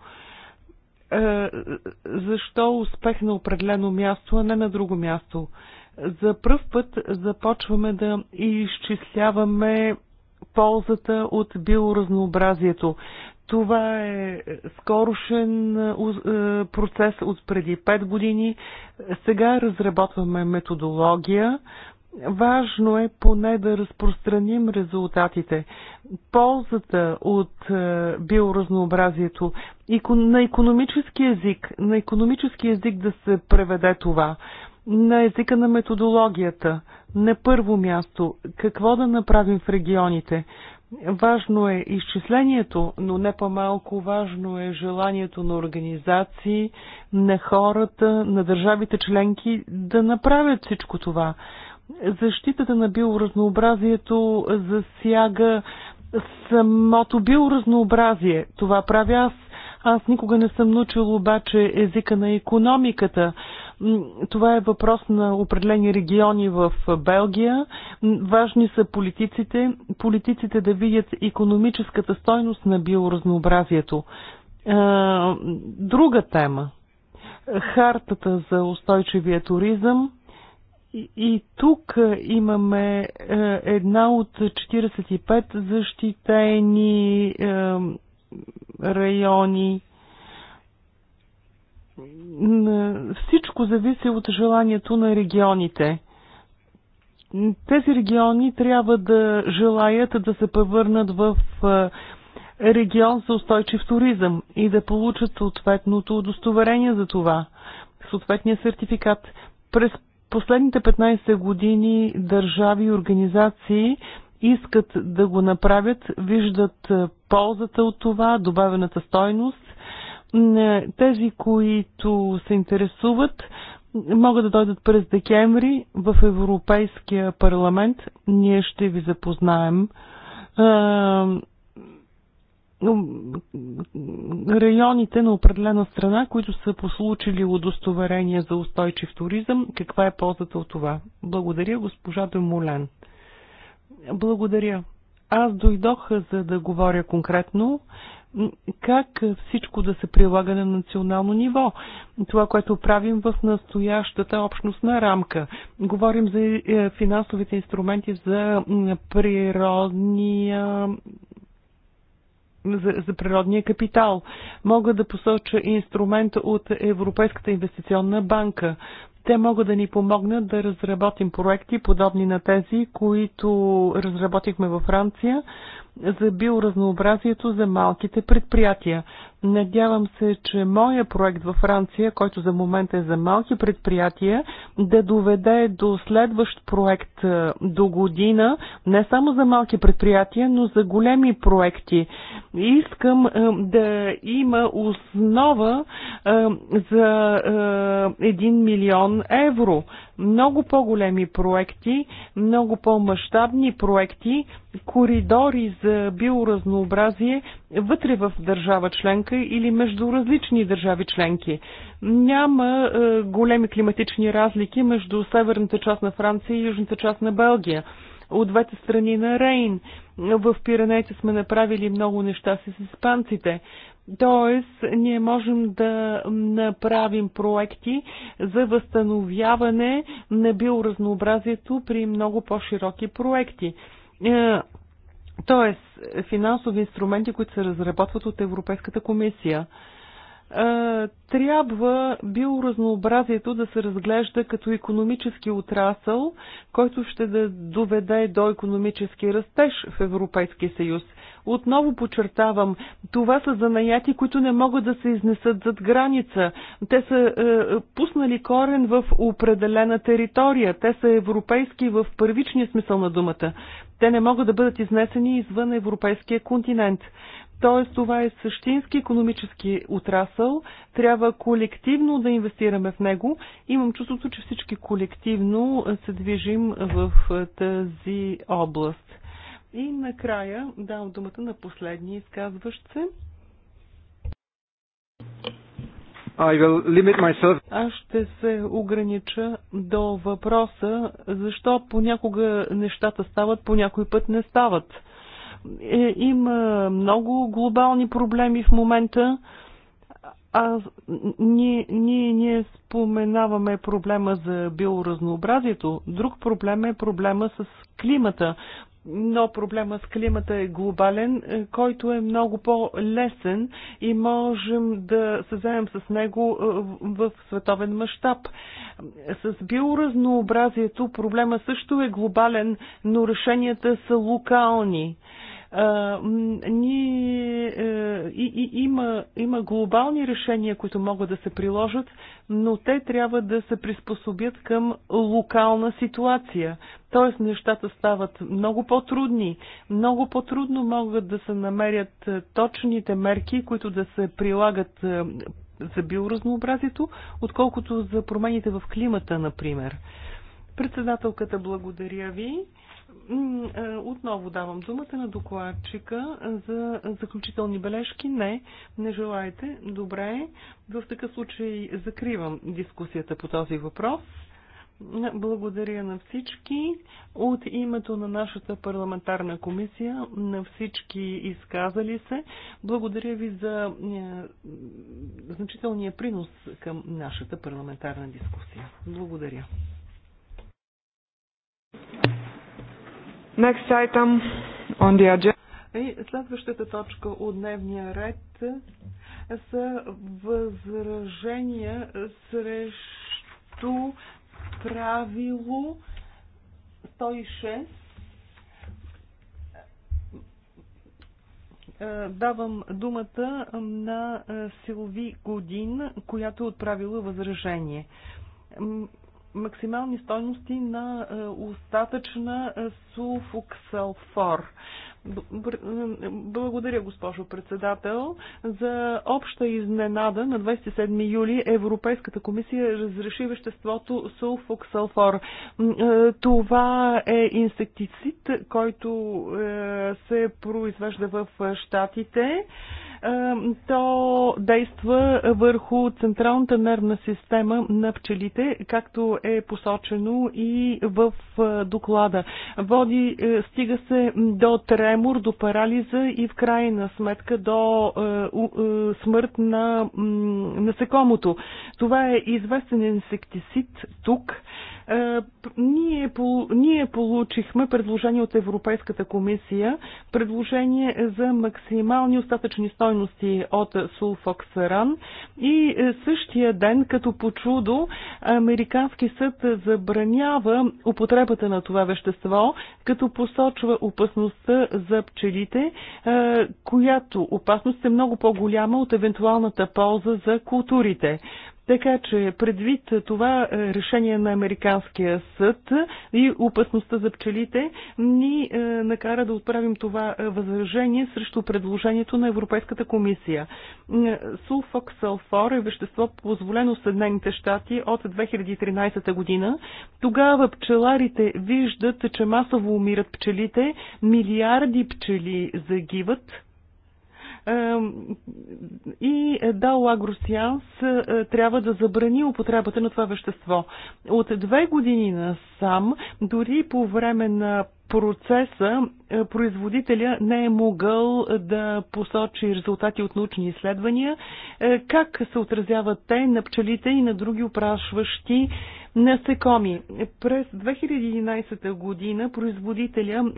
Е, защо успех на определено място, а не на друго място? За пръв път започваме да изчисляваме ползата от биоразнообразието. Това е скорошен е, процес от преди 5 години. Сега разработваме методология, Важно е поне да разпространим резултатите. Ползата от е, биоразнообразието на економически език, на економически език да се преведе това, на езика на методологията, на първо място, какво да направим в регионите, Важно е изчислението, но не по-малко важно е желанието на организации, на хората, на държавите членки да направят всичко това защитата на биоразнообразието засяга самото биоразнообразие. Това правя аз. Аз никога не съм научил обаче езика на економиката. Това е въпрос на определени региони в Белгия. Важни са политиците. Политиците да видят економическата стойност на биоразнообразието. Друга тема. Хартата за устойчивия туризъм и, и тук е, имаме е, една от 45 защитени е, райони. Всичко зависи от желанието на регионите. Тези региони трябва да желаят да се превърнат в е, регион за устойчив туризъм и да получат съответното удостоверение за това, съответния сертификат. През Последните 15 години държави и организации искат да го направят, виждат е, ползата от това, добавената стойност. Е, тези, които се интересуват, могат да дойдат през декември в Европейския парламент. Ние ще ви запознаем районите на определена страна, които са послучили удостоверение за устойчив туризъм, каква е ползата от това? Благодаря, госпожа Демолен. Благодаря. Аз дойдох за да говоря конкретно как всичко да се прилага на национално ниво. Това, което правим в настоящата общностна рамка. Говорим за е, финансовите инструменти за природния за, за природния капитал. Мога да посоча инструмент от Европейската инвестиционна банка. Те могат да ни помогнат да разработим проекти, подобни на тези, които разработихме във Франция за биоразнообразието за малките предприятия. Надявам се, че моя проект във Франция, който за момента е за малки предприятия, да доведе до следващ проект е, до година, не само за малки предприятия, но за големи проекти. Искам е, да има основа е, за 1 милион евро. Много по-големи проекти, много по-масштабни проекти, коридори за биоразнообразие вътре в държава членка членка или между различни държави членки. Няма е, големи климатични разлики между северната част на Франция и южната част на Белгия. От двете страни на Рейн. В Пиренейца сме направили много неща с испанците. Тоест, ние можем да направим проекти за възстановяване на биоразнообразието при много по-широки проекти. Е, Тоест, финансови инструменти, които се разработват от Европейската комисия. Трябва биоразнообразието да се разглежда като економически отрасъл, който ще да доведе до економически растеж в Европейския съюз. Отново подчертавам, това са занаяти, които не могат да се изнесат зад граница. Те са е, пуснали корен в определена територия. Те са европейски в първичния смисъл на думата. Те не могат да бъдат изнесени извън европейския континент. Тоест това е същински економически отрасъл, трябва колективно да инвестираме в него. Имам чувството, че всички колективно се движим в е, тази област. И накрая давам думата на последния изказващ се. I will limit myself. Аз ще се огранича до въпроса, защо понякога нещата стават, по някой път не стават. Е, има много глобални проблеми в момента. А, ние, ние, ние споменаваме проблема за биоразнообразието. Друг проблем е проблема с климата но проблема с климата е глобален, е, който е много по-лесен и можем да се заем с него е, в световен мащаб. С биоразнообразието проблема също е глобален, но решенията са локални ние, е, и, и, има, има глобални решения, които могат да се приложат, но те трябва да се приспособят към локална ситуация. Тоест нещата стават много по-трудни. Много по-трудно могат да се намерят е, точните мерки, които да се прилагат е, за биоразнообразието, отколкото за промените в климата, например. Председателката, благодаря ви. Е, отново давам думата на докладчика за заключителни бележки. Не, не желаете. Добре. В такъв случай закривам дискусията по този въпрос. Благодаря на всички. От името на нашата парламентарна комисия, на всички изказали се, благодаря ви за е, значителния принос към нашата парламентарна дискусия. Благодаря. Next item on the agenda. И следващата точка от дневния ред са възражения срещу правило 106. Давам думата на Силви Годин, която е отправила възражение максимални стойности на е, остатъчна е, суфоксалфор. Е, благодаря, госпожо председател. За обща изненада на 27 юли Европейската комисия разреши веществото сулфоксалфор. Това е инсектицид, който се произвежда в Штатите. Е, то действа върху централната нервна система на пчелите, както е посочено и в е, доклада. Води, е, стига се до тремор, до парализа и в крайна сметка до смърт на насекомото. Това е известен инсектицид тук. Е, ние, ние получихме предложение от Европейската комисия, предложение за максимални остатъчни стойности от сулфоксаран и е, същия ден, като по чудо, Американски съд забранява употребата на това вещество, като посочва опасността за пчелите, е, която опасност е много по-голяма от евентуалната полза за културите. Така че предвид това е, решение на Американския съд и опасността за пчелите ни е, накара да отправим това е, възражение срещу предложението на Европейската комисия. Сулфоксалфор е вещество позволено в Съединените щати от 2013 година. Тогава пчеларите виждат, че масово умират пчелите, милиарди пчели загиват и Дал Агросианс е, трябва да забрани употребата на това вещество. От две години насам, дори по време на процеса е, производителя не е могъл да посочи резултати от научни изследвания, е, как се отразяват те на пчелите и на други опрашващи насекоми. През 2011 година производителя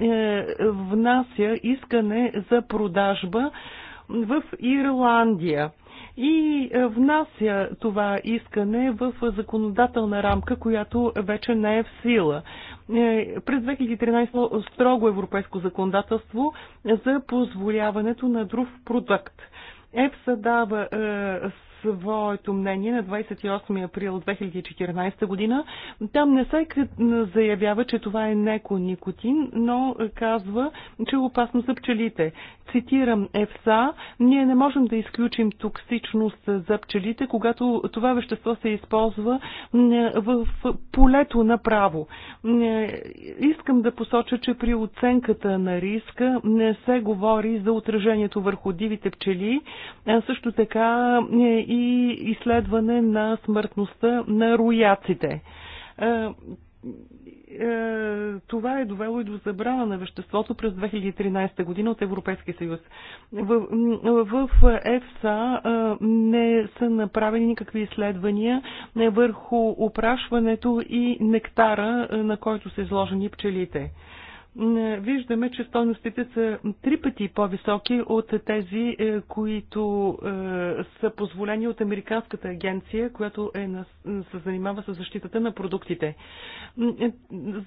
внася искане за продажба в Ирландия и е, внася това искане в законодателна рамка, която вече не е в сила. Е, през 2013 строго европейско законодателство за позволяването на друг продукт. ЕФСА дава е, своето мнение на 28 април 2014 година. Там не се заявява, че това е неко никотин, но казва, че е опасно за пчелите. Цитирам ЕФСА, ние не можем да изключим токсичност за пчелите, когато това вещество се използва в полето направо. Искам да посоча, че при оценката на риска не се говори за отражението върху дивите пчели, също така и изследване на смъртността на рояците. Е, е, това е довело и до забрана на веществото през 2013 година от Европейския съюз. В, в ЕФСА е, не са направени никакви изследвания върху опрашването и нектара, на който са изложени пчелите виждаме, че стойностите са три пъти по-високи от тези, е, които е, са позволени от Американската агенция, която е на, се занимава с защитата на продуктите. Е,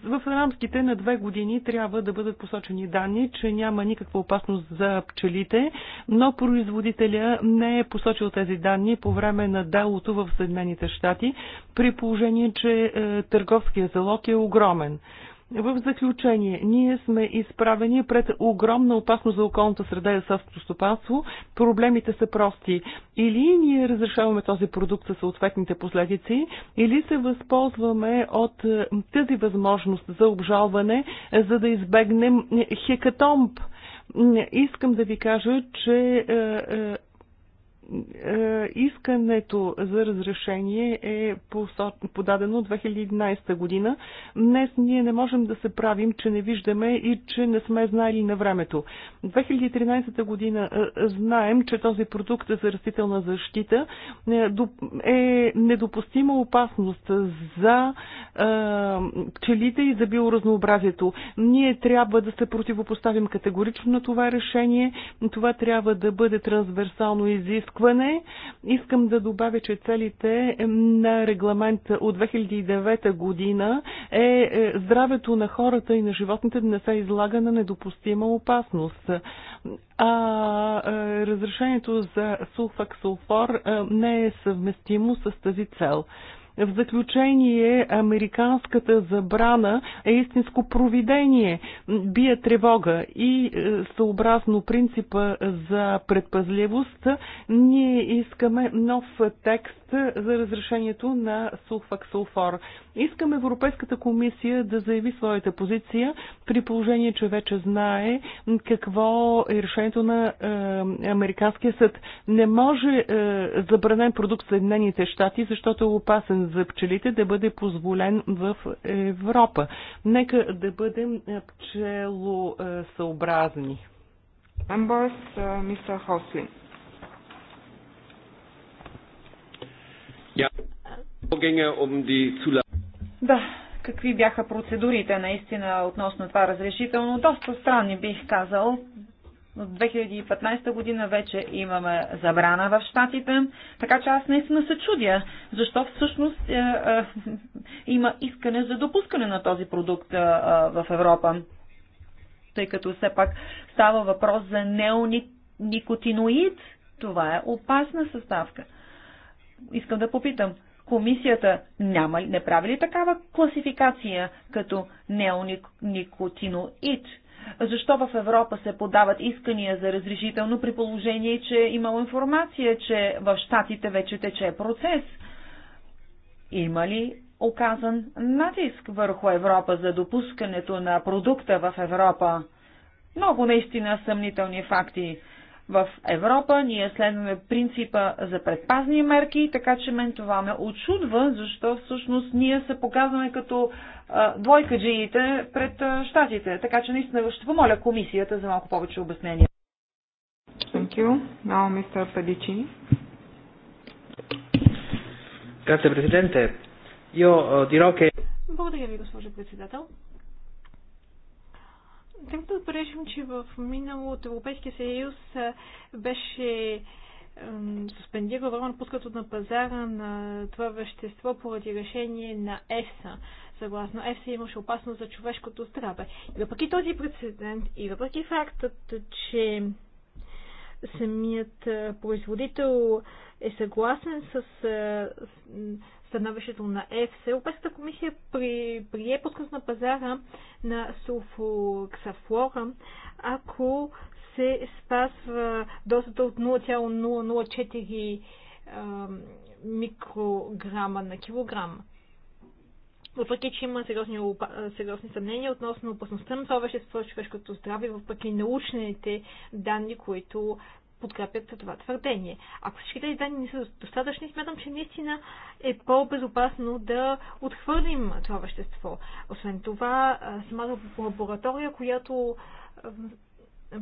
в рамките на две години трябва да бъдат посочени данни, че няма никаква опасност за пчелите, но производителя не е посочил тези данни по време на делото в Съединените щати, при положение, че търговския залог е огромен. В заключение, ние сме изправени пред огромна опасност за околната среда и съвското стопанство. Проблемите са прости. Или ние разрешаваме този продукт със съответните последици, или се възползваме от е, тази възможност за обжалване, за да избегнем е, хекатомб. Искам да ви кажа, че е, е, искането за разрешение е подадено 2011 година. Днес ние не можем да се правим, че не виждаме и че не сме знали на времето. 2013 година е, е, знаем, че този продукт за растителна защита е недопустима опасност за пчелите и за биоразнообразието. Ние трябва да се противопоставим категорично на това решение. Това трябва да бъде трансверсално изискване изискване. Искам да добавя, че целите на регламент от 2009 година е, е здравето на хората и на животните да не се излага на недопустима опасност. А разрешението за сулфаксулфор не е съвместимо с тази цел. В заключение, американската забрана е истинско провидение, бие тревога и е, съобразно принципа за предпазливост, ние искаме нов текст за разрешението на сулфаксулфор. Искам Европейската комисия да заяви своята позиция при положение, че вече знае какво е решението на е, Американския съд. Не може е, забранен продукт в Съединените щати, защото е опасен за пчелите да бъде позволен в Европа. Нека да бъдем е, пчелосъобразни. Амбърс, е, мистер Хослин. Um да, какви бяха процедурите наистина относно това разрешително? Доста странни бих казал. От 2015 година вече имаме забрана в Штатите, така че аз наистина се чудя, защо всъщност е, е, има искане за допускане на този продукт е, е, в Европа, тъй като все пак става въпрос за неоникотиноид. Това е опасна съставка. Искам да попитам, комисията няма, не прави ли такава класификация като неоникотиноид? Защо в Европа се подават искания за разрешително при положение, че е имало информация, че в Штатите вече тече процес? Има ли оказан натиск върху Европа за допускането на продукта в Европа? Много наистина съмнителни факти в Европа. Ние следваме принципа за предпазни мерки, така че мен това ме очудва, защо всъщност ние се показваме като двойка джиите пред а, щатите. Така че наистина ще помоля комисията за малко повече обяснение. Thank you. Now, Mr. Grazie, Presidente. Io eh, dirò che... Благодаря ви, госпожо председател. Трябва да отбележим, че в миналото Европейския съюз беше суспендира върна пускато на пазара на това вещество поради решение на ЕСА. Съгласно ЕСА имаше опасност за човешкото здраве. И въпреки този прецедент и въпреки фактът, че самият производител е съгласен с становището на ЕФС, Европейската комисия при, прие пускането на пазара на сулфоксафлора, ако се спазва дозата от 0,004 микрограма на килограм. Въпреки, че има сериозни, сериозни съмнения относно опасността на това вещество човешкото здраве, въпреки научните данни, които подкрепят това твърдение. Ако всички тези данни не са достатъчни, смятам, че наистина е по-безопасно да отхвърлим това вещество. Освен това, самата лаборатория, която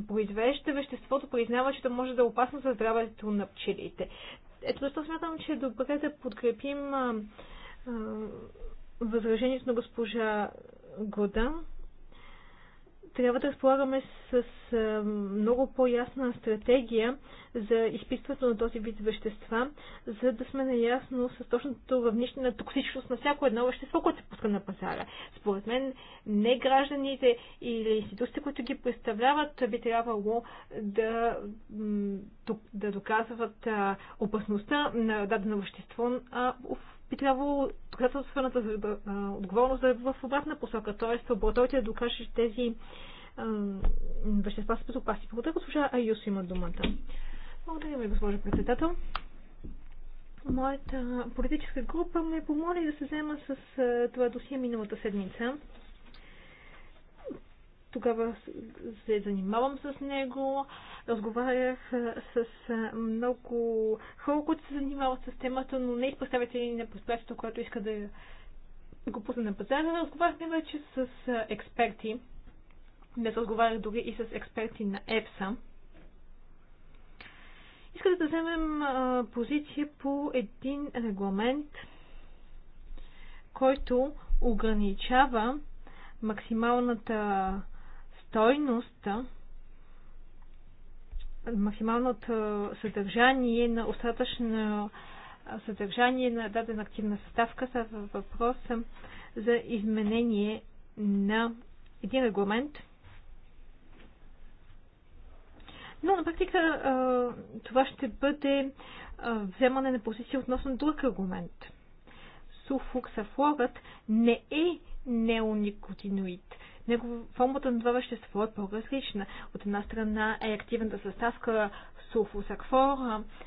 произвежда веществото, признава, че то може да е опасно за здравето на пчелите. Ето защо смятам, че е добре да подкрепим възражението на госпожа Годан трябва да разполагаме с с е, много по-ясна стратегия за изпитването на този вид вещества, за да сме наясно с точното равнище на токсичност на всяко едно вещество, което се пуска на пазара. Според мен не гражданите или институциите, които ги представляват, би трябвало да, да доказват опасността на дадено вещество, а би трябвало доказателствената отговорност да е в обратна посока, т.е. лабораторията да докаже, че тези вещества са безопасни. Благодаря, госпожа Айюс има думата. Благодаря ви, госпожа председател. Моята политическа група ме помоли да се взема с това досие миналата седмица. Тогава се занимавам с него, разговарях с много хора, които се занимават с темата, но не и представители на предприятието, което иска да го пусне на пазара. Разговаряхме вече с експерти. не разговарях дори и с експерти на ЕПСА. Искате да вземем позиция по един регламент, който ограничава максималната стойност, максималното съдържание на остатъчно съдържание на дадена активна съставка са въпрос за изменение на един регламент. Но на практика това ще бъде вземане на позиция относно друг аргумент. Суфуксафлорът не е неоникотиноид. Негов формата на това вещество е по-различна. От една страна е активната съставка сулфосакфор,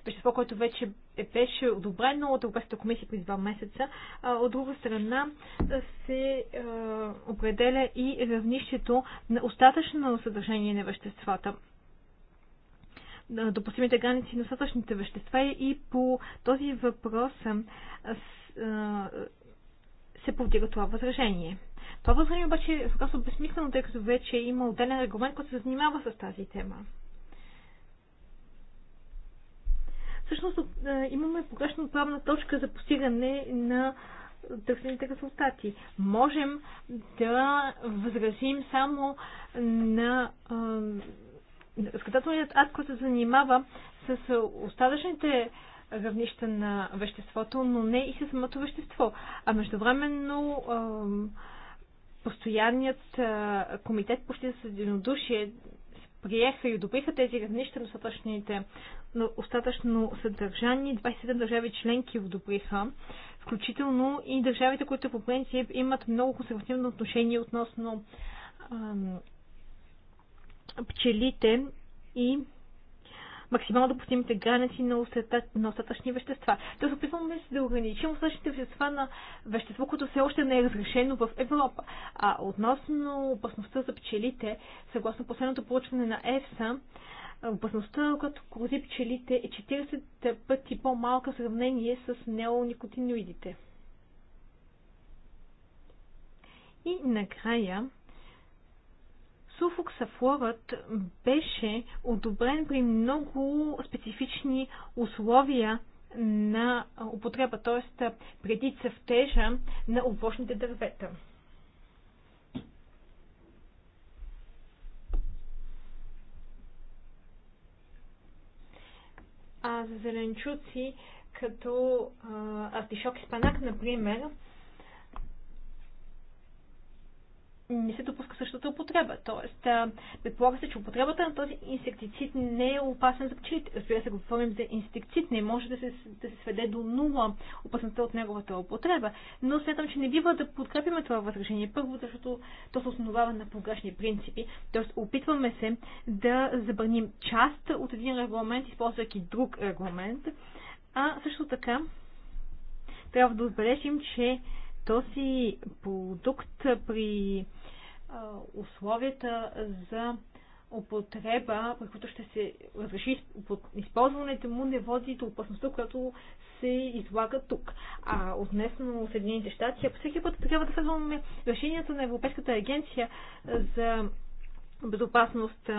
вещество, което вече е, беше одобрено от Европейската комисия през два месеца. А, от друга страна се е, определя и равнището на остатъчно съдържание на веществата допустимите граници на остатъчните вещества и по този въпрос се повдига това възражение. Това възражение обаче е съгласно безсмислено, тъй като вече има отделен регламент, който се занимава с тази тема. Всъщност е, имаме погрешна правна точка за постигане на търсените резултати. Можем да възразим само на е, разказателният акт, който се занимава с остатъчните равнища на веществото, но не и със самото вещество. А междувременно постоянният комитет почти с единодушие приеха и одобриха тези равнища на остатъчните на остатъчно съдържани. 27 държави членки одобриха, включително и държавите, които по принцип имат много консервативно отношение относно ам, пчелите и максимално допустимите граници на, на остатъчни вещества. се опитваме се да ограничим остатъчните вещества на вещество, което все още не е разрешено в Европа. А относно опасността за пчелите, съгласно последното проучване на ЕФСА, опасността, която грози пчелите е 40 пъти по-малка в сравнение с неоникотиноидите. И накрая, суфоксафлорът беше одобрен при много специфични условия на употреба, т.е. преди цъфтежа на овощните дървета. А за зеленчуци, като артишок и спанак, например, не се допуска същата употреба. Тоест, предполага се, че употребата на този инсектицид не е опасен за пчелите. Разбира се, говорим за инсектицид, не може да се, да се сведе до нула опасността от неговата употреба, но смятам, че не бива да подкрепим това възражение. Първо, защото то се основава на погрешни принципи. Тоест, опитваме се да забраним част от един регламент, използвайки друг регламент, а също така трябва да отбележим, че този продукт при условията за употреба, при които ще се разреши използването му, не води до опасността, която се излага тук. А отнесно Съединените щати, по всеки път трябва да следваме решението на Европейската агенция за безопасност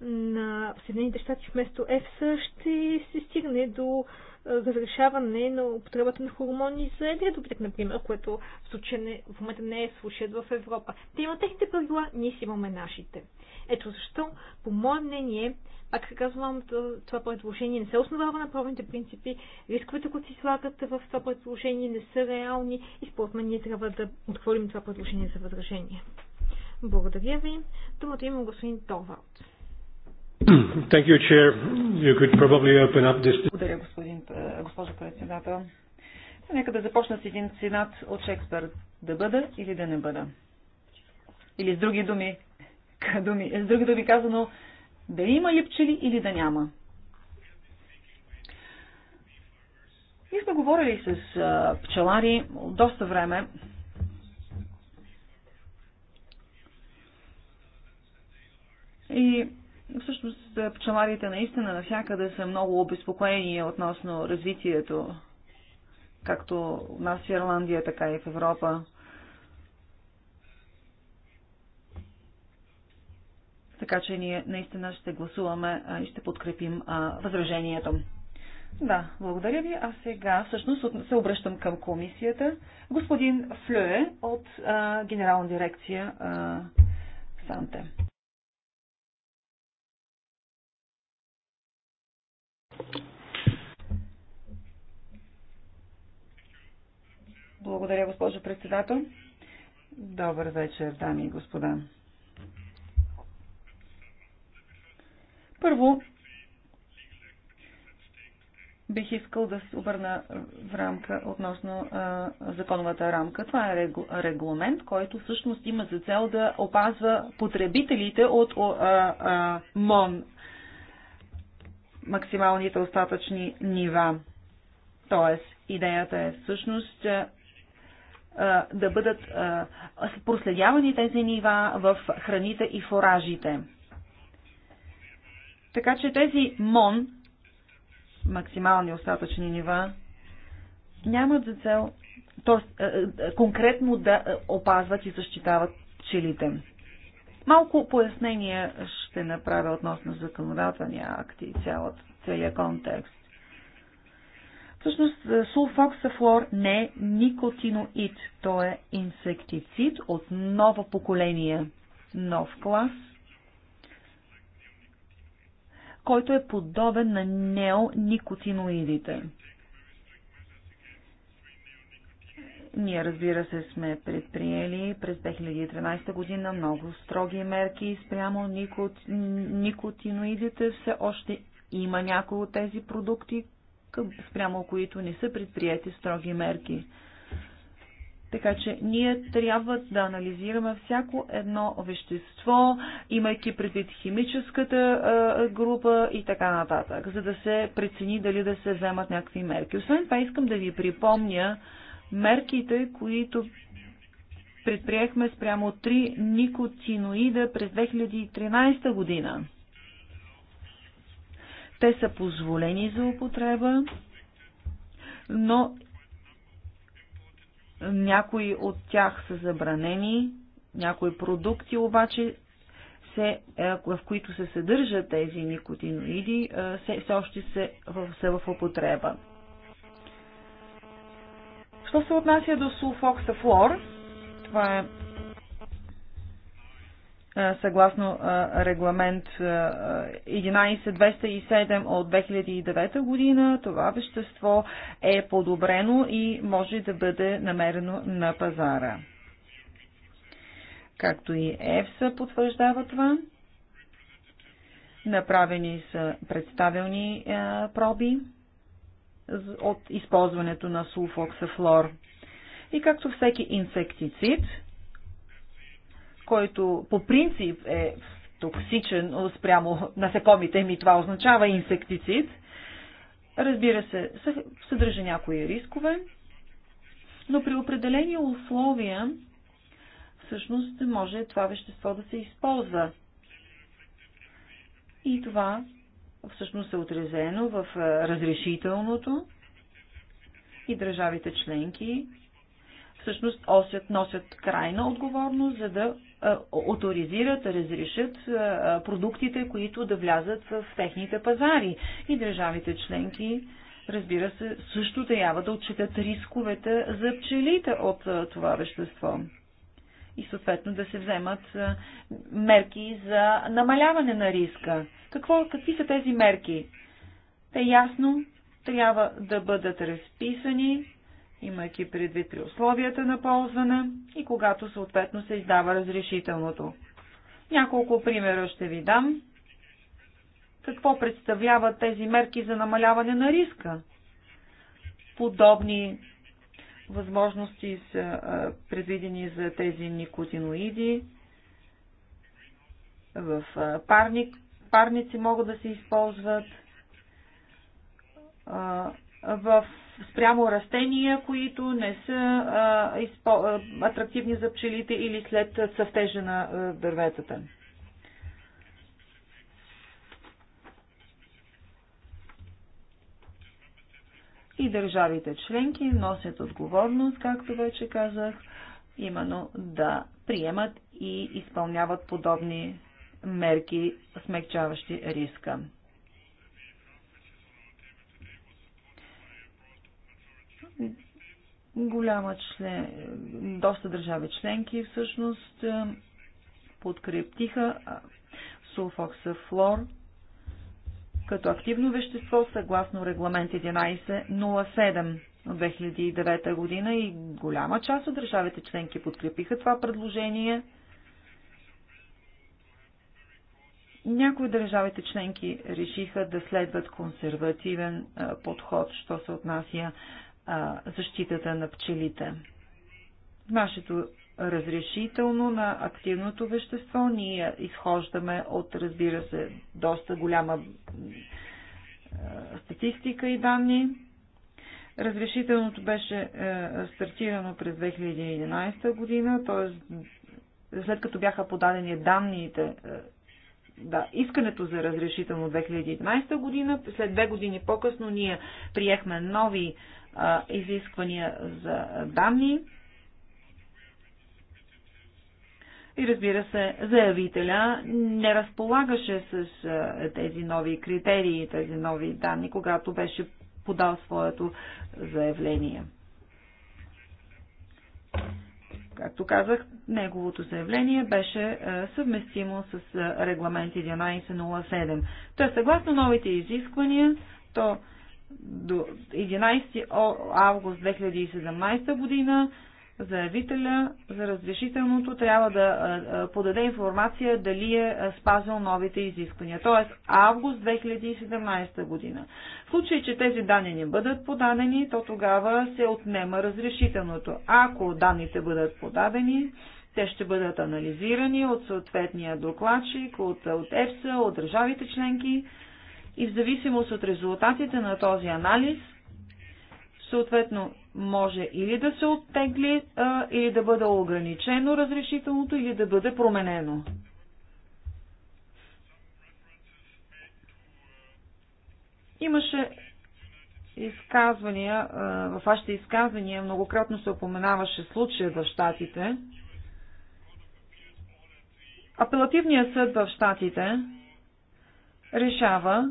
на Съединените щати вместо ЕФСА, ще се стигне до разрешаване на употребата на хормони за едрия добитък, например, което в случая не, в момента не е случаят в Европа. Те имат техните правила, ние си имаме нашите. Ето защо, по мое мнение, пак казвам, това предложение не се основава на правните принципи, рисковете, които си слагат в това предложение не са реални и според мен ние трябва да отхвърлим това предложение за възражение. Благодаря ви. Думата има господин Товалт. <clears throat> Thank you, Chair. You could probably open up this... Благодаря, господин, госпожо председател. Нека да започна с един цинат от Шекспир. Да бъда или да не бъда. Или с други думи, <laughs> думи с други думи казано, да има ли пчели или да няма. Ние сме говорили с а, пчелари доста време. И Всъщност е, пчеларите наистина навсякъде са много обезпокоени относно развитието, както у нас в Ирландия, така и в Европа. Така че ние наистина ще гласуваме и ще подкрепим възражението. Да, благодаря ви. А сега всъщност се обръщам към комисията. Господин Флюе от а, Генерална дирекция а, Санте. Благодаря, госпожо председател. Добър вечер, дами и господа. Първо, бих искал да се обърна в рамка относно а, законовата рамка. Това е регламент, който всъщност има за цел да опазва потребителите от а, а, МОН максималните остатъчни нива. Тоест, идеята е всъщност да бъдат проследявани тези нива в храните и форажите. Така че тези МОН, максимални остатъчни нива, нямат за цел т.е. конкретно да опазват и защитават пчелите. Малко пояснение ще направя относно законодателния акт и цялата, целият контекст. Всъщност сулфоксафлор не е никотиноид, то е инсектицид от ново поколение, нов клас, който е подобен на неоникотиноидите. Ние, разбира се, сме предприели през 2013 година много строги мерки спрямо никот... никотиноидите. Все още има някои от тези продукти, спрямо които не са предприяти строги мерки. Така че ние трябва да анализираме всяко едно вещество, имайки предвид химическата група и така нататък, за да се прецени дали да се вземат някакви мерки. Освен това искам да ви припомня, мерките, които предприехме спрямо три никотиноида през 2013 година. Те са позволени за употреба, но някои от тях са забранени, някои продукти обаче, се, е, в които се съдържат тези никотиноиди, е, все още са в употреба. Що се отнася до сулфоксафлор, това е, е съгласно е, регламент 11207 е, от 2009 година, това вещество е подобрено и може да бъде намерено на пазара. Както и ЕФСА потвърждава това, направени са представилни проби от използването на сулфоксафлор. И както всеки инсектицид, който по принцип е токсичен спрямо насекомите ми, това означава инсектицид, разбира се, съдържа някои рискове, но при определени условия всъщност може това вещество да се използва. И това всъщност е отразено в е, разрешителното и държавите членки всъщност осят, носят крайна отговорност, за да е, авторизират, разрешат е, продуктите, които да влязат в техните пазари. И държавите членки, разбира се, също трябва да отчитат рисковете за пчелите от това вещество и съответно да се вземат мерки за намаляване на риска. Какво, какви са тези мерки? Те ясно трябва да бъдат разписани, имайки предвид при условията на ползване и когато съответно се издава разрешителното. Няколко примера ще ви дам. Какво представляват тези мерки за намаляване на риска? Подобни възможности са предвидени за тези никотиноиди. В парник, парници могат да се използват. В спрямо растения, които не са а, изпо, а, атрактивни за пчелите или след цъфтежа на а, дърветата. и държавите членки носят отговорност, както вече казах, именно да приемат и изпълняват подобни мерки, смягчаващи риска. Голяма член, доста държави членки всъщност е, подкрептиха сулфоксафлор като активно вещество съгласно регламент 1107 от 2009 година и голяма част от държавите членки подкрепиха това предложение. Някои държавите членки решиха да следват консервативен подход, що се отнася защитата на пчелите. В нашето разрешително на активното вещество. Ние изхождаме от, разбира се, доста голяма статистика и данни. Разрешителното беше е, стартирано през 2011 година, т.е. след като бяха подадени данните е, да, искането за разрешително 2011 година. След две години по-късно ние приехме нови е, изисквания за данни И разбира се, заявителя не разполагаше с тези нови критерии тези нови данни, когато беше подал своето заявление. Както казах, неговото заявление беше съвместимо с регламент 1107. Та съгласно новите изисквания, то до 11 август 2017 година заявителя за разрешителното трябва да подаде информация дали е спазил новите изисквания, т.е. август 2017 година. В случай, че тези данни не бъдат подадени, то тогава се отнема разрешителното. Ако данните бъдат подадени, те ще бъдат анализирани от съответния докладчик, от, от ЕПСА, от държавите членки и в зависимост от резултатите на този анализ, съответно може или да се оттегли, а, или да бъде ограничено разрешителното, или да бъде променено. Имаше изказвания, във вашите изказвания многократно се опоменаваше случая в Штатите. Апелативният съд в Штатите решава,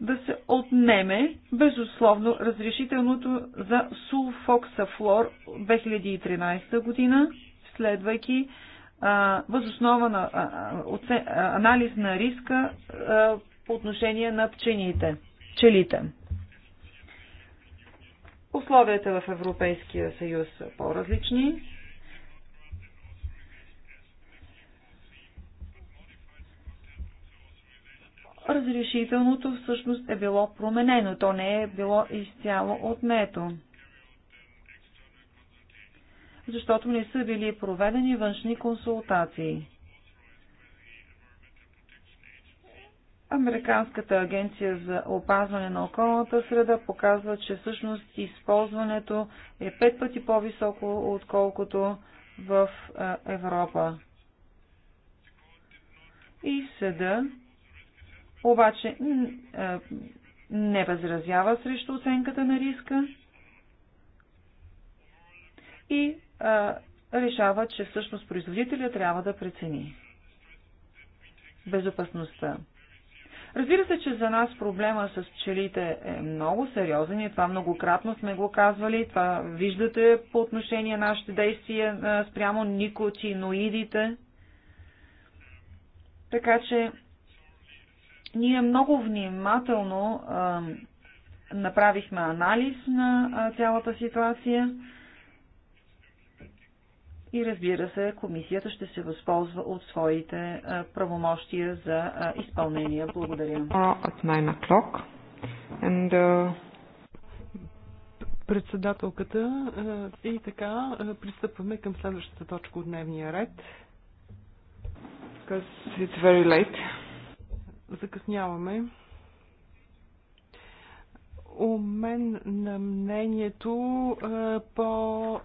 да се отнеме безусловно разрешителното за сулфоксафлор 2013 година, следвайки възоснова на а, оце, а, анализ на риска а, по отношение на пчените, пчелите. Условията в Европейския съюз са по-различни. разрешителното всъщност е било променено, то не е било изцяло отнето. Защото не са били проведени външни консултации. Американската агенция за опазване на околната среда показва, че всъщност използването е пет пъти по-високо, отколкото в Европа. И съда обаче е, не възразява срещу оценката на риска и а, е, решава, че всъщност производителя трябва да прецени безопасността. Разбира се, че за нас проблема с пчелите е много сериозен и това многократно сме го казвали. Това виждате по отношение на нашите действия е, спрямо никотиноидите. Така че ние много внимателно а, направихме анализ на а, цялата ситуация и разбира се, комисията ще се възползва от своите а, правомощия за а, изпълнение. Благодаря. And, uh... Председателката и така пристъпваме към следващата точка от дневния ред. Because it's very late закъсняваме. мен на мнението по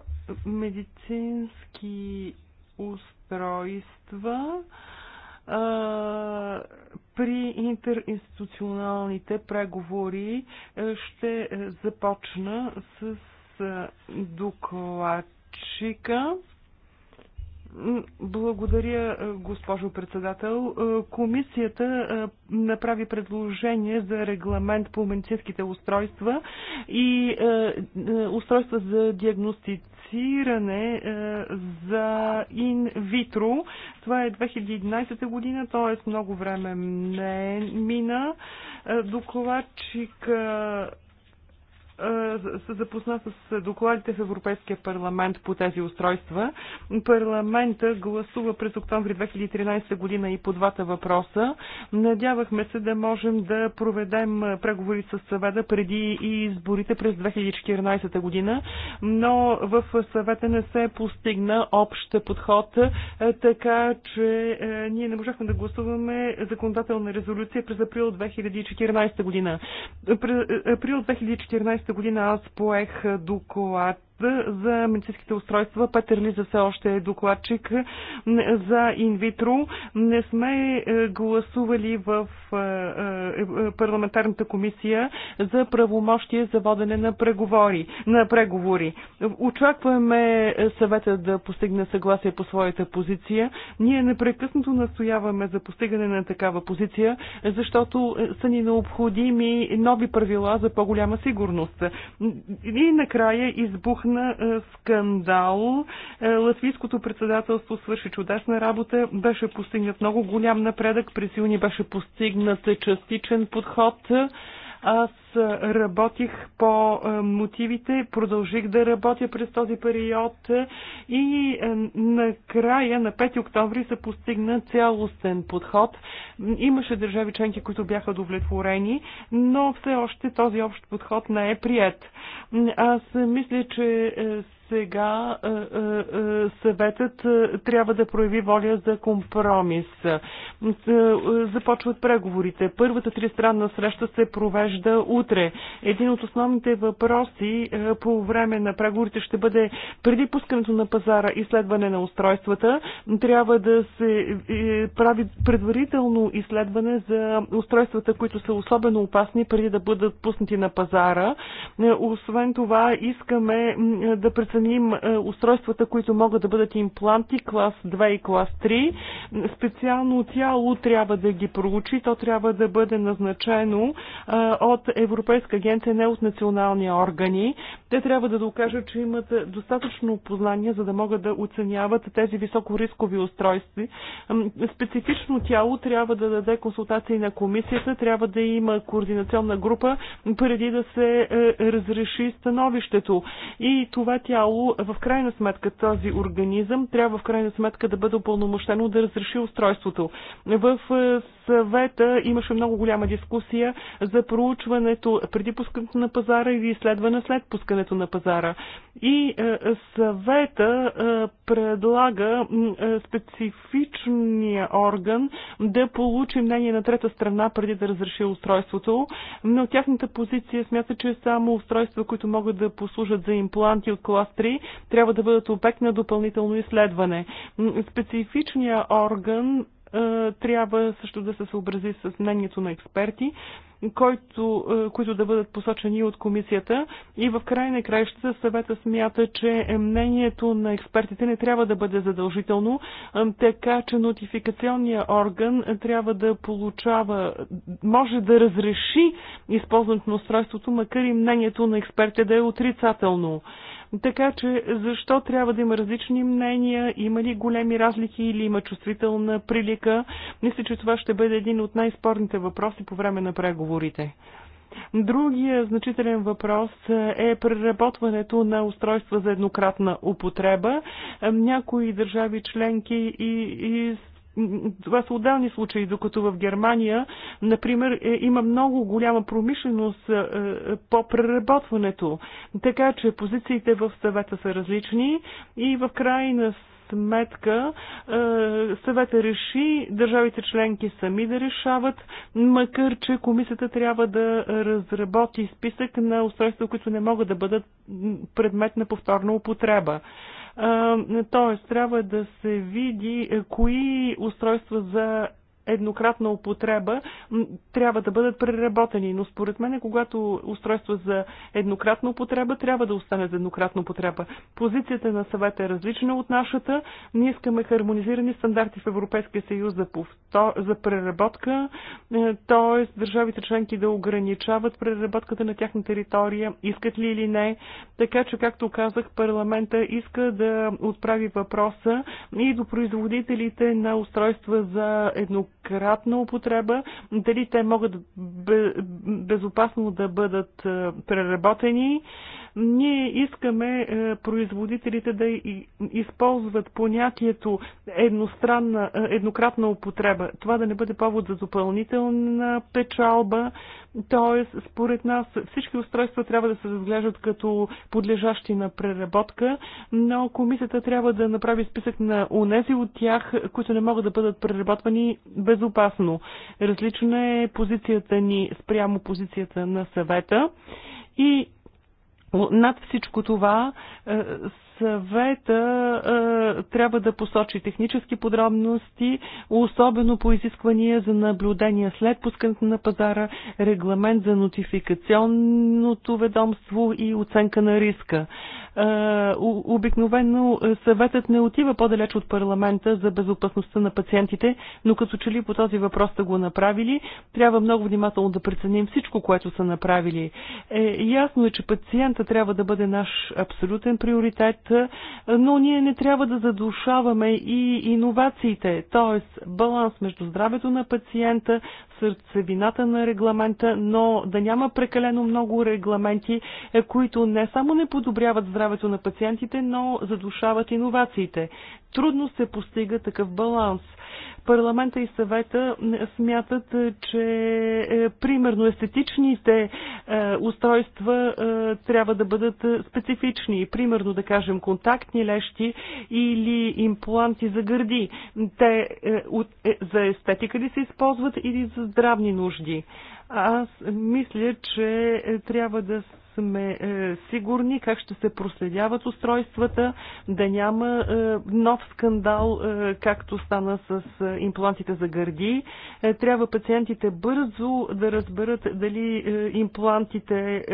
медицински устройства при интеринституционалните преговори ще започна с докладчика. Благодаря, е, госпожо председател. Е, комисията е, направи предложение за регламент по медицинските устройства и устройства за диагностициране за инвитро. Това е 2011 година, т.е. много време не мина. Докладчик се запозна с докладите в Европейския парламент по тези устройства. Парламента гласува през октомври 2013 година и по двата въпроса. Надявахме се да можем да проведем преговори с съвета преди и изборите през 2014 година, но в съвета не се постигна общ подход, така че ние не можахме да гласуваме законодателна резолюция през април 2014 година. Април 2014 2011 година аз поех доклад за медицинските устройства. Петър Лиза все още е докладчик за инвитро. Не сме е, гласували в е, е, парламентарната комисия за правомощие за водене на преговори. На преговори. Очакваме съвета да постигне съгласие по своята позиция. Ние непрекъснато настояваме за постигане на такава позиция, защото са ни необходими нови правила за по-голяма сигурност. И накрая избух избухна е, скандал. Е, латвийското председателство свърши чудесна работа, беше постигнат много голям напредък, При Силни беше постигнат частичен подход. Аз работих по мотивите, продължих да работя през този период и накрая на 5 октомври се постигна цялостен подход. Имаше държави членки, които бяха удовлетворени, но все още този общ подход не е прият. Аз мисля, че е, сега е, е, е, съветът трябва да прояви воля за компромис. Започват преговорите. Първата тристранна среща се провежда утре. Един от основните въпроси по време на преговорите ще бъде преди пускането на пазара изследване на устройствата. Трябва да се прави предварително изследване за устройствата, които са особено опасни преди да бъдат пуснати на пазара. Освен това, искаме да преценим сравним е, устройствата, които могат да бъдат импланти, клас 2 и клас 3. Специално тяло трябва да ги проучи. То трябва да бъде назначено е, от Европейска агенция, не от национални органи. Те трябва да докажат, че имат достатъчно познание, за да могат да оценяват тези високорискови устройства. Специфично тяло трябва да даде консултации на комисията, трябва да има координационна група преди да се е, разреши становището. И това тяло цяло, в крайна сметка, този организъм трябва в крайна сметка да бъде упълномощено да разреши устройството. В е, съвета имаше много голяма дискусия за проучването преди пускането на пазара или изследване след пускането на пазара. И е, съвета е, предлага специфичния орган да получи мнение на трета страна преди да разреши устройството, но тяхната позиция смята, че само устройства, които могат да послужат за импланти от клас остри, трябва да бъдат обект на допълнително изследване. Специфичният орган е, трябва също да се съобрази с мнението на експерти, който, е, които да бъдат посочени от комисията. И в край на краищата съвета смята, че мнението на експертите не трябва да бъде задължително, е, така че нотификационният орган трябва да получава, може да разреши използването на устройството, макар и мнението на експертите да е отрицателно. Така че защо трябва да има различни мнения, има ли големи разлики или има чувствителна прилика? Мисля, че това ще бъде един от най-спорните въпроси по време на преговорите. Другия значителен въпрос е преработването на устройства за еднократна употреба. Някои държави членки и, и това са отделни случаи, докато в Германия, например, е, има много голяма промишленост е, е, по преработването. Така че позициите в съвета са различни и в крайна сметка съвета реши държавите членки сами да решават, макар че комисията трябва да разработи списък на устройства, които не могат да бъдат предмет на повторна употреба. Тоест, трябва да се види е, кои устройства за еднократна употреба трябва да бъдат преработени. Но според мен, когато устройство за еднократна употреба трябва да остане за еднократна употреба. Позицията на съвета е различна от нашата. Ние искаме хармонизирани стандарти в Европейския съюз за, повтор... за преработка, т.е. държавите членки да ограничават преработката на тяхна територия, искат ли или не. Така че, както казах, парламента иска да отправи въпроса и до производителите на устройства за еднократна кратна употреба, дали те могат безопасно да бъдат е, преработени ние искаме е, производителите да използват понятието едностранна, е, еднократна употреба. Това да не бъде повод за допълнителна печалба. Тоест, според нас всички устройства трябва да се разглеждат като подлежащи на преработка, но комисията трябва да направи списък на унези от тях, които не могат да бъдат преработвани безопасно. Различна е позицията ни спрямо позицията на съвета. И над всичко това е, съвета трябва да посочи технически подробности, особено по изисквания за наблюдение след пускането на пазара, регламент за нотификационното ведомство и оценка на риска. Обикновено съветът не отива по-далеч от парламента за безопасността на пациентите, но като че ли по този въпрос са го направили, трябва много внимателно да преценим всичко, което са направили. Е, ясно е, че пациента трябва да бъде наш абсолютен приоритет но ние не трябва да задушаваме и иновациите, т.е. баланс между здравето на пациента, сърцевината на регламента, но да няма прекалено много регламенти, е, които не само не подобряват здравето на пациентите, но задушават иновациите. Трудно се постига такъв баланс. Парламента и съвета смятат, че е, примерно естетичните е, устройства е, трябва да бъдат специфични. Примерно да кажем контактни лещи или импланти за гърди. Те за естетика ли се използват или за здравни нужди? Аз мисля, че трябва да сме е, сигурни как ще се проследяват устройствата, да няма е, нов скандал, е, както стана с имплантите за гърди. Трябва пациентите бързо да разберат дали имплантите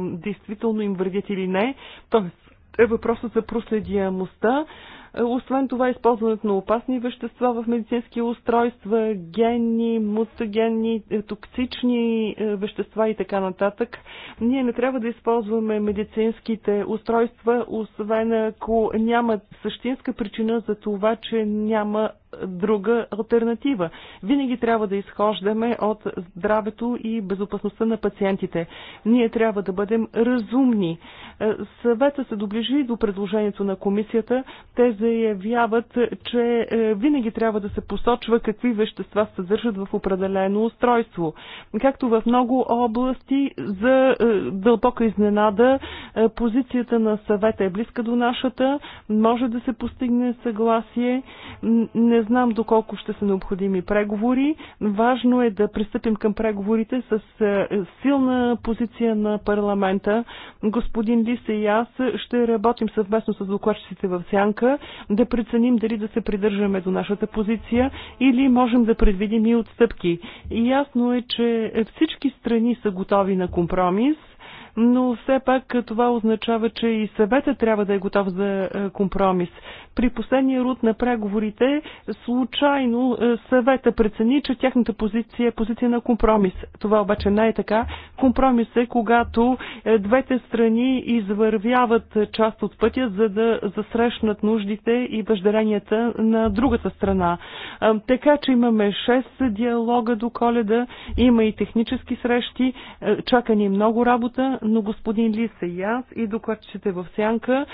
действително им вредят или не. Тоест, е въпросът за проследяемостта. Е, освен това, използването на опасни вещества в медицински устройства, генни, мутагенни, е, токсични е, вещества и така нататък. Ние не трябва да използваме медицинските устройства, освен ако няма същинска причина за това, че няма друга альтернатива. Винаги трябва да изхождаме от здравето и безопасността на пациентите. Ние трябва да бъдем разумни. Е, съвета се доближи до предложението на комисията. Те заявяват, че е, винаги трябва да се посочва какви вещества се съдържат в определено устройство. Както в много области, за е, дълбока изненада, позицията на съвета е близка до нашата. Може да се постигне съгласие. Не не знам доколко ще са необходими преговори. Важно е да пристъпим към преговорите с е, силна позиция на парламента. Господин Лисе и аз ще работим съвместно с докладчиците в Сянка, да преценим дали да се придържаме до нашата позиция или можем да предвидим и отстъпки. И ясно е, че всички страни са готови на компромис – но все пак това означава, че и съвета трябва да е готов за е, компромис. При последния руд на преговорите случайно е, съвета прецени, че тяхната позиция е позиция на компромис. Това обаче не е така. Компромис е когато е, двете страни извървяват част от пътя, за да засрещнат нуждите и въжделенията на другата страна. Така че имаме 6 диалога до коледа, има и технически срещи, чака ни много работа, но господин Лиса и аз и докладчите в Сянка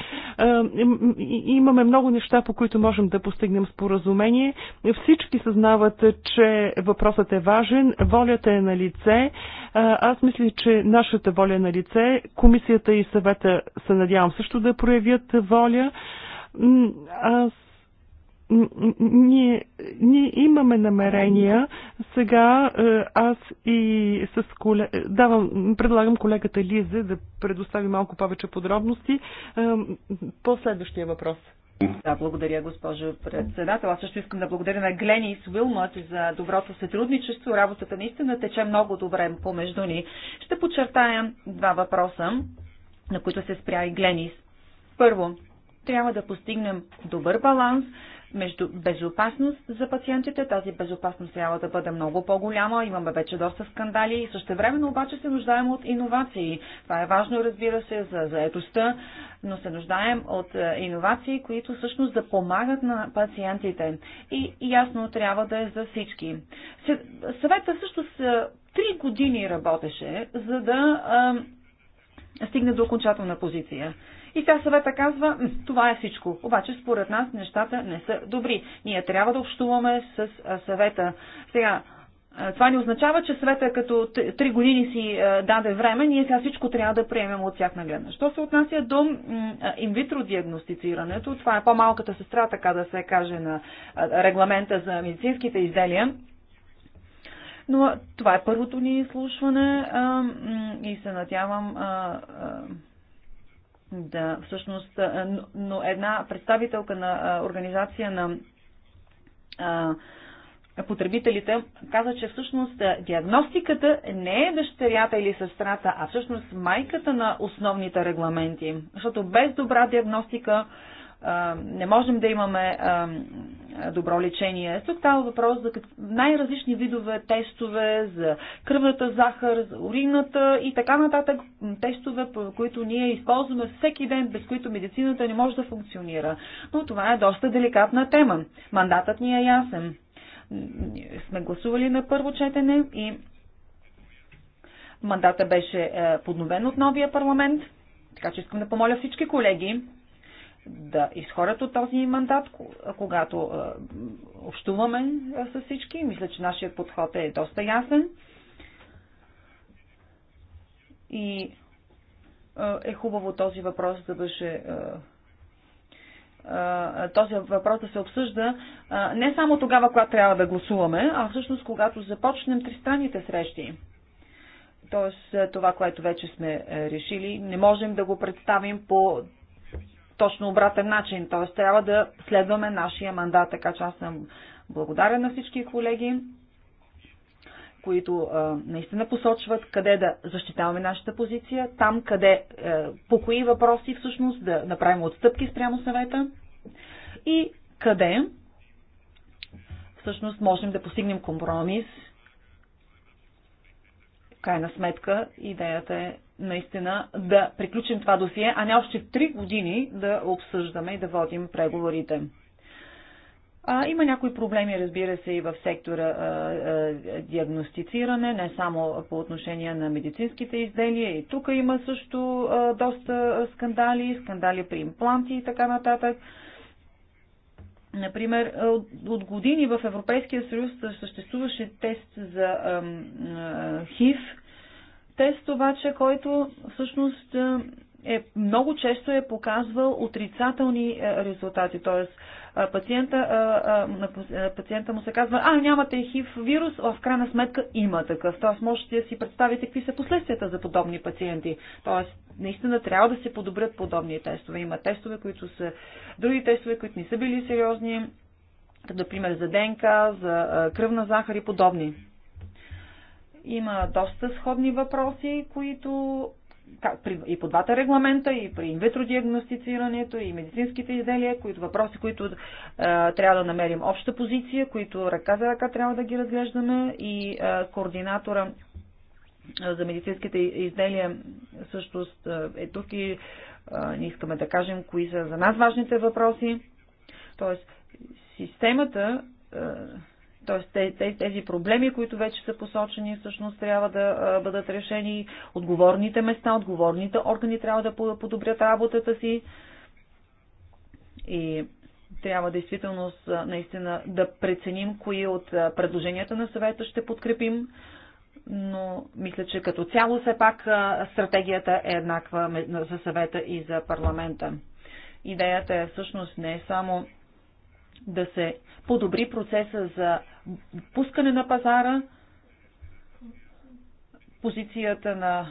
имаме много неща, по които можем да постигнем споразумение. Всички съзнават, че въпросът е важен, волята е на лице. Аз мисля, че нашата воля е на лице. Комисията и съвета се надявам също да проявят воля. Аз ние, ние имаме намерения. Сега е, аз и с колега, Давам, предлагам колегата Лизе да предостави малко повече подробности е, по следващия въпрос. Да, благодаря, госпожо председател. Аз също искам да благодаря на Гленис Свилмът за доброто сътрудничество. Работата наистина тече много добре помежду ни. Ще подчертая два въпроса, на които се спря и Гленис. Първо, трябва да постигнем добър баланс между безопасност за пациентите. Тази безопасност трябва да бъде много по-голяма. Имаме вече доста скандали и времено обаче се нуждаем от иновации. Това е важно, разбира се, за заедостта, но се нуждаем от е, иновации, които всъщност да помагат на пациентите. И ясно трябва да е за всички. Съвета също с е, три години работеше, за да а, е, стигне до окончателна позиция. И сега съвета казва, това е всичко. Обаче според нас нещата не са добри. Ние трябва да общуваме с съвета. Сега, това не означава, че света като три години си даде време, ние сега всичко трябва да приемем от тях гледна. Що се отнася до инвитро диагностицирането, това е по-малката сестра, така да се каже, на регламента за медицинските изделия. Но това е първото ни изслушване и се надявам да, всъщност, но една представителка на организация на потребителите каза, че всъщност диагностиката не е дъщерята или сестрата, а всъщност майката на основните регламенти. Защото без добра диагностика не можем да имаме добро лечение. Тук става въпрос за най-различни видове тестове, за кръвната захар, за урината и така нататък тестове, които ние използваме всеки ден, без които медицината не може да функционира. Но това е доста деликатна тема. Мандатът ни е ясен. Сме гласували на първо четене и мандата беше е, подновен от новия парламент. Така че искам да помоля всички колеги да изходят от този мандат, когато общуваме с всички. Мисля, че нашия подход е доста ясен. И е хубаво този въпрос да беше този въпрос да се обсъжда не само тогава, когато трябва да гласуваме, а всъщност когато започнем тристранните срещи. Тоест това, което вече сме решили, не можем да го представим по точно обратен начин. Т.е. трябва да следваме нашия мандат. Така че аз съм благодарен на всички колеги, които а, наистина посочват къде да защитаваме нашата позиция, там къде, а, е, по кои въпроси всъщност да направим отстъпки спрямо съвета и къде всъщност можем да постигнем компромис. крайна сметка идеята е наистина да приключим това досие, а не още 3 години да обсъждаме и да водим преговорите. А, има някои проблеми, разбира се, и в сектора а, а, диагностициране, не само по отношение на медицинските изделия. И тук има също а, доста скандали, скандали при импланти и така нататък. Например, от, години в Европейския съюз съществуваше тест за ХИВ, тест обаче, който всъщност е, е, много често е показвал отрицателни е, резултати, т.е. Пациента, е, на пациента му се казва, а, нямате хив вирус, а в крайна сметка има такъв. Тоест, можете да си представите какви са последствията за подобни пациенти. Т.е. наистина трябва да се подобрят подобни тестове. Има тестове, които са, други тестове, които не са били сериозни, като, например, за ДНК, за кръвна захар и подобни. Има доста сходни въпроси, които и по двата регламента, и при инветродиагностицирането, и медицинските изделия, които въпроси, които е, трябва да намерим обща позиция, които ръка за ръка трябва да ги разглеждаме и е, координатора е, за медицинските изделия също е, е тук и е, не искаме да кажем кои са за нас важните въпроси. Тоест, системата е, Тоест тези проблеми, които вече са посочени, всъщност трябва да бъдат решени. Отговорните места, отговорните органи трябва да подобрят работата си. И трябва действително наистина да преценим кои от предложенията на съвета ще подкрепим, но мисля, че като цяло все пак стратегията е еднаква за съвета и за парламента. Идеята е всъщност не само да се подобри процеса за пускане на пазара, позицията на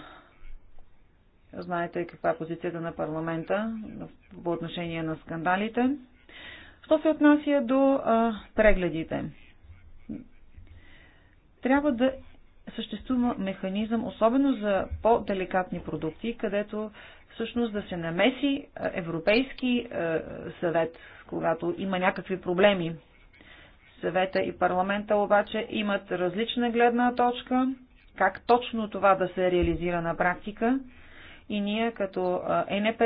Знаете каква е позицията на парламента по отношение на скандалите. Що се отнася до а, прегледите? Трябва да съществува механизъм, особено за по-деликатни продукти, където всъщност да се намеси Европейски а, съвет, когато има някакви проблеми Съвета и парламента обаче имат различна гледна точка, как точно това да се реализира на практика. И ние като е НП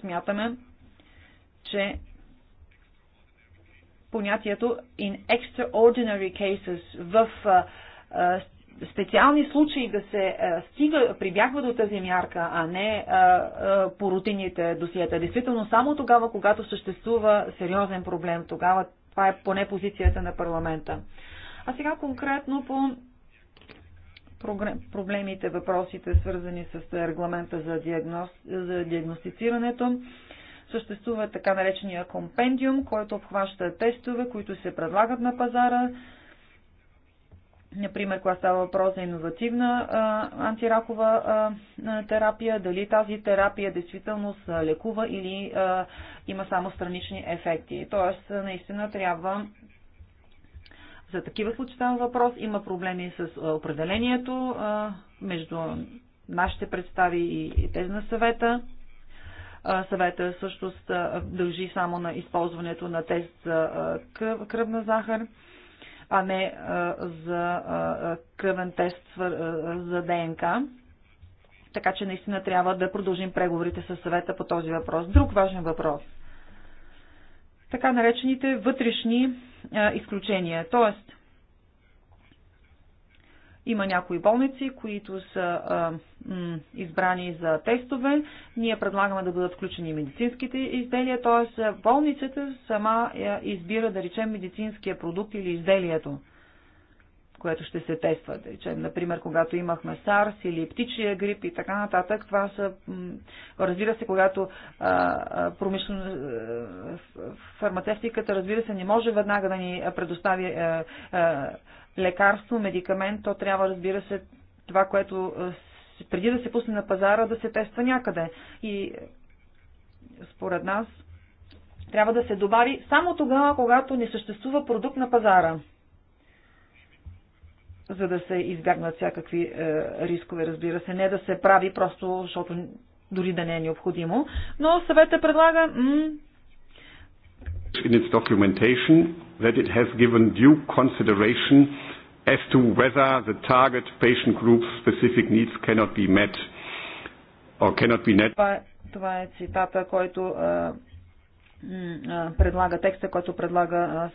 смятаме, че понятието in extraordinary cases в специални случаи да се стига, прибягва до тази мярка, а не по рутините досиета. Действително, само тогава, когато съществува сериозен проблем, тогава това е поне позицията на парламента. А сега конкретно по проблемите, въпросите, свързани с регламента за, диагност, за диагностицирането. Съществува така наречения компендиум, който обхваща тестове, които се предлагат на пазара, например, когато става въпрос за иновативна антиракова а, терапия, дали тази терапия действително се лекува или а, има само странични ефекти. Тоест, наистина трябва за такива случаи става въпрос. Има проблеми с определението а, между нашите представи и тези на съвета. Съвета също дължи само на използването на тест за кръвна захар а не за кръвен тест за ДНК. Така че наистина трябва да продължим преговорите със съвета по този въпрос. Друг важен въпрос. Така наречените вътрешни изключения. Тоест, има някои болници, които са а, м, избрани за тестове. Ние предлагаме да бъдат включени медицинските изделия, т.е. болницата сама е, избира, да речем, медицинския продукт или изделието което ще се тества. Да речем, например, когато имахме SARS или птичия грип и така нататък, това са, разбира се, когато промишлено, фармацевтиката, разбира се, не може веднага да ни предостави а, а, лекарство, медикамент, то трябва, разбира се, това, което преди да се пусне на пазара, да се тества някъде. И е, според нас трябва да се добави само тогава, когато не съществува продукт на пазара, за да се избягнат всякакви е, рискове, разбира се. Не да се прави просто, защото дори да не е необходимо. Но съветът предлага in its documentation that it has given due consideration as to whether the target patient group's specific needs cannot be met or cannot be met. Това, е цитата, който предлага текста, който предлага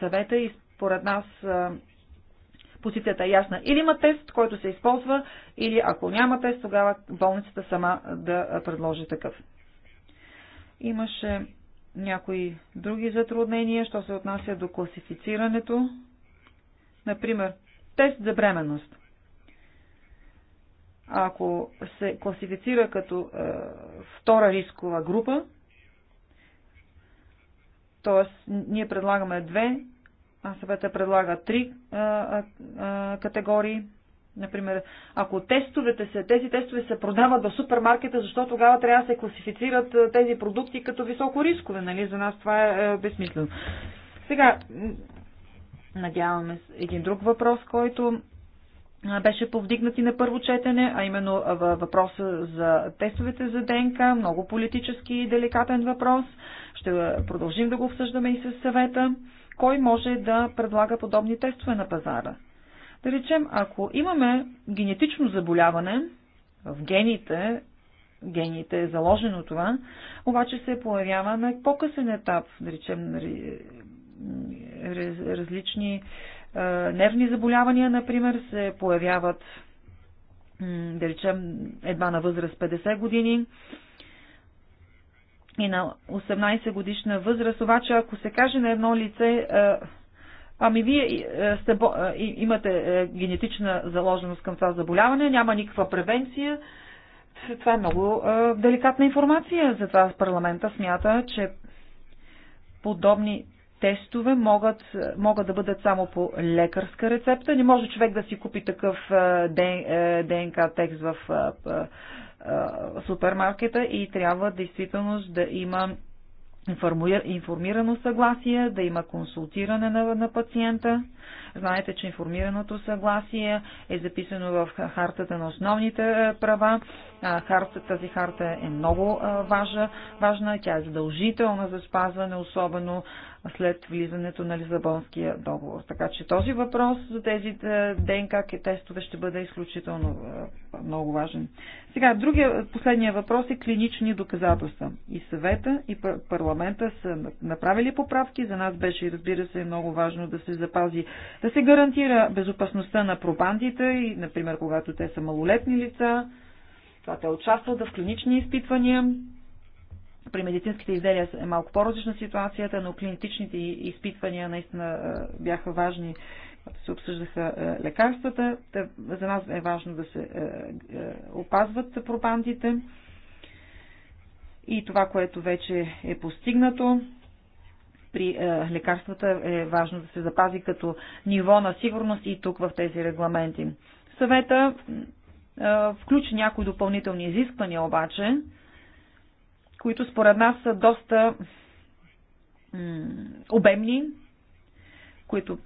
съвета и според нас позицията е ясна. Или има тест, който се използва, или ако няма тест, тогава болницата сама да предложи такъв. Имаше някои други затруднения, що се отнася до класифицирането. Например, тест за бременност. Ако се класифицира като е, втора рискова група, т.е. ние предлагаме две, а съвета предлага три е, е, е категории Например, ако тестовете се, тези тестове се продават в супермаркета, защо тогава трябва да се класифицират е, тези продукти като високо рискове? Нали? За нас това е, е безсмислено. Сега, надяваме един друг въпрос, който беше повдигнат и на първо четене, а именно въпроса за тестовете за ДНК, много политически и деликатен въпрос. Ще продължим да го обсъждаме и с съвета. Кой може да предлага подобни тестове на пазара? Да речем, ако имаме генетично заболяване в гените, гените е заложено това, обаче се появява на по-късен етап, да речем, нали, различни нервни заболявания, например, се появяват, да речем, едва на възраст 50 години. И на 18 годишна възраст, обаче, ако се каже на едно лице, Ами вие е, сте, е, имате е, генетична заложеност към това заболяване, няма никаква превенция. Това е много деликатна информация. Затова парламента смята, че подобни тестове могат, могат да бъдат само по лекарска рецепта. Не може човек да си купи такъв ДНК текст в супермаркета и трябва действително да има информирано съгласие, да има консултиране на, на пациента. Знаете, че информираното съгласие е записано в хартата на основните е, права. Харта, тази харта е много важна, важна, тя е задължителна за спазване, особено след влизането на Лизабонския договор. Така че този въпрос за тези е, ДНК тестове ще бъде изключително е, много важен. Сега, другия, последния въпрос е клинични доказателства. И съвета, и парламента са направили поправки. За нас беше, разбира се, много важно да се запази, да се гарантира безопасността на пробандите, и, например, когато те са малолетни лица, това те участват в клинични изпитвания, при медицинските изделия е малко по-различна ситуацията, но клиничните изпитвания наистина е, бяха важни, се обсъждаха е, лекарствата. За нас е важно да се е, опазват пропандите и това, което вече е постигнато при лекарствата е важно да се запази като ниво на сигурност и тук в тези регламенти. Съвета включи някои допълнителни изисквания обаче, които според нас са доста обемни, които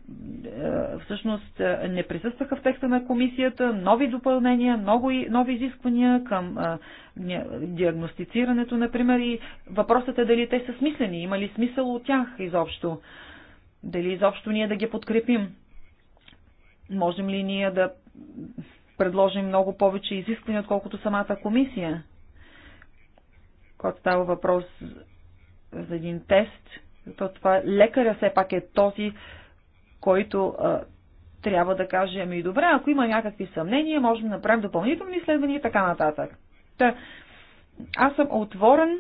е, всъщност е, не присъстваха в текста на комисията, нови допълнения, много, нови изисквания към е, диагностицирането, например, и въпросът е дали те са смислени, има ли смисъл от тях изобщо, дали изобщо ние да ги подкрепим. Можем ли ние да предложим много повече изисквания, отколкото самата комисия? когато става въпрос за един тест, то това лекаря все пак е този, който а, трябва да каже, ами добре, ако има някакви съмнения, можем да направим допълнителни изследвания и така нататък. Та, аз съм отворен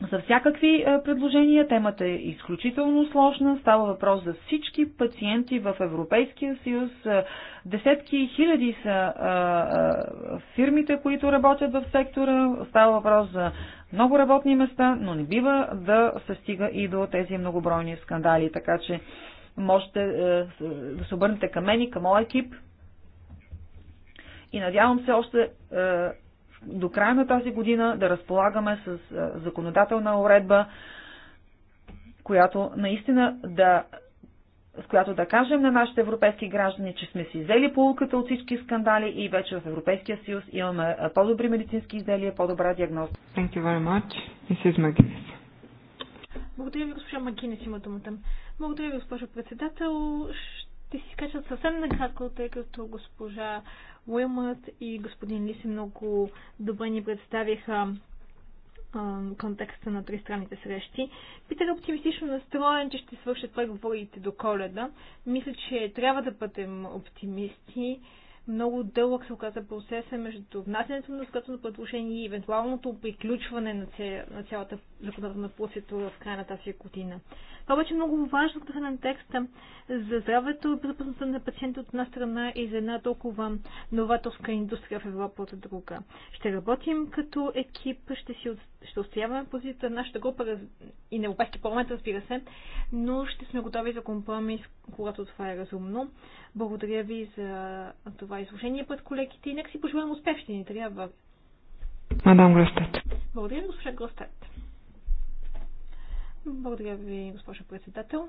за всякакви е, предложения. Темата е изключително сложна. Става въпрос за всички пациенти в Европейския съюз. Е, десетки хиляди са е, фирмите, които работят в сектора. Става въпрос за много работни места, но не бива да се стига и до тези многобройни скандали. Така че можете да се обърнете към мен и към моя екип. И надявам се още до края на тази година да разполагаме с законодателна уредба, която наистина да с която да кажем на нашите европейски граждани, че сме си взели полуката от всички скандали и вече в Европейския съюз имаме по-добри медицински изделия, по-добра диагноза. Thank you very much. Благодаря ви, госпожа Магинес, има думата. Благодаря ви, госпожа председател. Ще си кажа съвсем накратко, тъй като госпожа Уилмът и господин Лиси много добре ни представиха контекста на тристранните срещи. Питър е оптимистично настроен, че ще свършат преговорите до коледа. Мисля, че трябва да бъдем оптимисти. Много дълъг се оказа процеса между внасянето на законно предложение и евентуалното приключване на, ця... на цялата законодателството в края на тази година. Това обаче е много важно да на текста за здравето и безопасността на пациента от една страна и за една толкова новаторска индустрия в Европа от друга. Ще работим като екип, ще, си, ще отстояваме позицията на нашата група и на Европейски парламент, разбира се, но ще сме готови за компромис, когато това е разумно. Благодаря ви за това изложение пред колегите и нека си пожелаем успешни ни трябва. Мадам Гростет. Благодаря, госпожа Гростет. Благодаря ви, госпожо председател.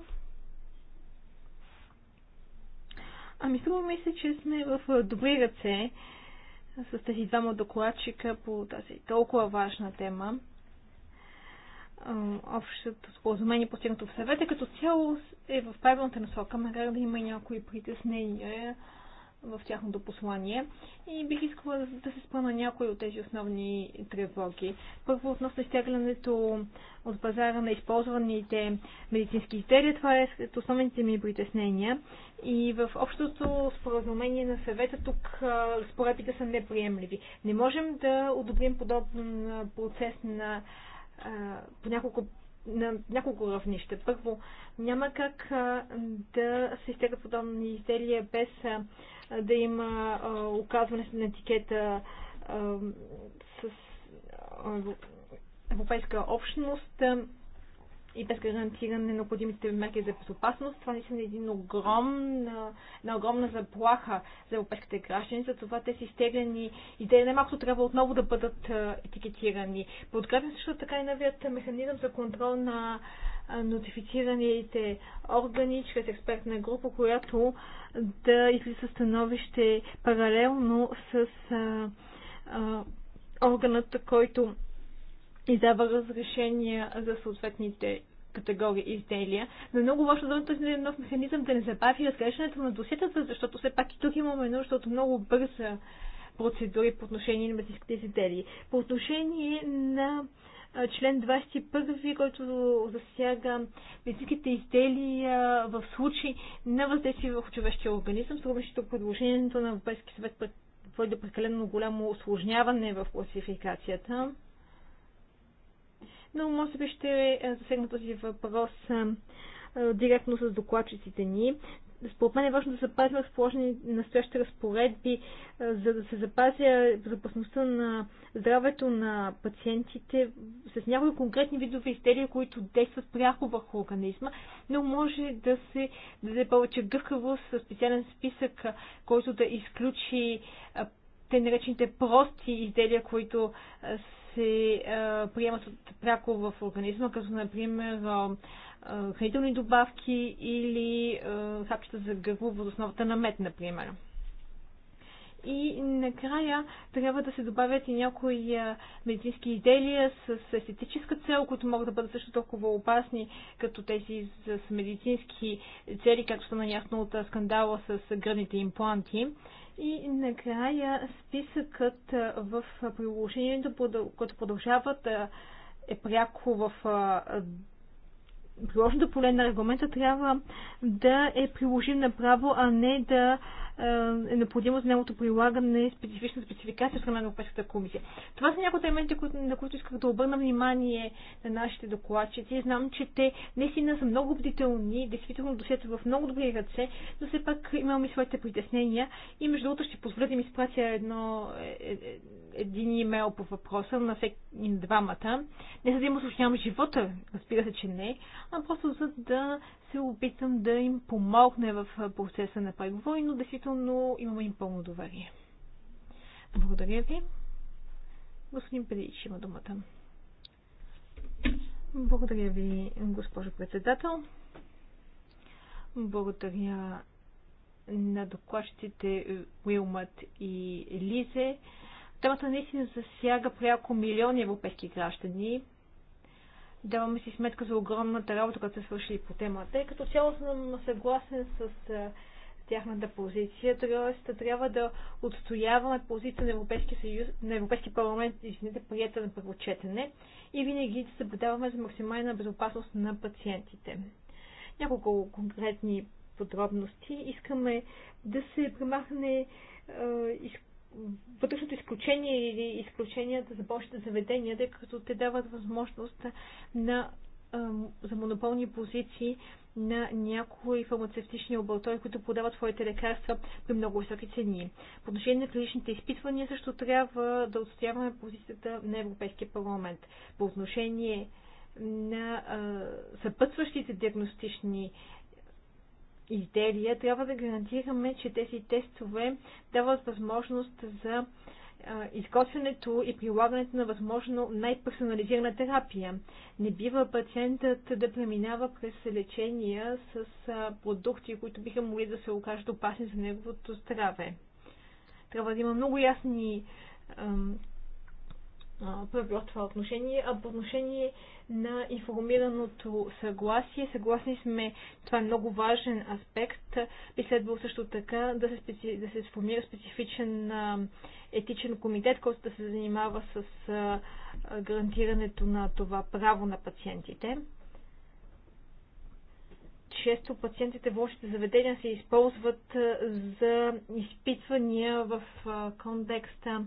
Ами струва ми се, че сме в добри ръце с тези двама докладчика по тази толкова важна тема. Общото споразумение, постигнато в съвета, като цяло е в правилната насока, макар да има и някои притеснения в тяхното послание и бих искала да се спра на някои от тези основни тревоги. Първо относно изтеглянето от пазара на използваните медицински изделия, това е сред основните ми притеснения и в общото споразумение на съвета тук разпоредбите са неприемливи. Не можем да одобрим подобен процес на по няколко на няколко равнища. Първо, няма как да се изтегат подобни изделия без да има оказване на етикета с Европейска общност и без гарантиране на необходимите мерки за безопасност. Това наистина е един огромна, една огромна заплаха за европейските граждани, затова те са изтеглени и те най-малко трябва отново да бъдат етикетирани. Подкрепям също така и новият механизъм за контрол на нотифицираните органи чрез експертна група, която да излиза становище паралелно с а, а, органът, който издава разрешения за съответните категории изделия. Но е много важно да има този нов механизъм да не забави разглеждането на досетата, защото все пак и тук имаме нужда от много бърза процедури по отношение на медицинските изделия. По отношение на член 21, който засяга медицинските изделия в случай на въздействие върху човешкия организъм. Съвместното предложението на Европейски съвет води прекалено голямо осложняване в класификацията. Но може би ще е, засегна този въпрос директно с докладчиците ни според мен е важно да запазим разположени настоящи разпоредби, за да се запазя безопасността на здравето на пациентите с някои конкретни видове изделия, които действат пряко върху организма, но може да се даде повече гъвкавост с специален списък, който да изключи те наречените прости изделия, които се приемат от, пряко в организма, като например хранителни добавки или хапчета за гърло в основата на мед, например. И накрая трябва да се добавят и някои медицински изделия с естетическа цел, които могат да бъдат също толкова опасни, като тези с медицински цели, както стана ясно от скандала с гръдните импланти. И накрая списъкът в приложението, който продължават е пряко в приложното поле на регламента трябва да е приложим направо, а не да е, е необходимо за неговото прилагане специфична спецификация в на Европейската комисия. Това са някои от елементите, на които исках да обърна внимание на нашите докладчици. Знам, че те наистина са много бдителни, действително досета в много добри ръце, но все пак имам и своите притеснения. И между другото ще позволя да ми изпратя едно, е, е, един имейл по въпроса на всеки двамата. Не за да им живота, разбира се, че не, а просто за да се опитам да им помогне в процеса на преговори, но действително имаме им пълно доверие. Благодаря ви. Господин Педич има думата. Благодаря ви, госпожо председател. Благодаря на докладчиците Уилмът и Лизе. Темата наистина засяга пряко милиони европейски граждани. Даваме си сметка за огромната работа, която се свърши по темата. И като цяло съм съгласен с тяхната позиция, т.е. трябва да отстояваме позиция на Европейския съюз, на Европейски парламент, извинете, прията на първо четене и винаги да съблюдаваме за максимална безопасност на пациентите. Няколко конкретни подробности. Искаме да се премахне е, вътрешното изключение или изключенията за повечето заведения, тъй като те дават възможност на, за монополни позиции на някои фармацевтични лаборатории, които подават своите лекарства при много високи цени. По отношение на клиничните изпитвания също трябва да отстояваме позицията на Европейския парламент. По отношение на а, съпътстващите диагностични изделия, трябва да гарантираме, че тези тестове дават възможност за изготвянето и прилагането на възможно най-персонализирана терапия. Не бива пациентът да преминава през лечения с продукти, които биха могли да се окажат опасни за неговото здраве. Трябва да има много ясни правила в това отношение, а по отношение на информираното съгласие. Съгласни сме, това е много важен аспект. Би следвало също така да се, специ... да се сформира специфичен етичен комитет, който да се занимава с гарантирането на това право на пациентите. Често пациентите в общите заведения се използват за изпитвания в контекста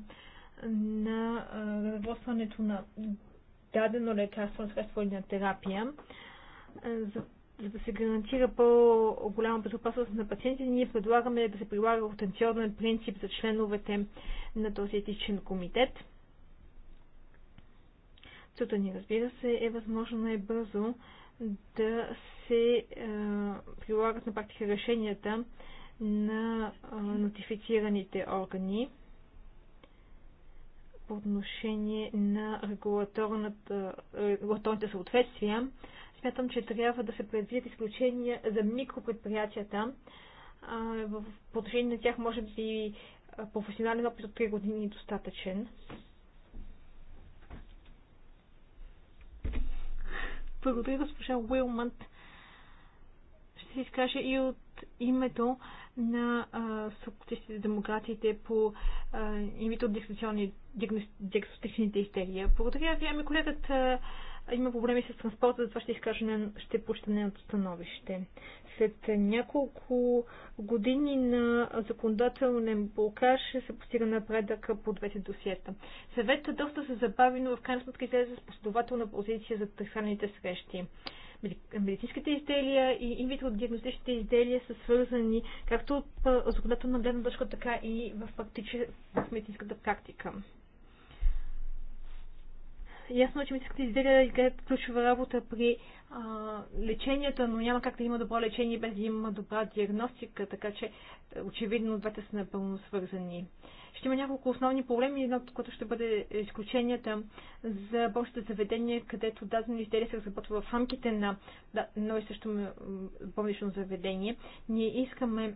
на разработването на дадено лекарствено средство или на терапия, за, за да се гарантира по-голяма безопасност на пациентите, ние предлагаме да се прилага ротационен принцип за членовете на този етичен комитет. Целта ни, разбира се, е възможно най-бързо да се е, прилагат на практика решенията на е, нотифицираните органи по отношение на е, регулаторните съответствия. Смятам, че трябва да се предвидят изключения за микропредприятията. По отношение на тях може би професионален опит от 3 години е достатъчен. Благодаря госпожа Уилмант. Ще се изкаже и от името на социалистите демократите по името диагностичните истерия. Благодаря ви, ами колегата има проблеми с транспорта, затова ще изкажа ще пущане от становище. След няколко години на законодателен блокаж се постига напредък по двете досиета. Съветът доста се забави, но в крайна сметка излезе с последователна позиция за тристранните срещи медицинските изделия и инвитро диагностичните изделия са свързани както от законодателна гледна точка, така и в, практиче, в медицинската практика. Ясно е, че медицинските изделия играят ключова работа при а, лечението, но няма как да има добро лечение без да има добра диагностика, така че очевидно двете са напълно свързани. А, ще има няколко основни проблеми, едно от което ще бъде изключенията за божието заведения, където дадено изделие се разработва в рамките на да, и също болнично заведение. Ние искаме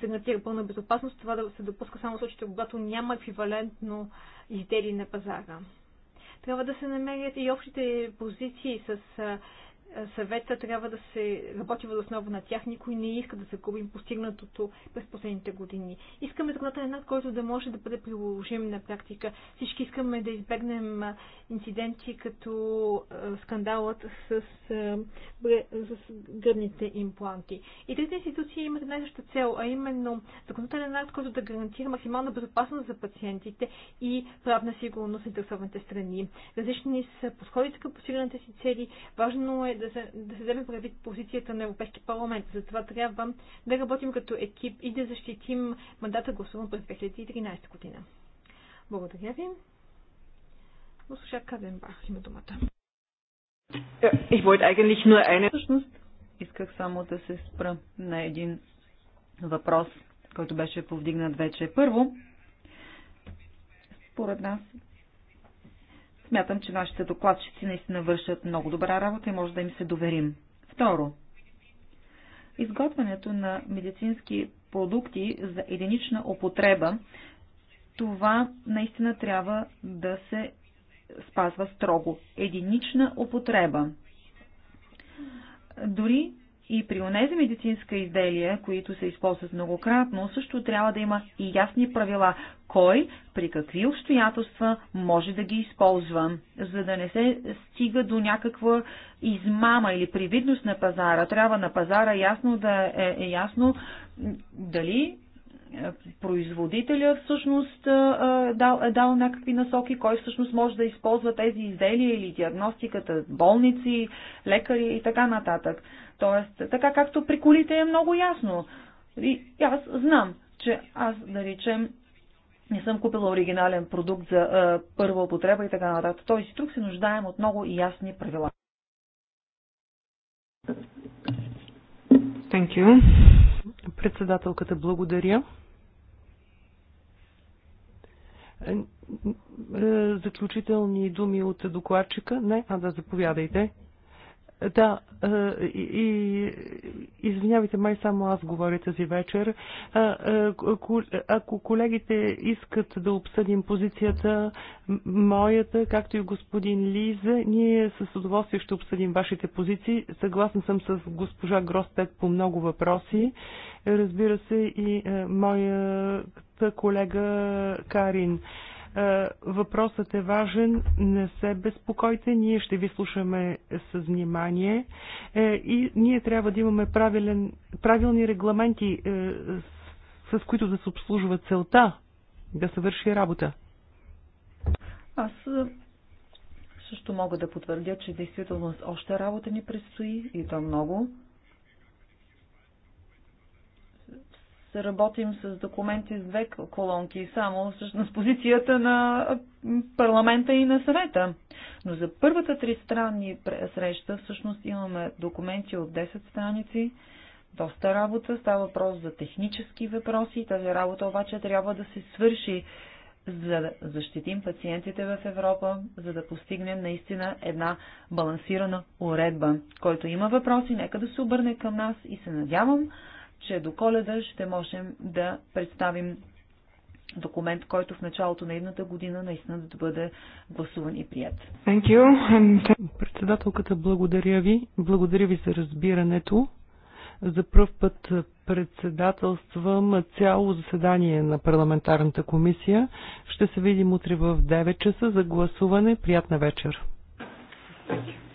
за гарантира пълна безопасност, това да се допуска само в случаите, когато няма еквивалентно изделие на пазара. Трябва да се намерят и общите позиции с съвета трябва да се работи въз основа на тях. Никой не иска да загубим постигнатото през последните години. Искаме законодателен акт, който да може да бъде приложим на практика. Всички искаме да избегнем инциденти като скандалът с, с гръбните импланти. И тези институции имат една съща цел, а именно законодателен акт, който да гарантира максимална безопасност за пациентите и правна сигурност на интересованите страни. Различни са подходите към постигнатите си цели. Важно е да се, да се вземе предвид позицията на Европейския парламент. Затова трябва да работим като екип и да защитим мандата гласуван през 2013 година. Благодаря ви. Госпожа Каденбах има думата. Е, Всъщност, исках само да се спра на един въпрос, който беше повдигнат вече. Първо, според нас Смятам, че нашите докладчици наистина вършат много добра работа и може да им се доверим. Второ, изготвянето на медицински продукти за единична употреба, това наистина трябва да се спазва строго. Единична употреба. Дори и при онези медицинска изделия, които се използват многократно, също трябва да има и ясни правила, кой, при какви обстоятелства може да ги използва, за да не се стига до някаква измама или привидност на пазара. Трябва на пазара ясно да е, е ясно дали производителя всъщност е дал, е дал някакви насоки, кой всъщност може да използва тези изделия или диагностиката, болници, лекари и така нататък. Тоест, така както при колите е много ясно. И аз знам, че аз, да речем, не съм купила оригинален продукт за е, първа употреба и така нататък. Тоест, тук се нуждаем от много ясни правила. Thank you. Председателката благодаря. Е, е, заключителни думи от докладчика? Не, а да заповядайте. Да, е, и извинявайте, май само аз говоря тази вечер. Е, е, ако колегите искат да обсъдим позицията, моята, както и господин Лиза, ние с удоволствие ще обсъдим вашите позиции. Съгласна съм с госпожа Гростет по много въпроси. Разбира се и моята колега Карин. Е, въпросът е важен, не се безпокойте, ние ще ви слушаме с внимание е, и ние трябва да имаме правилен, правилни регламенти, е, с които да се обслужва целта, да се върши работа. Аз също мога да потвърдя, че действително още работа ни предстои и то много. работим с документи с две колонки, само всъщност позицията на парламента и на съвета. Но за първата тристранни среща всъщност имаме документи от 10 страници, доста работа, става въпрос за технически въпроси, тази работа обаче трябва да се свърши, за да защитим пациентите в Европа, за да постигнем наистина една балансирана уредба. Който има въпроси, нека да се обърне към нас и се надявам, че до коледа ще можем да представим документ, който в началото на едната година наистина да бъде гласуван и прият. Председателката, благодаря ви. Благодаря ви за разбирането. За първ път председателствам цяло заседание на парламентарната комисия. Ще се видим утре в 9 часа за гласуване. Приятна вечер! Thank you.